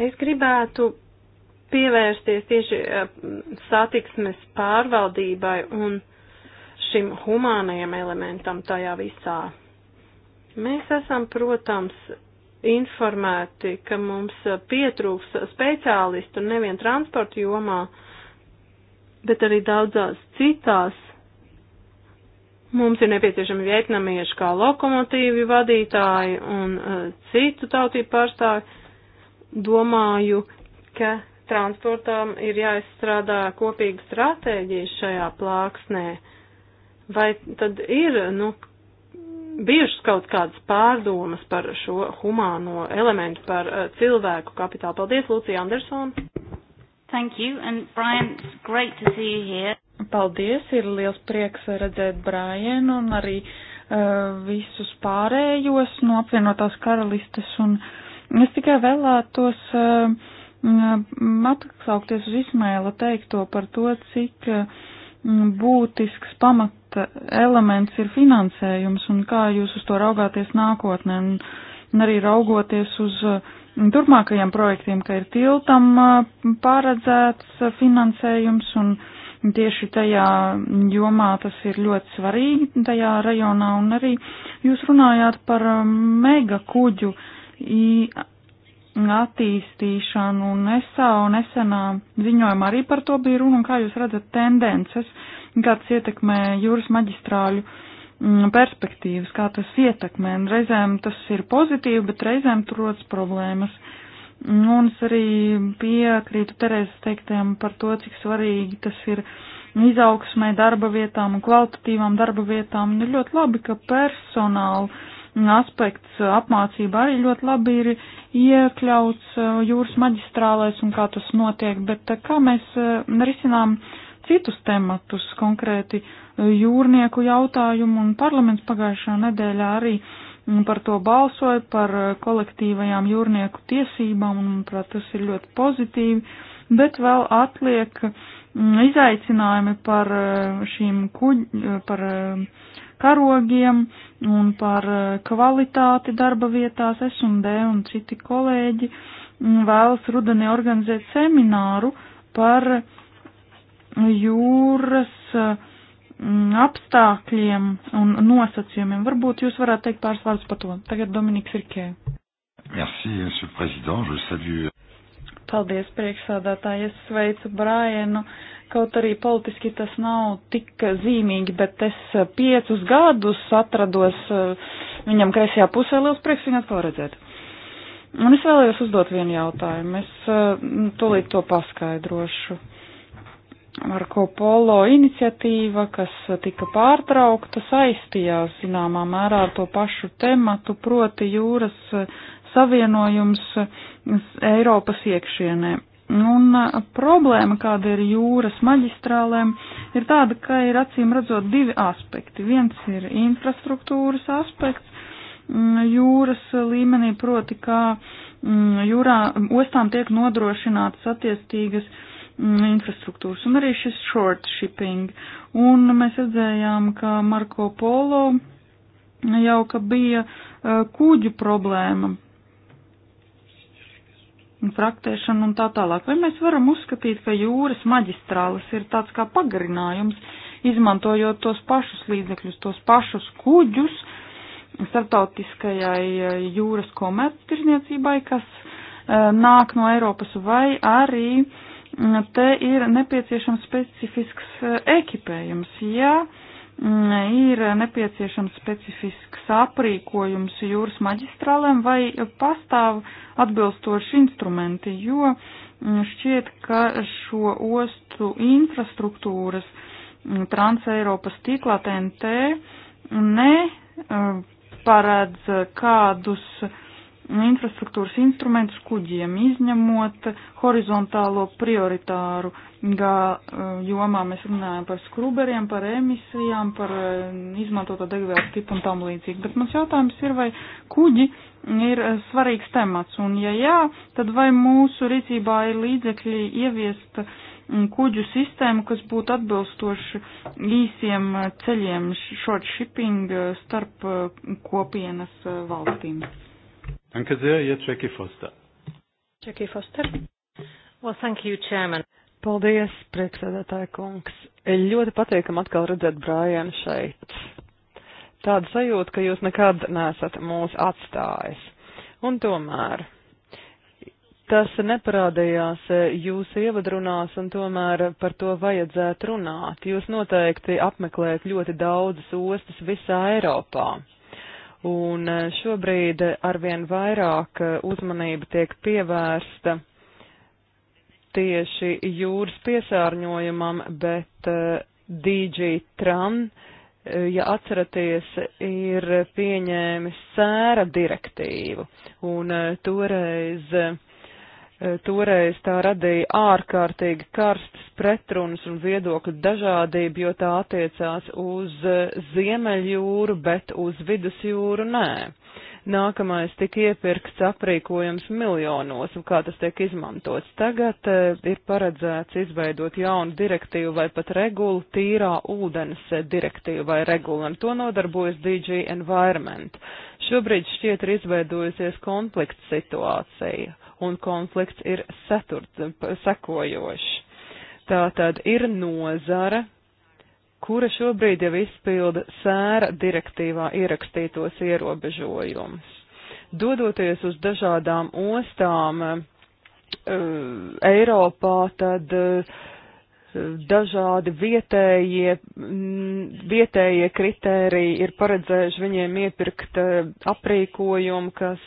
es gribētu pievērsties tieši uh, satiksmes pārvaldībai un šim humānajam elementam tajā visā. Mēs esam, protams, informēti, ka mums eh, pietrūks speciālistu nevien transporta jomā, bet arī daudzās citās. Mums ir nepieciešami vietnamieši kā lokomotīvi vadītāji un uh, citu tautību pārstāvi. Domāju, ka transportām ir jāizstrādā kopīga stratēģija šajā plāksnē. Vai tad ir, nu, bijušas kaut kādas pārdomas par šo humāno elementu, par uh, cilvēku kapitālu. Paldies, Lūcija Andersona! Thank you, and Brian, it's great to see you here. Paldies, ir liels prieks redzēt Brianu un arī uh, visus pārējos no apvienotās karalistes, un es tikai vēlētos uh, atsaukties uz Ismaila teikto par to, cik uh, būtisks pamat elements ir finansējums un kā jūs uz to raugāties nākotnē un, un arī raugoties uz uh, turpmākajiem projektiem, ka ir tiltam uh, paredzēts uh, finansējums un tieši tajā jomā tas ir ļoti svarīgi tajā rajonā un arī jūs runājāt par um, mega kuģu attīstīšanu un nesā un esenā ziņojumā arī par to bija runa un kā jūs redzat tendences kā tas ietekmē jūras maģistrāļu mm, perspektīvas, kā tas ietekmē. Un reizēm tas ir pozitīvi, bet reizēm tur rodas problēmas. Mm, un es arī piekrītu Terēzes teiktiem par to, cik svarīgi tas ir izaugsmai, darba vietām un kvalitatīvām darba vietām. Un ir ļoti labi, ka personāla aspekts apmācība arī ļoti labi ir iekļauts uh, jūras maģistrālēs un kā tas notiek, bet uh, kā mēs uh, risinām uh, citus tematus, konkrēti e, jūrnieku jautājumu, un parlaments pagājušā nedēļā arī mm, par to balsoja, par e, kolektīvajām jūrnieku tiesībām, un, manuprāt, tas ir ļoti pozitīvi, bet vēl atliek mm, izaicinājumi par e, šīm kuģi, par karogiem un par kvalitāti darba vietās. Es un D un citi kolēģi mm, vēlas rudenī organizēt semināru par uh, jūras mm, apstākļiem un nosacījumiem. Varbūt jūs varētu teikt pāris vārdus par to. Tagad Dominiks Rikē. Merci, monsieur président, je salue. Paldies, priekšsādātāji, es sveicu Brāienu, kaut arī politiski tas nav tik zīmīgi, bet es piecus gadus atrados eh, viņam kreisajā pusē, liels prieks viņu atkal redzēt. Un es vēlējos uzdot vienu jautājumu, es eh, tūlīt to paskaidrošu. Uh, Marko Polo iniciatīva, kas tika pārtraukta, saistījās zināmā mērā ar to pašu tematu, proti jūras savienojums Eiropas iekšienē. Un uh, problēma, kāda ir jūras maģistrālēm, ir tāda, ka ir acīm redzot divi aspekti. Viens ir infrastruktūras aspekts mm, jūras līmenī, proti kā mm, jūrā ostām tiek nodrošinātas attiestīgas uh, Mm, infrastruktūras un arī šis short shipping. Un mēs redzējām, ka Marko Polo jau ka bija e, kūģu problēma, fraktēšana un tā tālāk. Vai mēs varam uzskatīt, ka jūras maģistrāles ir tāds kā pagarinājums, izmantojot tos pašus līdzekļus, tos pašus kuģus starptautiskajai e, jūras komerctirniecībai, kas e, nāk no Eiropas, vai arī uh, Mm, te ir nepieciešams specifisks eh, ekipējums. Ja mm, ir nepieciešams specifisks aprīkojums jūras maģistrālēm vai pastāv atbilstoši instrumenti, jo mm, šķiet, ka šo ostu infrastruktūras Transeiropas tīklā TNT ne eh, paredz kādus uh, infrastruktūras instrumentus kuģiem, izņemot horizontālo prioritāru, kā eh, jomā mēs runājam par skruberiem, par emisijām, par eh, izmantoto degvielas tipu un tam līdzīgi. Bet mans jautājums ir, vai kuģi ir eh, svarīgs temats, un ja jā, tad vai mūsu rīcībā ir līdzekļi ieviest mm, kuģu sistēmu, kas būtu atbilstoši īsiem ceļiem short shipping starp kopienas valstīm? Danke sehr, jetzt Jackie Foster. Jackie Foster. Well, thank you, Chairman. Paldies, priekšsēdētāja kungs. Ļoti patīkam atkal redzēt Brianu šeit. Tāda sajūta, ka jūs nekad nesat mūs atstājis. Un tomēr tas neparādījās jūsu ievadrunās, un tomēr par to vajadzētu runāt. Jūs noteikti apmeklējat ļoti daudzas ostas visā Eiropā. Un e, šobrīd arvien vairāk e, uzmanība tiek pievērsta tieši jūras piesārņojumam, bet e, DG Tran, ja atceraties, ir pieņēmis sēra direktīvu. Un toreiz E, toreiz tā radīja ārkārtīgi karstas pretrunas un viedokļu dažādību, jo tā attiecās uz Ziemeļjūru, bet uz Vidusjūru nē. Nākamais tika iepirkts aprīkojums miljonos, un kā tas tiek izmantots. Tagad e, ir paredzēts izveidot jaunu direktīvu vai pat regulu tīrā ūdens e, direktīvu vai regulu, un to nodarbojas DG Environment. Šobrīd šķiet ir izveidojusies konflikts situācija un konflikts ir seturts, sekojošs. Tā tad ir nozara, kura šobrīd jau izpilda sēra direktīvā ierakstītos ierobežojumus. Dodoties uz dažādām ostām uh, Eiropā, tad uh, dažādi vietējie, mm, vietējie kritēriji ir paredzējuši viņiem iepirkt eh, aprīkojumu, kas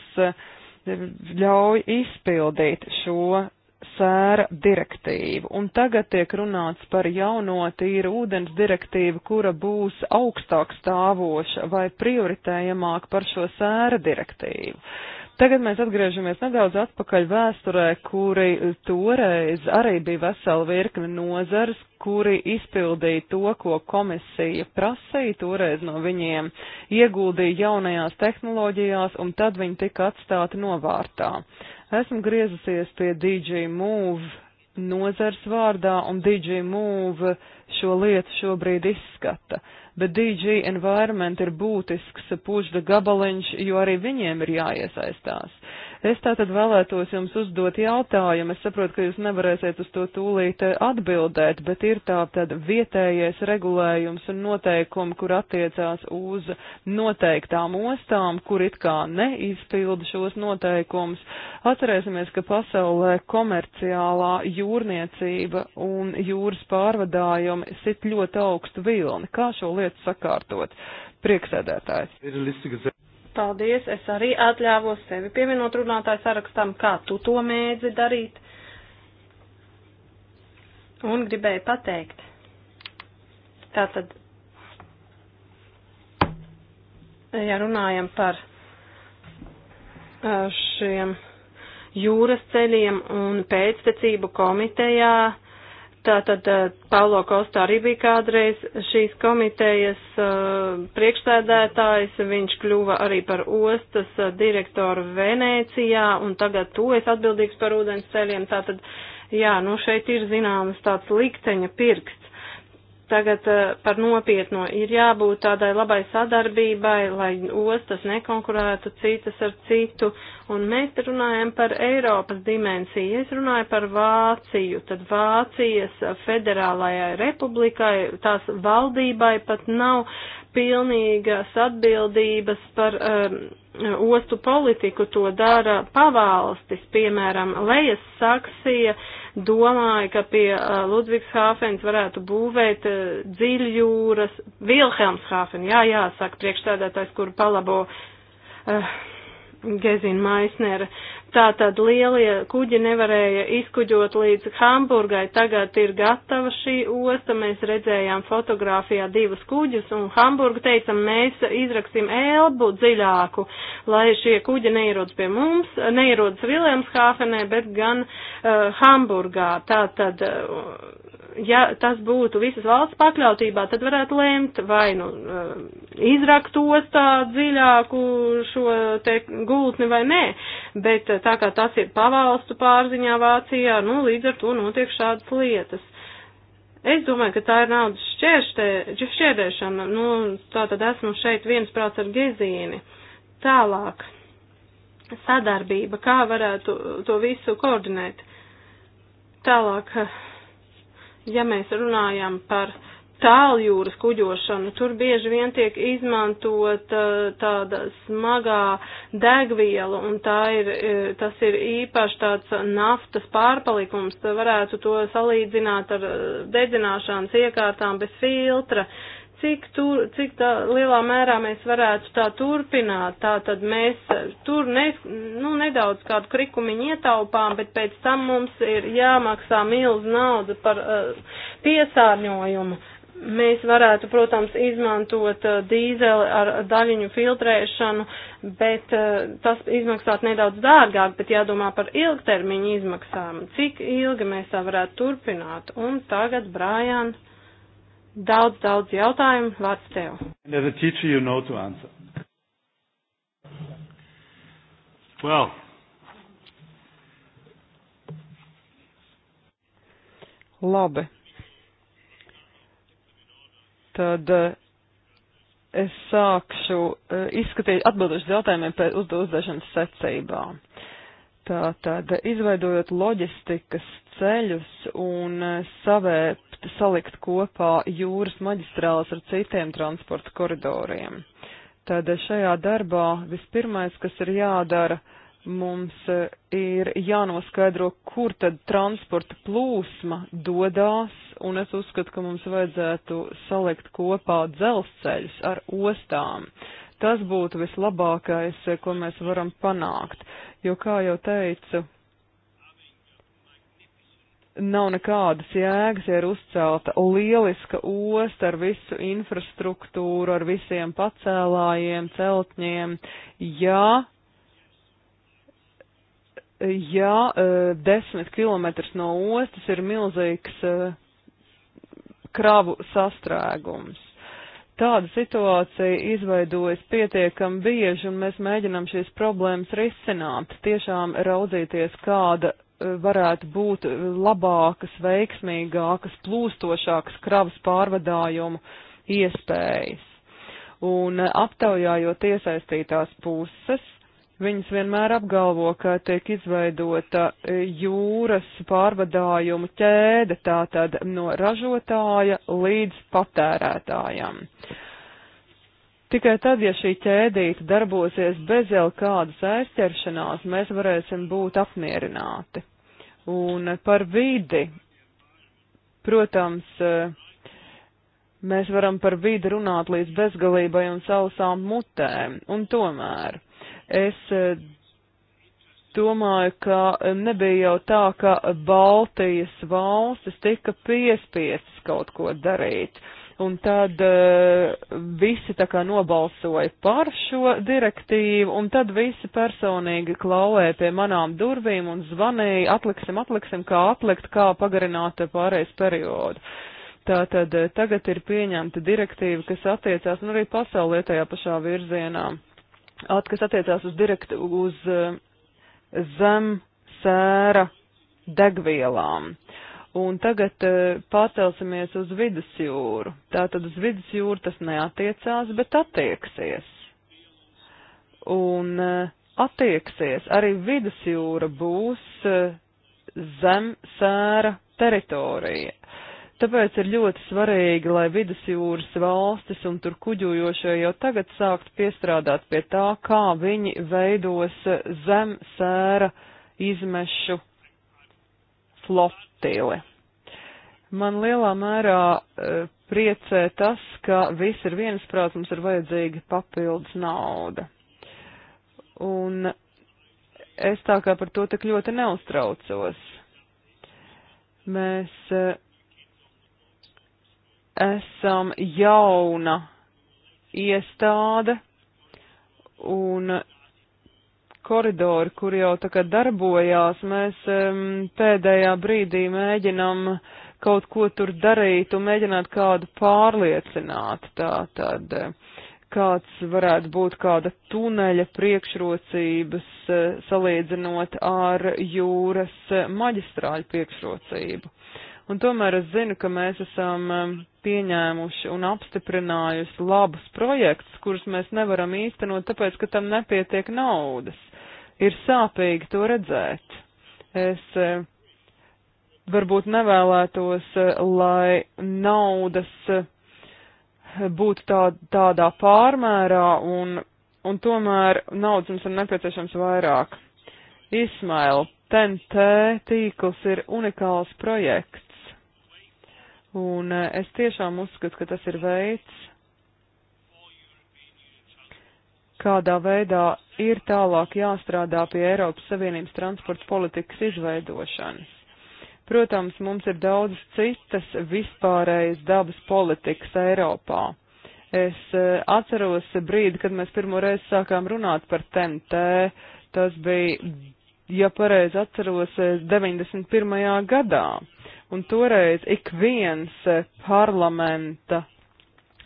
ļauj izpildīt šo sēra direktīvu. Un tagad tiek runāts par jauno tīru ūdens direktīvu, kura būs augstāk stāvoša vai prioritējamāk par šo sēra direktīvu. Uh, Tagad mēs atgriežamies nedaudz atpakaļ vēsturē, kuri toreiz arī bija vesela virkne nozars, kuri izpildīja to, ko komisija prasīja toreiz no viņiem, ieguldīja jaunajās tehnoloģijās, un tad viņi tika atstāti novārtā. Esmu griezusies pie DJ Move nozars vārdā un DJ Move šo lietu šobrīd izskata, bet DJ Environment ir būtisks pužda gabaliņš, jo arī viņiem ir jāiesaistās. Es tātad vēlētos jums uzdot jautājumu. Es saprotu, ka jūs nevarēsiet uz to tūlīt eh, atbildēt, bet ir tātad vietējais regulējums un noteikumi, kur attiecās uz noteiktām ostām, kur it kā neizpilda šos noteikumus. Atcerēsimies, ka pasaulē komerciālā jūrniecība un jūras pārvadājumi sit ļoti augstu vilni. Kā šo lietu sakārtot? Prieksēdētājs paldies. Es arī atļāvos sevi pievienot runātāju sarakstam, kā tu to mēdzi darīt. Un gribēju pateikt. Tātad, ja runājam par eh, šiem jūras ceļiem un pēctecību komitejā, Tātad eh, Paulo Kostā arī bija kādreiz šīs komitejas eh, priekšsēdētājs, viņš kļuva arī par ostas eh, direktoru Venēcijā, un tagad to es atbildīgs par ūdens ceļiem. Tātad, jā, nu šeit ir zināmas tāds likteņa pirks tagad eh, par nopietno. Ir jābūt tādai labai sadarbībai, lai ostas nekonkurētu citas ar citu. Un mēs runājam par Eiropas dimensiju. Es runāju par Vāciju. Tad Vācijas federālajai republikai, tās valdībai pat nav pilnīgas atbildības par. Um, ostu politiku to dara pavalstis, piemēram, Lejas Saksija, uh, domāja, ka pie Ludvigshāfens varētu būvēt dziļjūras Vilhelmshāfen. Jā, jā, saka priekšstādātājs, kuru palabo. Uh, Gezina Maisnera. Tā tad lielie kuģi nevarēja izkuģot līdz Hamburgai. Tagad ir gatava šī osta. Mēs redzējām fotografijā divus kuģus un Hamburgu teicam, mēs izraksim elbu dziļāku, lai šie kuģi neierodas pie mums, neierodas Viljams Hāfenē, bet gan uh, Hamburgā. Tā tad. Uh, ja tas būtu visas valsts pakļautībā, tad varētu lēmt vai nu eh, izrakt ostā dziļāku šo te gultni vai nē, bet eh, tā kā tas ir pavalstu pārziņā Vācijā, nu līdz ar to notiek šādas lietas. Es domāju, ka tā ir naudas šķērdēšana, nu tā tad esmu šeit viensprāts ar Gezīni. Tālāk, sadarbība, kā varētu to visu koordinēt. Tālāk, Ja mēs runājam par tāljūras kuģošanu, tur bieži vien tiek izmantot uh, tāda smagā degviela, un tā ir, uh, tas ir īpaši tāds naftas pārpalikums, tā varētu to salīdzināt ar uh, dedzināšanas iekārtām bez filtra. Uh, cik, tur, cik tā, lielā mērā mēs varētu tā turpināt. Tā tad mēs eh, tur ne, nu, nedaudz kādu krikumiņu ietaupām, bet pēc tam mums ir jāmaksā milz nauda par uh, piesārņojumu. Mēs varētu, protams, izmantot uh, dīzeli ar daļiņu filtrēšanu, bet uh, tas izmaksātu nedaudz dārgāk, bet jādomā par ilgtermiņu izmaksām. Cik ilgi mēs tā varētu turpināt? Un tagad, Brājāns. Daudz, daudz jautājumu. Vārds tev. And as a teacher, you know to answer. Well. Labi. Tad eh, es sākšu eh, izskatīt, atbildēšu jautājumiem pēc uzdošanas secībā. Tātad, izveidojot loģistikas ceļus un eh, savēt varētu salikt kopā jūras maģistrāles ar citiem transporta koridoriem. Tad šajā darbā vispirmais, kas ir jādara, mums e, ir jānoskaidro, kur tad transporta plūsma dodās, un es uzskatu, ka mums vajadzētu salikt kopā dzelzceļus ar ostām. Tas būtu vislabākais, e, ko mēs varam panākt, jo, kā jau teicu, nav nekādas jēgas, ja ir uzcelta lieliska osta ar visu infrastruktūru, ar visiem pacēlājiem, celtņiem, ja, ja e, desmit kilometrus no ostas ir milzīgs e, kravu sastrēgums. Tāda situācija izveidojas pietiekami bieži, un mēs mēģinām šīs problēmas risināt, tiešām raudzīties, kāda Eh, varētu būt eh, labākas, veiksmīgākas, plūstošākas kravas pārvadājumu iespējas. Un eh, aptaujājot iesaistītās puses, viņas vienmēr apgalvo, ka tiek izveidota jūras pārvadājumu ķēde tātad no ražotāja līdz patērētājam. Uh, Tikai tad, ja šī ķēdīte darbosies bez jau kādas aizķeršanās, mēs varēsim būt apmierināti. Un par vidi, protams, mēs varam par vidi runāt līdz bezgalībai un sausām mutēm, un tomēr es eh, domāju, ka nebija jau tā, ka Baltijas valstis tika piespiestas kaut ko darīt. Uh, Un tad eh, visi tā kā nobalsoja par šo direktīvu, un tad visi personīgi klauvēja pie manām durvīm un zvanīja, atliksim, atliksim, kā atlikt, kā pagarināt pārējais periodu. Tātad eh, tagad ir pieņemta direktīva, kas attiecās, nu arī pasaulē tajā pašā virzienā, at, kas attiecās uz direkt, uz eh, zem sēra degvielām. Uh, Un tagad uh, pārcelsimies uz vidusjūru. Tātad uz vidusjūru tas neatiecās, bet attieksies. Un uh, attieksies arī vidusjūra būs uh, zem sēra teritorija. Tāpēc ir ļoti svarīgi, lai vidusjūras valstis un tur kuģojošie jau tagad sākt piestrādāt pie tā, kā viņi veidos zem sēra izmešu flotile. Man lielā mērā e, priecē tas, ka viss ir viensprāts, mums ir vajadzīga papildus nauda. Un es tā kā par to tik ļoti neuztraucos. Mēs e, esam jauna iestāde, un koridori, kur jau tā kā darbojās, mēs um, pēdējā brīdī mēģinam kaut ko tur darīt un mēģināt kādu pārliecināt. Tā tad eh, kāds varētu būt kāda tuneļa priekšrocības eh, salīdzinot ar jūras eh, maģistrāļu priekšrocību. Un tomēr es zinu, ka mēs esam pieņēmuši un apstiprinājusi labus projektus, kurus mēs nevaram īstenot, tāpēc, ka tam nepietiek naudas. Ir sāpīgi to redzēt. Es e, varbūt nevēlētos, e, lai naudas e, būtu tā, tādā pārmērā un, un tomēr naudas mums ir nepieciešams vairāk. Ismail, TNT tīkls ir unikāls projekts. Un es tiešām uzskatu, ka tas ir veids, kādā veidā ir tālāk jāstrādā pie Eiropas Savienības transporta politikas izveidošanas. Protams, mums ir daudz citas vispārējas dabas politikas Eiropā. Es e, atceros brīdi, kad mēs pirmo reizi sākām runāt par TNT. Tas bija, ja pareizi atceros, 91. E, gadā. Un toreiz ik viens e, parlamenta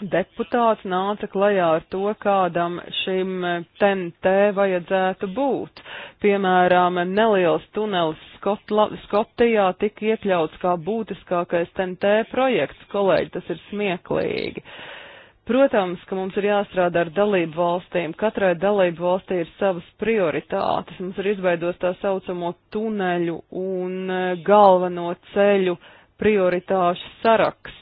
deputāts nāca klajā ar to, kādam šim TNT e, vajadzētu būt. Piemēram, neliels tunelis Skotla Skotijā tika iekļauts kā būtiskākais TNT projekts. Kolēģi, tas ir smieklīgi. Protams, ka mums ir jāstrādā ar dalību valstīm. Katrai dalību valstī ir savas prioritātes. Mums ir izveidos tā saucamo tuneļu un e, galveno ceļu prioritāšu saraksts.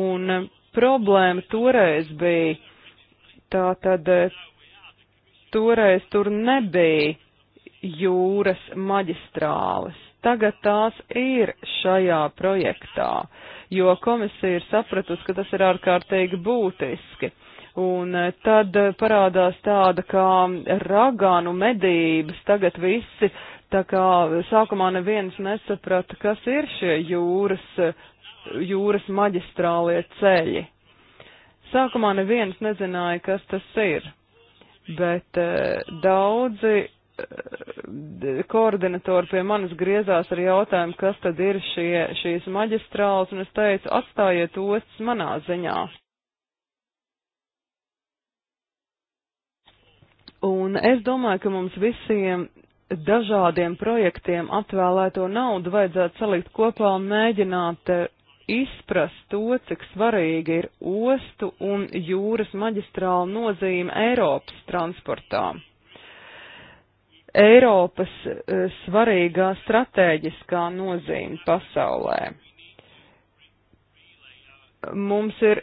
Un e, problēma toreiz bija, tā tad e, toreiz tur nebija jūras maģistrāles. Tagad tās ir šajā projektā, jo komisija ir sapratusi, ka tas ir ārkārtīgi būtiski. Un e, tad e, parādās tāda kā raganu medības, tagad visi, tā kā sākumā neviens nesaprata, kas ir šie jūras jūras maģistrālie ceļi. Sākumā neviens nezināja, kas tas ir, bet eh, daudzi eh, koordinatori pie manis griezās ar jautājumu, kas tad ir šie, šīs maģistrāls, un es teicu, atstājiet ostas manā ziņā. Un es domāju, ka mums visiem dažādiem projektiem atvēlēto naudu vajadzētu salikt kopā un mēģināt eh, izprast to, cik svarīga ir ostu un jūras maģistrāla nozīme Eiropas transportā. Eiropas e, svarīgā stratēģiskā nozīme pasaulē. Mums ir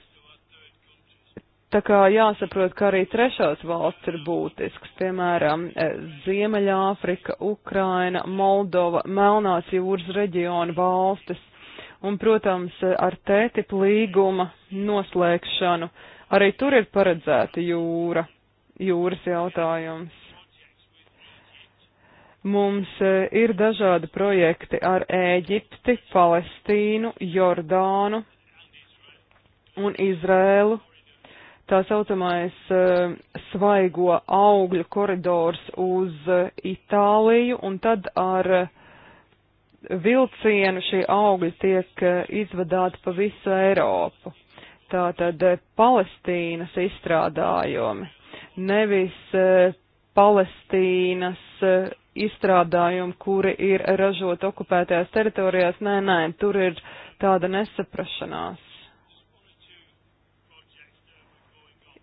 tā kā jāsaprot, ka arī trešās valsts ir būtisks, piemēram, e, Ziemeļāfrika, Ukraina, Moldova, Melnās jūras reģiona valstis un, protams, ar tētip līguma noslēgšanu. Arī tur ir paredzēta jūra, jūras jautājums. Mums e, ir dažādi projekti ar Ēģipti, Palestīnu, Jordānu un Izrēlu. Tā saucamais e, svaigo augļu koridors uz e, Itāliju un tad ar vilcienu šie augļi tiek eh, izvadāti pa visu Eiropu. Tātad eh, Palestīnas izstrādājumi, nevis eh, Palestīnas izstrādājumi, kuri ir ražot okupētajās teritorijās. Nē, nē, tur ir tāda nesaprašanās.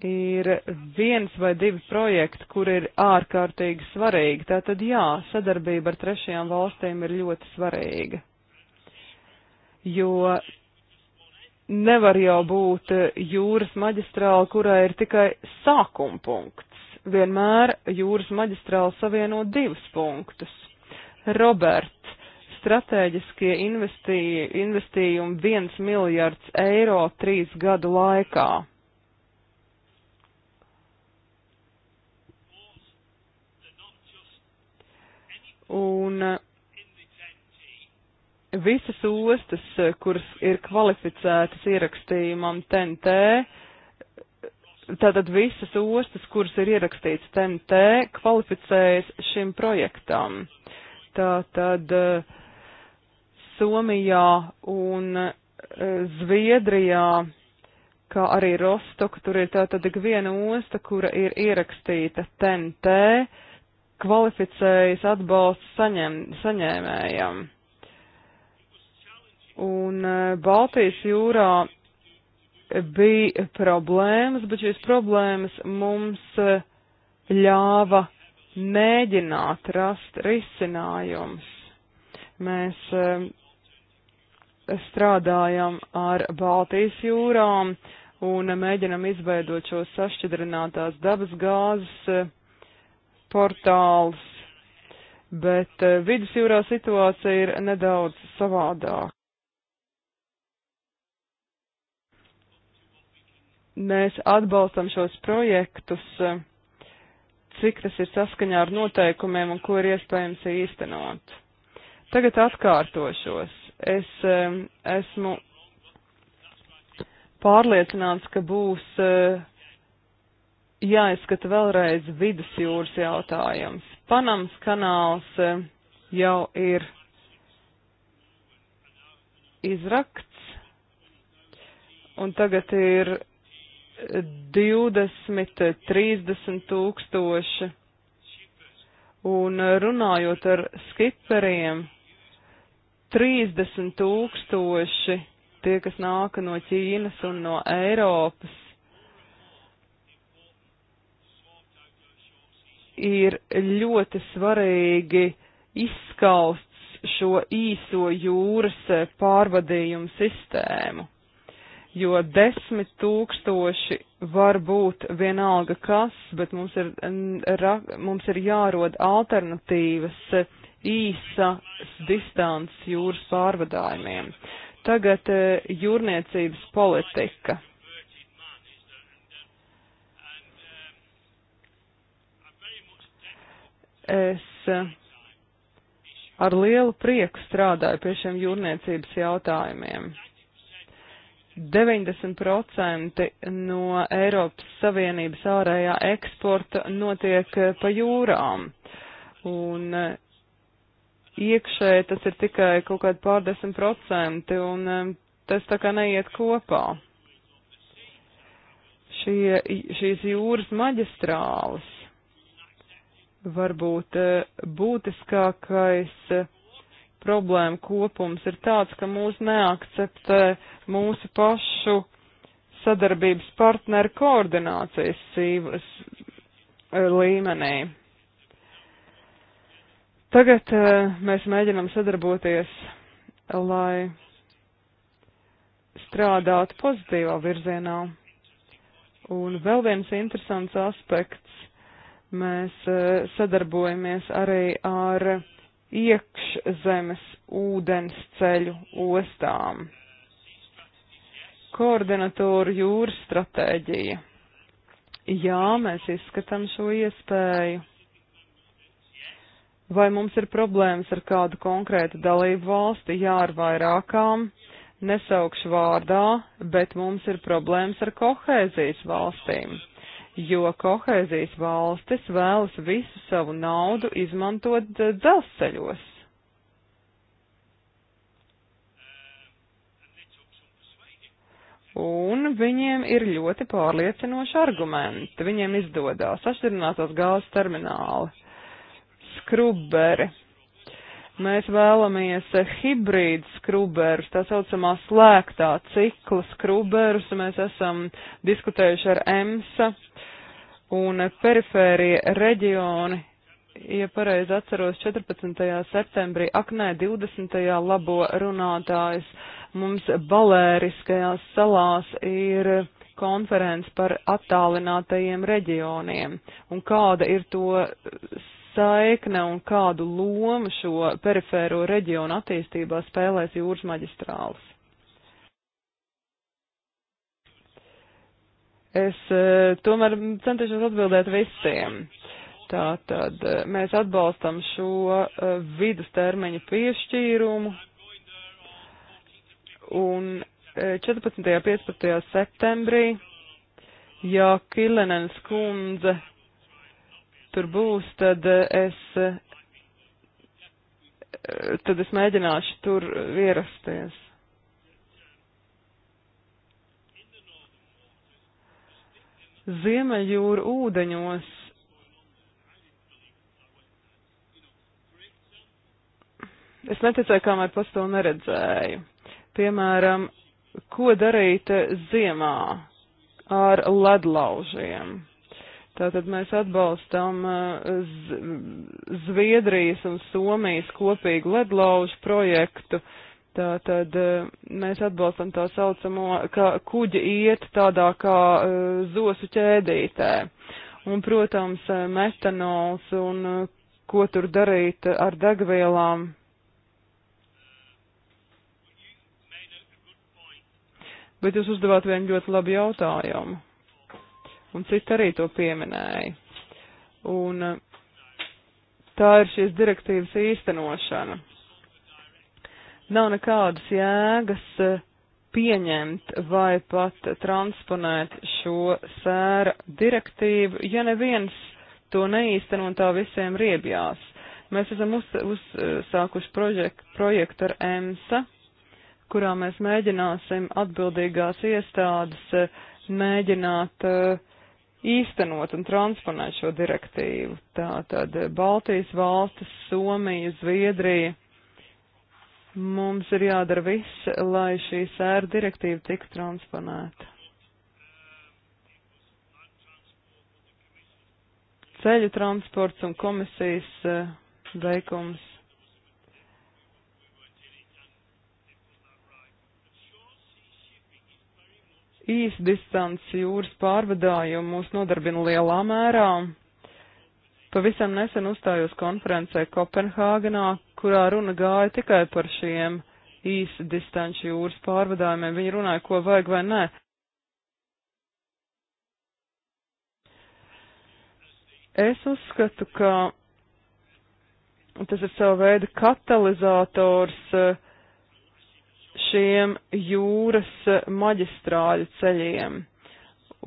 ir viens vai divi projekti, kur ir ārkārtīgi svarīgi. Tātad jā, sadarbība ar trešajām valstīm ir ļoti svarīga. Jo nevar jau būt jūras maģistrāla, kurai ir tikai sākuma punkts. Vienmēr jūras maģistrāla savieno divus punktus. Robert, stratēģiskie investī, investījumi 1 miljards eiro trīs gadu laikā Un eh, visas ostas, eh, kuras ir kvalificētas ierakstījumam TNT, tātad visas ostas, kuras ir ierakstīts TNT, kvalificējas šim projektam. Tātad eh, Somijā un Zviedrijā, kā arī Rostoka, tur ir tātad ik viena osta, kura ir ierakstīta TNT, kvalificējas atbalsts saņem, saņēmējam. Un e, Baltijas jūrā bija problēmas, bet šīs problēmas mums e, ļāva mēģināt rast risinājums. Mēs e, strādājam ar Baltijas jūrām un mēģinam izveidot šos sašķidrinātās dabas gāzes portāls, bet eh, vidusjūrā situācija ir nedaudz savādāka. Mēs atbalstam šos projektus, cik tas ir saskaņā ar noteikumiem un ko ir iespējams īstenot. Tagad atkārtošos. Es eh, esmu pārliecināts, ka būs uh, jāizskata vēlreiz vidusjūras jautājums. Panamas kanāls e, jau ir izrakts, un tagad ir 20, 30 e, tūkstoši. Un e, runājot ar skiperiem, 30 tūkstoši tie, kas nāka no Ķīnas un no Eiropas, ir ļoti svarīgi izskaust šo īso jūras pārvadījumu sistēmu, jo desmit tūkstoši var būt vienalga kas, bet mums ir, ra, mums ir jārod alternatīvas īsas distances jūras pārvadājumiem. Tagad eh, jūrniecības politika. Es eh, ar lielu prieku strādāju pie šiem jūrniecības jautājumiem. 90% no Eiropas Savienības ārējā eksporta notiek eh, pa jūrām. Un eh, iekšēji tas ir tikai kaut kādi pārdesmit procenti, un tas tā kā neiet kopā. Šie, šīs jūras maģistrāles varbūt eh, būtiskākais eh, problēma kopums ir tāds, ka mūs neakceptē mūsu pašu sadarbības partneru koordinācijas sīvas eh, līmenī. Tagad mēs mēģinam sadarboties, lai strādātu pozitīvā virzienā. Un vēl viens interesants aspekts Mēs e, sadarbojamies arī ar iekšzemes ūdens ceļu ostām. Koordinatoru jūras stratēģija. Jā, mēs izskatām šo iespēju. Vai mums ir problēmas ar kādu konkrētu dalību valsti? Jā, ar vairākām. Nesaukšu vārdā, bet mums ir problēmas ar kohēzijas valstīm jo kohēzijas valstis vēlas visu savu naudu izmantot eh, dzelzceļos. Un viņiem ir ļoti pārliecinoši argumenti. Viņiem izdodās ašķirinātos gāzes termināli, skruberi, Mēs vēlamies hibrīd skruberus, tā saucamā slēgtā cikla skruberus, mēs esam diskutējuši ar EMSA un perifērija reģioni, ja pareizi atceros, 14. septembrī, ak nē, 20. labo runātājs mums Balēriskajās salās ir konferences par attālinātajiem reģioniem un kāda ir to saikne un kādu lomu šo perifēro reģionu attīstībā spēlēs jūras maģistrāls. Es e, tomēr centīšos atbildēt visiem. Tātad e, mēs atbalstam šo e, vidustermiņa piešķīrumu un 14. un 15. septembrī, ja Kilenens kundze tur būs, tad eh, es, eh, tad es mēģināšu tur ierasties. Ziemeļjūra ūdeņos Es neticēju, kamēr pats to neredzēju. Piemēram, ko darīt ziemā ar ledlaužiem? Tātad mēs atbalstam uh, Zviedrijas un Somijas kopīgu ledlaužu projektu. Tātad uh, mēs atbalstam tā saucamo, ka kuģi iet tādā kā uh, zosu ķēdītē. Un, protams, metanols un ko tur darīt ar degvielām. Bet jūs uzdevāt vienu ļoti labu jautājumu un citi arī to pieminēja. Un eh, tā ir šīs direktīvas īstenošana. Nav nekādas jēgas eh, pieņemt vai pat transponēt šo sēra direktīvu, ja neviens to neīsteno un tā visiem riebjās. Mēs esam uz, uzsākuši projektu, projektu ar EMSA, kurā mēs mēģināsim atbildīgās iestādes eh, mēģināt uh, īstenot un transponēt šo direktīvu. Tātad Baltijas valstis, Somija, Zviedrija. Mums ir jādara viss, lai šī sēra direktīva tiktu transponēta. Ceļu transports un komisijas eh, veikums īsdistants jūras pārvadājumu mūs nodarbina lielā mērā. Pavisam nesen uzstājos konferencē Kopenhāgenā, kurā runa gāja tikai par šiem īsdistanču jūras pārvadājumiem. Viņi runāja, ko vajag vai nē. Es uzskatu, ka tas ir sava veida katalizators uh, šiem jūras maģistrāļu ceļiem.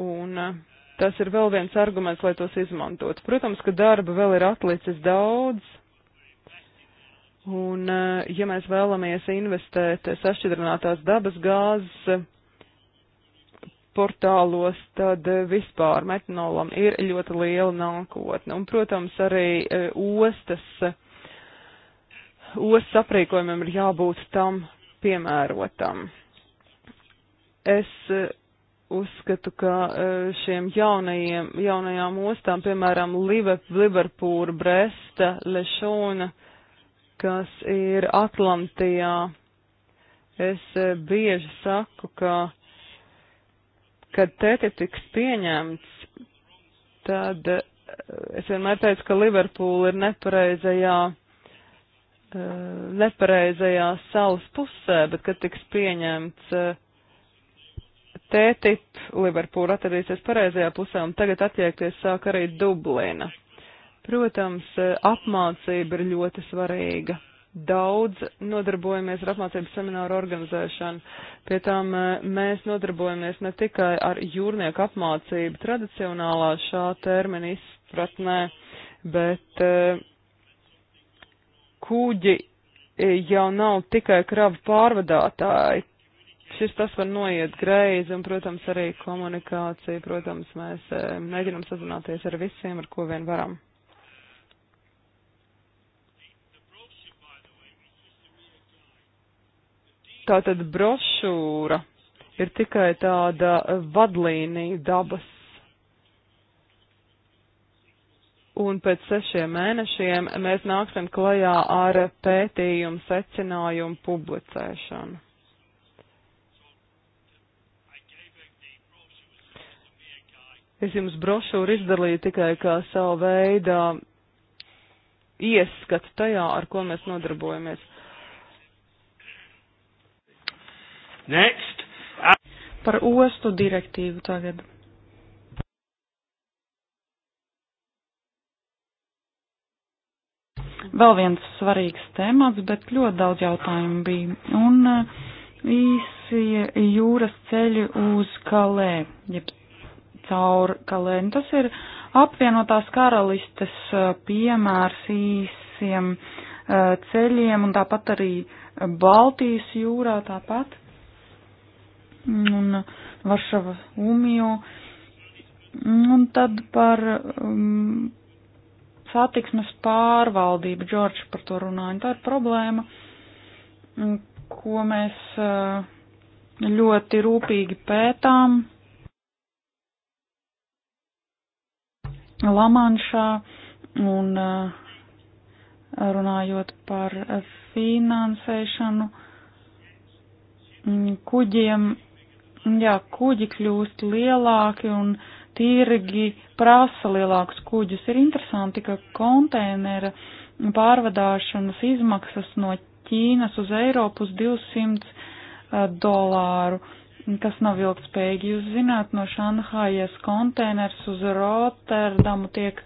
Un eh, tas ir vēl viens arguments, lai tos izmantot. Protams, ka darba vēl ir atlicis daudz. Un, eh, ja mēs vēlamies investēt sašķidrinātās dabas gāzes portālos, tad eh, vispār metanolam ir ļoti liela nākotne. Un, protams, arī ostas, ostas aprīkojumam ir jābūt tam piemērotam. Es eh, uzskatu, ka eh, šiem jaunajiem, jaunajām ostām, piemēram, Liverpūra, Bresta, Lešona, kas ir Atlantijā, es eh, bieži saku, ka, kad tēti tiks pieņemts, tad es vienmēr teicu, ka Liverpūla ir nepareizajā. Ja E, nepareizajā savas pusē, bet kad tiks pieņemts e, TTIP, Liverpūra atradīsies pareizajā pusē un tagad attiekties sāk arī Dublina. Protams, e, apmācība ir ļoti svarīga. Daudz nodarbojamies ar apmācības semināru organizēšanu. Pie tām mēs nodarbojamies ne tikai ar jūrnieku apmācību tradicionālā šā termina izpratnē, bet uh, kuģi e, jau nav tikai kravu pārvadātāji. Šis tas var noiet greizi, un, protams, arī komunikācija, protams, mēs e, mēģinam sazināties ar visiem, ar ko vien varam. Tātad brošūra ir tikai tāda vadlīnija dabas un pēc sešiem mēnešiem mēs nāksim klajā ar pētījumu secinājumu publicēšanu. Es jums brošūru izdalīju tikai kā savu veidā ieskatu tajā, ar ko mēs nodarbojamies. Next. Par ostu direktīvu tagad. vēl viens svarīgs temats, bet ļoti daudz jautājumu bija. Un uh, īsi jūras ceļi uz Kalē, jeb caur Kalē. Un tas ir apvienotās karalistes uh, piemērs īsiem uh, ceļiem un tāpat arī Baltijas jūrā tāpat. Un Varšava Umiju. Un tad par um, satiksmes pārvaldība, Džordži par to runāja. Tā ir problēma, ko mēs eh, ļoti rūpīgi pētām. Lamanšā un eh, runājot par finansēšanu kuģiem, jā, kuģi kļūst lielāki un uh, tirgi prasa lielākus kuģus. Ir interesanti, ka konteinera pārvadāšanas izmaksas no Ķīnas uz Eiropu uz 200 eh, dolāru, kas nav ilgspējīgi. Jūs zināt, no Šanhajas konteiners uz Rotterdamu tiek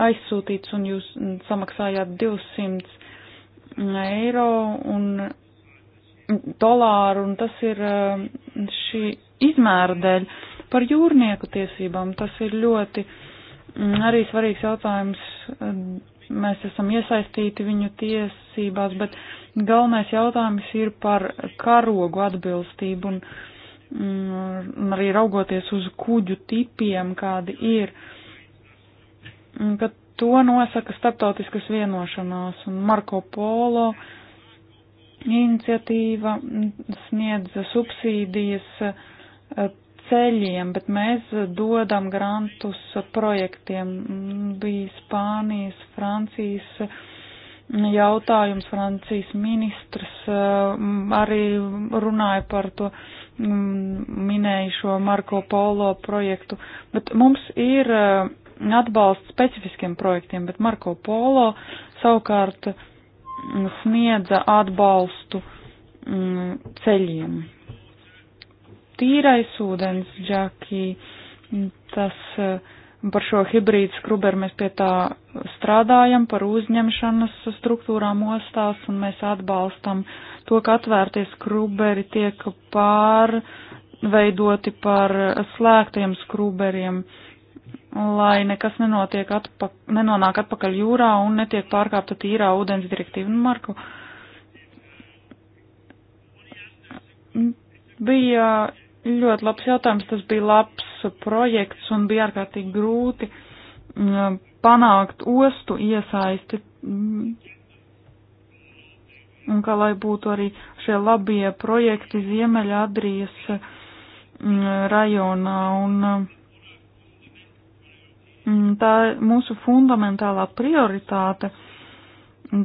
aizsūtīts un jūs mm, samaksājāt 200 mm, eiro un mm, dolāru, un tas ir eh, šī izmēra dēļ. Uh, par jūrnieku tiesībām. Tas ir ļoti mm, arī svarīgs jautājums. Mēs esam iesaistīti viņu tiesībās, bet galvenais jautājums ir par karogu atbilstību un, un mm, arī raugoties uz kuģu tipiem, kādi ir. Kad to nosaka starptautiskas vienošanās un Marko Polo iniciatīva sniedza subsīdijas eh, ceļiem, bet mēs dodam grantus projektiem. Bija Spānijas, Francijas jautājums, Francijas ministrs mm, arī runāja par to, mm, minēja šo Marko Polo projektu, bet mums ir mm, atbalsts specifiskiem projektiem, bet Marko Polo savukārt sniedza atbalstu ceļiem tīrais ūdens džaki. Tas eh, par šo hibrīdu skruberu mēs pie tā strādājam, par uzņemšanas struktūrām ostās, un mēs atbalstam to, ka atvērties skruberi tiek pārveidoti par slēgtiem skruberiem lai nekas nenotiek atpa, nenonāk atpakaļ jūrā un netiek pārkāpta tīrā ūdens direktīva. Nu, Marku, bija ļoti labs jautājums. Tas bija labs projekts un bija ārkārtīgi grūti mm, panākt ostu iesaisti. Mm. Un kā lai būtu arī šie labie projekti Ziemeļa Adrijas mm, rajonā. Un tā mūsu fundamentālā prioritāte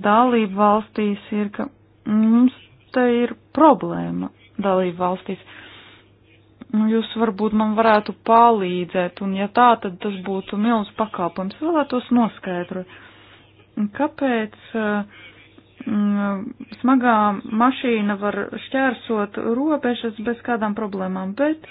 dalību valstīs ir, ka mums te ir problēma dalību valstīs. Uh, Nu, jūs varbūt man varētu palīdzēt, un ja tā, tad tas būtu milz pakāpums. Vēlētos noskaidrot, kāpēc eh, mm, smagā mašīna var šķērsot robežas bez kādām problēmām, bet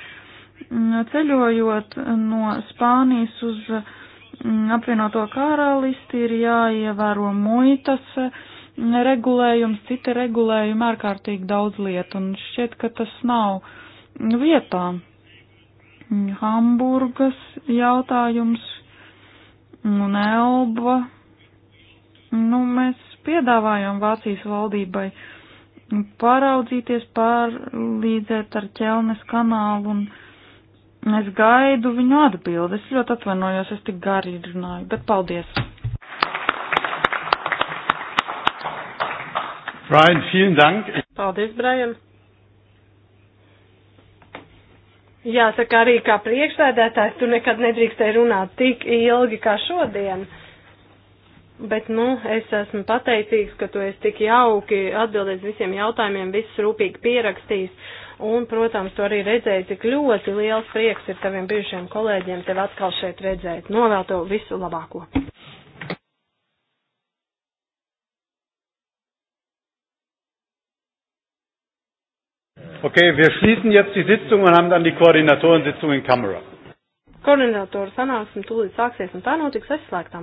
mm, ceļojot no Spānijas uz mm, apvienoto karalisti ir jāievēro muitas mm, regulējums, cita regulējuma ārkārtīgi daudz lietu, un šķiet, ka tas nav vietā. Hamburgas jautājums un Elba. Nu, mēs piedāvājam Vācijas valdībai paraudzīties, pārlīdzēt ar ķelnes kanālu un es gaidu viņu atbildi. Es ļoti atvainojos, es tik gari runāju, bet paldies! Brian, vielen Dank. Paldies, Brian. Jāsaka arī, kā priekšsēdētājs, tu nekad nedrīkstēji runāt tik ilgi kā šodien. Bet, nu, es esmu pateicīgs, ka tu esi tik jauki atbildējis visiem jautājumiem, viss rūpīgi pierakstījis. Un, protams, tu arī redzēji, cik ļoti liels prieks ir taviem bijušiem kolēģiem tev atkal šeit redzēt. Novēl tev visu labāko! Okay, wir schließen jetzt die Sitzung und haben dann die Koordinatorensitzung in Kamera. Koordinatoru sanāksim tūlīt sāksies un tā notiks aizslēgtām.